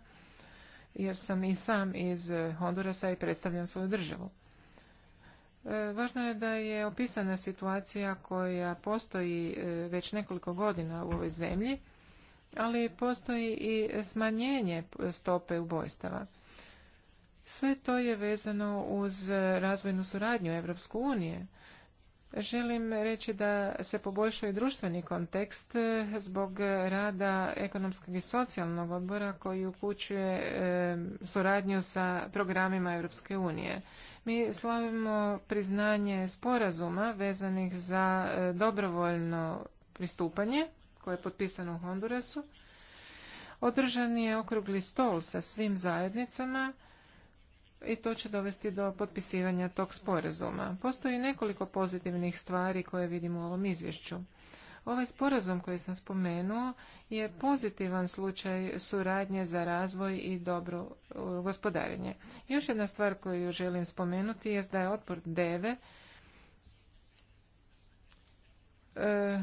jer sam i sam iz Hondurasa i predstavljam svoju državu. E, važno je da je opisana situacija koja postoji e, već nekoliko godina u ovoj zemlji, ali postoji i smanjenje stope ubojstava. Sve to je vezano uz razvojnu suradnju Europske unije Želim reći da se poboljšao i društveni kontekst zbog rada ekonomskog i socijalnog odbora koji ukućuje suradnju sa programima Europske unije. Mi slavimo priznanje sporazuma vezanih za e, dobrovoljno pristupanje koje je potpisano u Hondurasu. Održan je okrugli stol sa svim zajednicama i to će dovesti do potpisivanja tog sporazuma. Postoji nekoliko pozitivnih stvari koje vidimo u ovom izvješću. Ovaj sporazum koji sam spomenuo je pozitivan slučaj suradnje za razvoj i dobro gospodarenje. Još jedna stvar koju želim spomenuti je da je otpor DEVE e,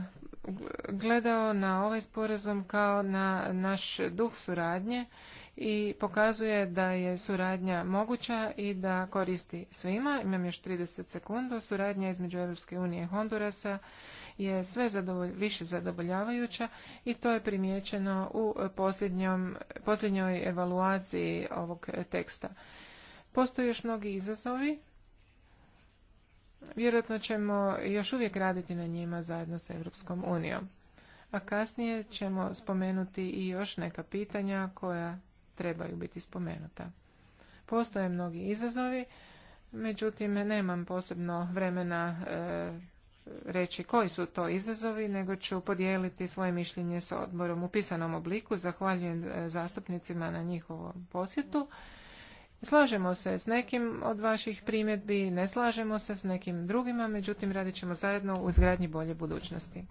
gledao na ovaj sporazum kao na naš duh suradnje i pokazuje da je suradnja moguća i da koristi svima. Imam još 30 sekundu. Suradnja između Europske unije i Hondurasa je sve zadovolj, više zadovoljavajuća i to je primijećeno u posljednjoj evaluaciji ovog teksta. Postoje još mnogi izazovi. Vjerojatno ćemo još uvijek raditi na njima zajedno sa Europskom unijom. A kasnije ćemo spomenuti i još neka pitanja koja trebaju biti spomenuta. Postoje mnogi izazovi, međutim nemam posebno vremena e, reći koji su to izazovi, nego ću podijeliti svoje mišljenje sa odborom u pisanom obliku. Zahvaljujem e, zastupnicima na njihovom posjetu. Slažemo se s nekim od vaših primjedbi, ne slažemo se s nekim drugima, međutim radit ćemo zajedno u izgradnji bolje budućnosti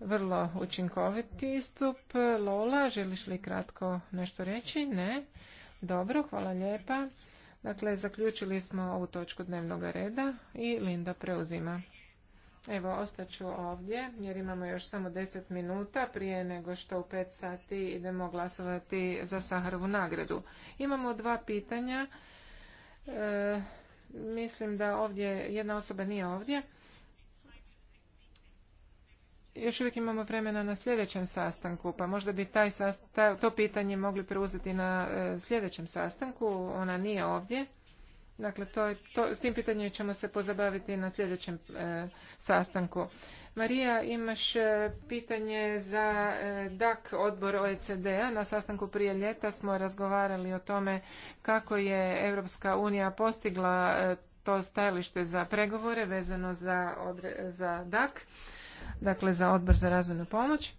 vrlo učinkoviti istup. Lola, želiš li kratko nešto reći? Ne. Dobro, hvala lijepa. Dakle, zaključili smo ovu točku dnevnog reda i Linda preuzima. Evo, ostaću ovdje jer imamo još samo 10 minuta prije nego što u 5 sati idemo glasovati za Saharovu nagradu. Imamo dva pitanja. E, mislim da ovdje jedna osoba nije ovdje još uvijek imamo vremena na sljedećem sastanku, pa možda bi taj to pitanje mogli preuzeti na e, sljedećem sastanku, ona nije ovdje. Dakle, to, to, s tim pitanjem ćemo se pozabaviti na sljedećem e, sastanku. Marija, imaš e, pitanje za e, DAC odbor OECD-a. Na sastanku prije ljeta smo razgovarali o tome kako je Europska unija postigla to stajalište za pregovore vezano za, za DAC dakle za odbor za razvojnu pomoć.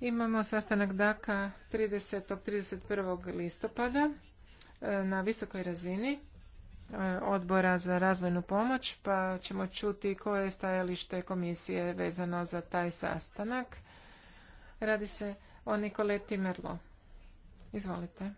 Imamo sastanak DAKA 30. 31. listopada e, na visokoj razini e, odbora za razvojnu pomoć, pa ćemo čuti koje je stajalište komisije vezano za taj sastanak. Radi se o Nikoleti Merlo. Izvolite.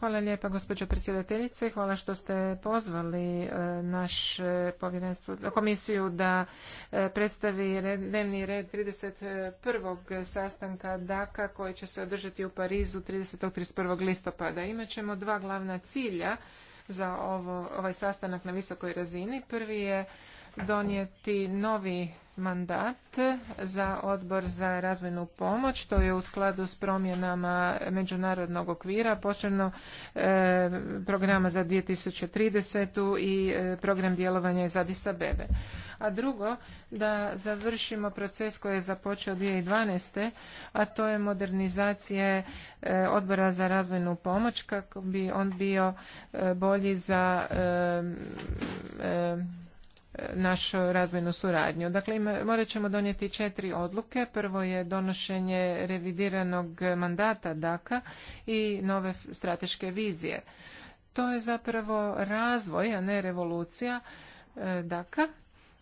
Hvala lijepa gospođo predsjedateljice. Hvala što ste pozvali e, naš e, povjerenstvo, komisiju da e, predstavi dnevni red 31. sastanka DAKA koji će se održati u Parizu 31. listopada. Imaćemo dva glavna cilja za ovo, ovaj sastanak na visokoj razini. Prvi je donijeti novi mandat za odbor za razvojnu pomoć. To je u skladu s promjenama međunarodnog okvira, posebno e, programa za 2030. i e, program djelovanja za Adisa Bebe. A drugo, da završimo proces koji je započeo 2012. a to je modernizacije odbora za razvojnu pomoć kako bi on bio e, bolji za našu razvojnu suradnju. Dakle, morat ćemo donijeti četiri odluke. Prvo je donošenje revidiranog mandata DAKA i nove strateške vizije. To je zapravo razvoj, a ne revolucija e, DAKA.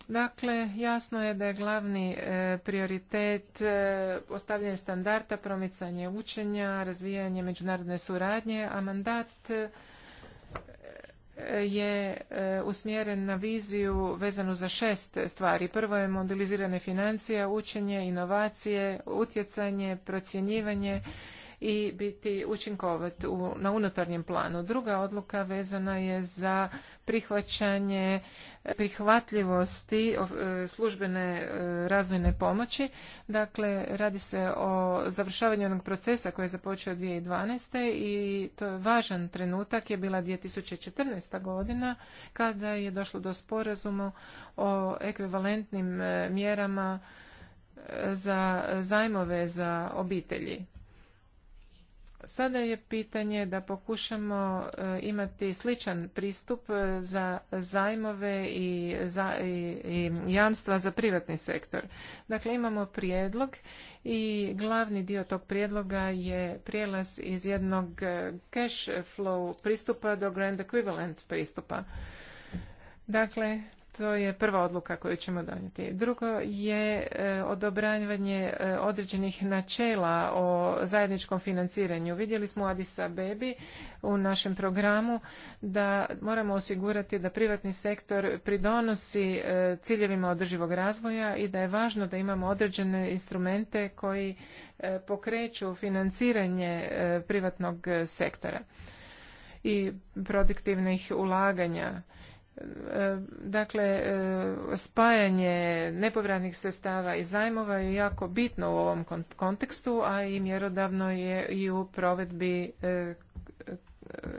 Dakle, jasno je da je glavni e, prioritet e, postavljanje standarda, promicanje učenja, razvijanje međunarodne suradnje, a mandat je e, usmjeren na viziju vezanu za šest stvari. Prvo je modelizirane financije, učenje, inovacije, utjecanje, procjenjivanje, i biti učinkovit u, na unutarnjem planu. Druga odluka vezana je za prihvaćanje e, prihvatljivosti e, službene e, razvojne pomoći. Dakle, radi se o završavanju onog procesa koji je započeo 2012. i to je važan trenutak je bila 2014. godina kada je došlo do sporazumu o ekvivalentnim mjerama za zajmove za obitelji. Sada je pitanje da pokušamo e, imati sličan pristup e, za zajmove i, za, i, jamstva za privatni sektor. Dakle, imamo prijedlog i glavni dio tog prijedloga je prijelaz iz jednog e, cash flow pristupa do grand equivalent pristupa. Dakle, to je prva odluka koju ćemo donijeti. Drugo je e, odobravanje e, određenih načela o zajedničkom financiranju. Vidjeli smo u Addis Abebi u našem programu da moramo osigurati da privatni sektor pridonosi e, ciljevima održivog razvoja i da je važno da imamo određene instrumente koji pokreću financiranje privatnog sektora i produktivnih ulaganja Dakle, spajanje nepovratnih sredstava i zajmova je jako bitno u ovom kontekstu, a i mjerodavno je i u provedbi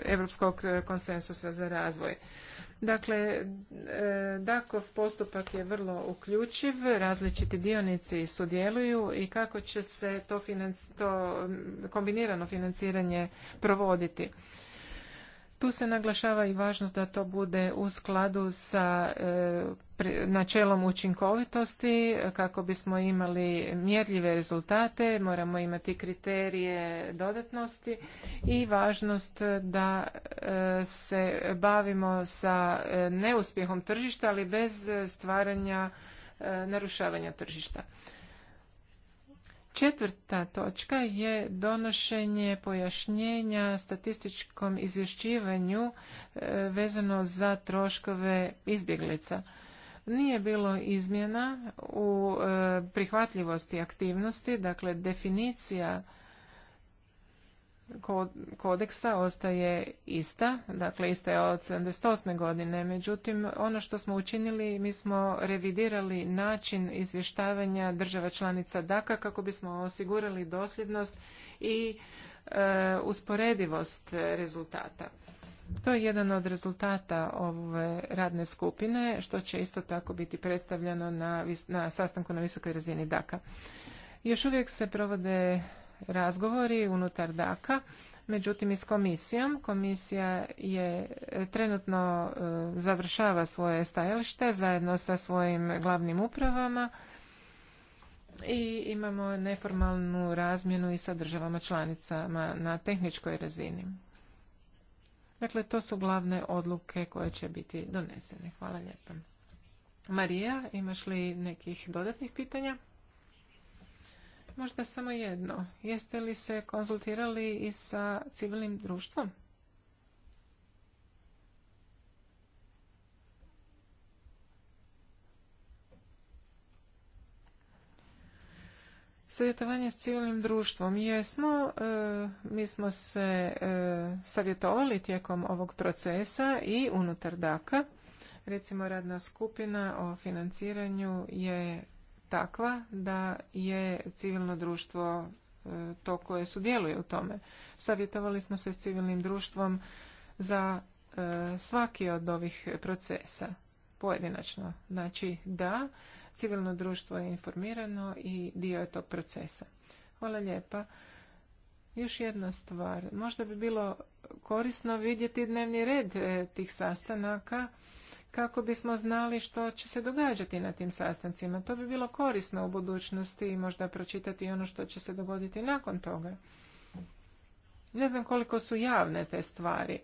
Europskog konsensusa za razvoj. Dakle, e, Dakov postupak je vrlo uključiv, različiti dionici sudjeluju i kako će se to kombinirano financiranje provoditi. Tu se naglašava i važnost da to bude u skladu sa e, načelom učinkovitosti kako bismo imali mjerljive rezultate, moramo imati kriterije dodatnosti i važnost da e, se bavimo sa e, neuspjehom tržišta, ali bez stvaranja narušavanja tržišta. Četvrta točka je donošenje pojašnjenja statističkom izvješćivanju e, vezano za troškove izbjeglica. Nije bilo izmjena u e, prihvatljivosti aktivnosti, dakle definicija kodeksa ostaje ista, dakle ista je od 78. godine. Međutim, ono što smo učinili, mi smo revidirali način izvještavanja država članica DAKA kako bismo osigurali dosljednost i e, usporedivost rezultata. To je jedan od rezultata ove radne skupine, što će isto tako biti predstavljeno na, na sastanku na visokoj razini DAKA. Još uvijek se provode razgovori unutar daka međutim i s komisijom. Komisija je e, trenutno e, završava svoje stajalište zajedno sa svojim glavnim upravama i imamo neformalnu razmjenu i sa državama članicama na tehničkoj razini. Dakle, to su glavne odluke koje će biti donesene. Hvala lijepa. Marija, imaš li nekih dodatnih pitanja? Možda samo jedno. Jeste li se konzultirali i sa civilnim društvom? savjetovanje s civilnim društvom. Jesmo, e, mi smo se e, savjetovali tijekom ovog procesa i unutar DAKA. Recimo radna skupina o financiranju je takva da je civilno društvo e, to koje sudjeluje u tome. Savjetovali smo se s civilnim društvom za e, svaki od ovih procesa pojedinačno. Znači da, civilno društvo je informirano i dio je tog procesa. Hvala lijepa. Još jedna stvar. Možda bi bilo korisno vidjeti dnevni red e, tih sastanaka kako bismo znali što će se događati na tim sastancima. To bi bilo korisno u budućnosti i možda pročitati ono što će se dogoditi nakon toga. Ne znam koliko su javne te stvari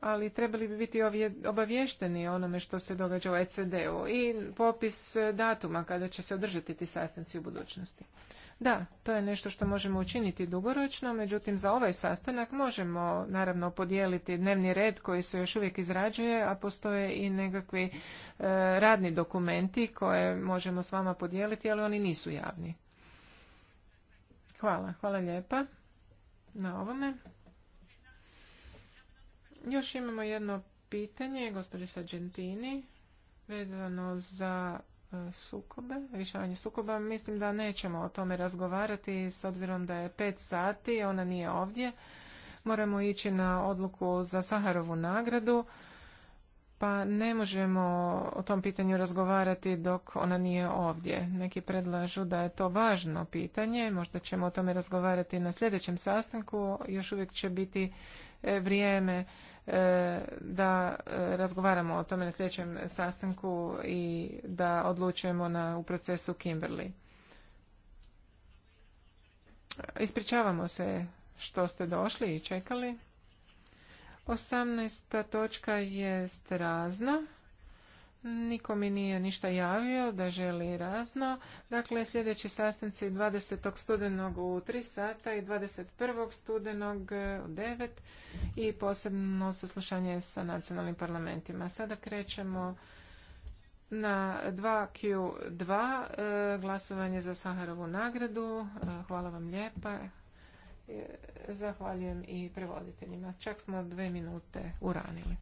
ali trebali bi biti obavješteni onome što se događa u ECD-u i popis e, datuma kada će se održati ti sastanci u budućnosti. Da, to je nešto što možemo učiniti dugoročno, međutim za ovaj sastanak možemo naravno podijeliti dnevni red koji se još uvijek izrađuje, a postoje i nekakvi e, radni dokumenti koje možemo s vama podijeliti, ali oni nisu javni. Hvala, hvala lijepa na ovome. Još imamo jedno pitanje, gospođe Sađentini vezano za e, sukobe, rješavanje sukoba. Mislim da nećemo o tome razgovarati s obzirom da je pet sati, ona nije ovdje. Moramo ići na odluku za Saharovu nagradu, pa ne možemo o tom pitanju razgovarati dok ona nije ovdje. Neki predlažu da je to važno pitanje, možda ćemo o tome razgovarati na sljedećem sastanku, još uvijek će biti E, vrijeme e, da e, razgovaramo o tome na sljedećem sastanku i da odlučujemo na, u procesu Kimberly. Ispričavamo se što ste došli i čekali. Osamnaesta točka je razna. Niko mi nije ništa javio da želi razno. Dakle, sljedeći sastanci 20. studenog u 3 sata i 21. studenog u 9 i posebno saslušanje sa nacionalnim parlamentima. Sada krećemo na 2Q2 e, glasovanje za Saharovu nagradu. E, hvala vam lijepa. E, zahvaljujem i prevoditeljima. Čak smo dve minute uranili.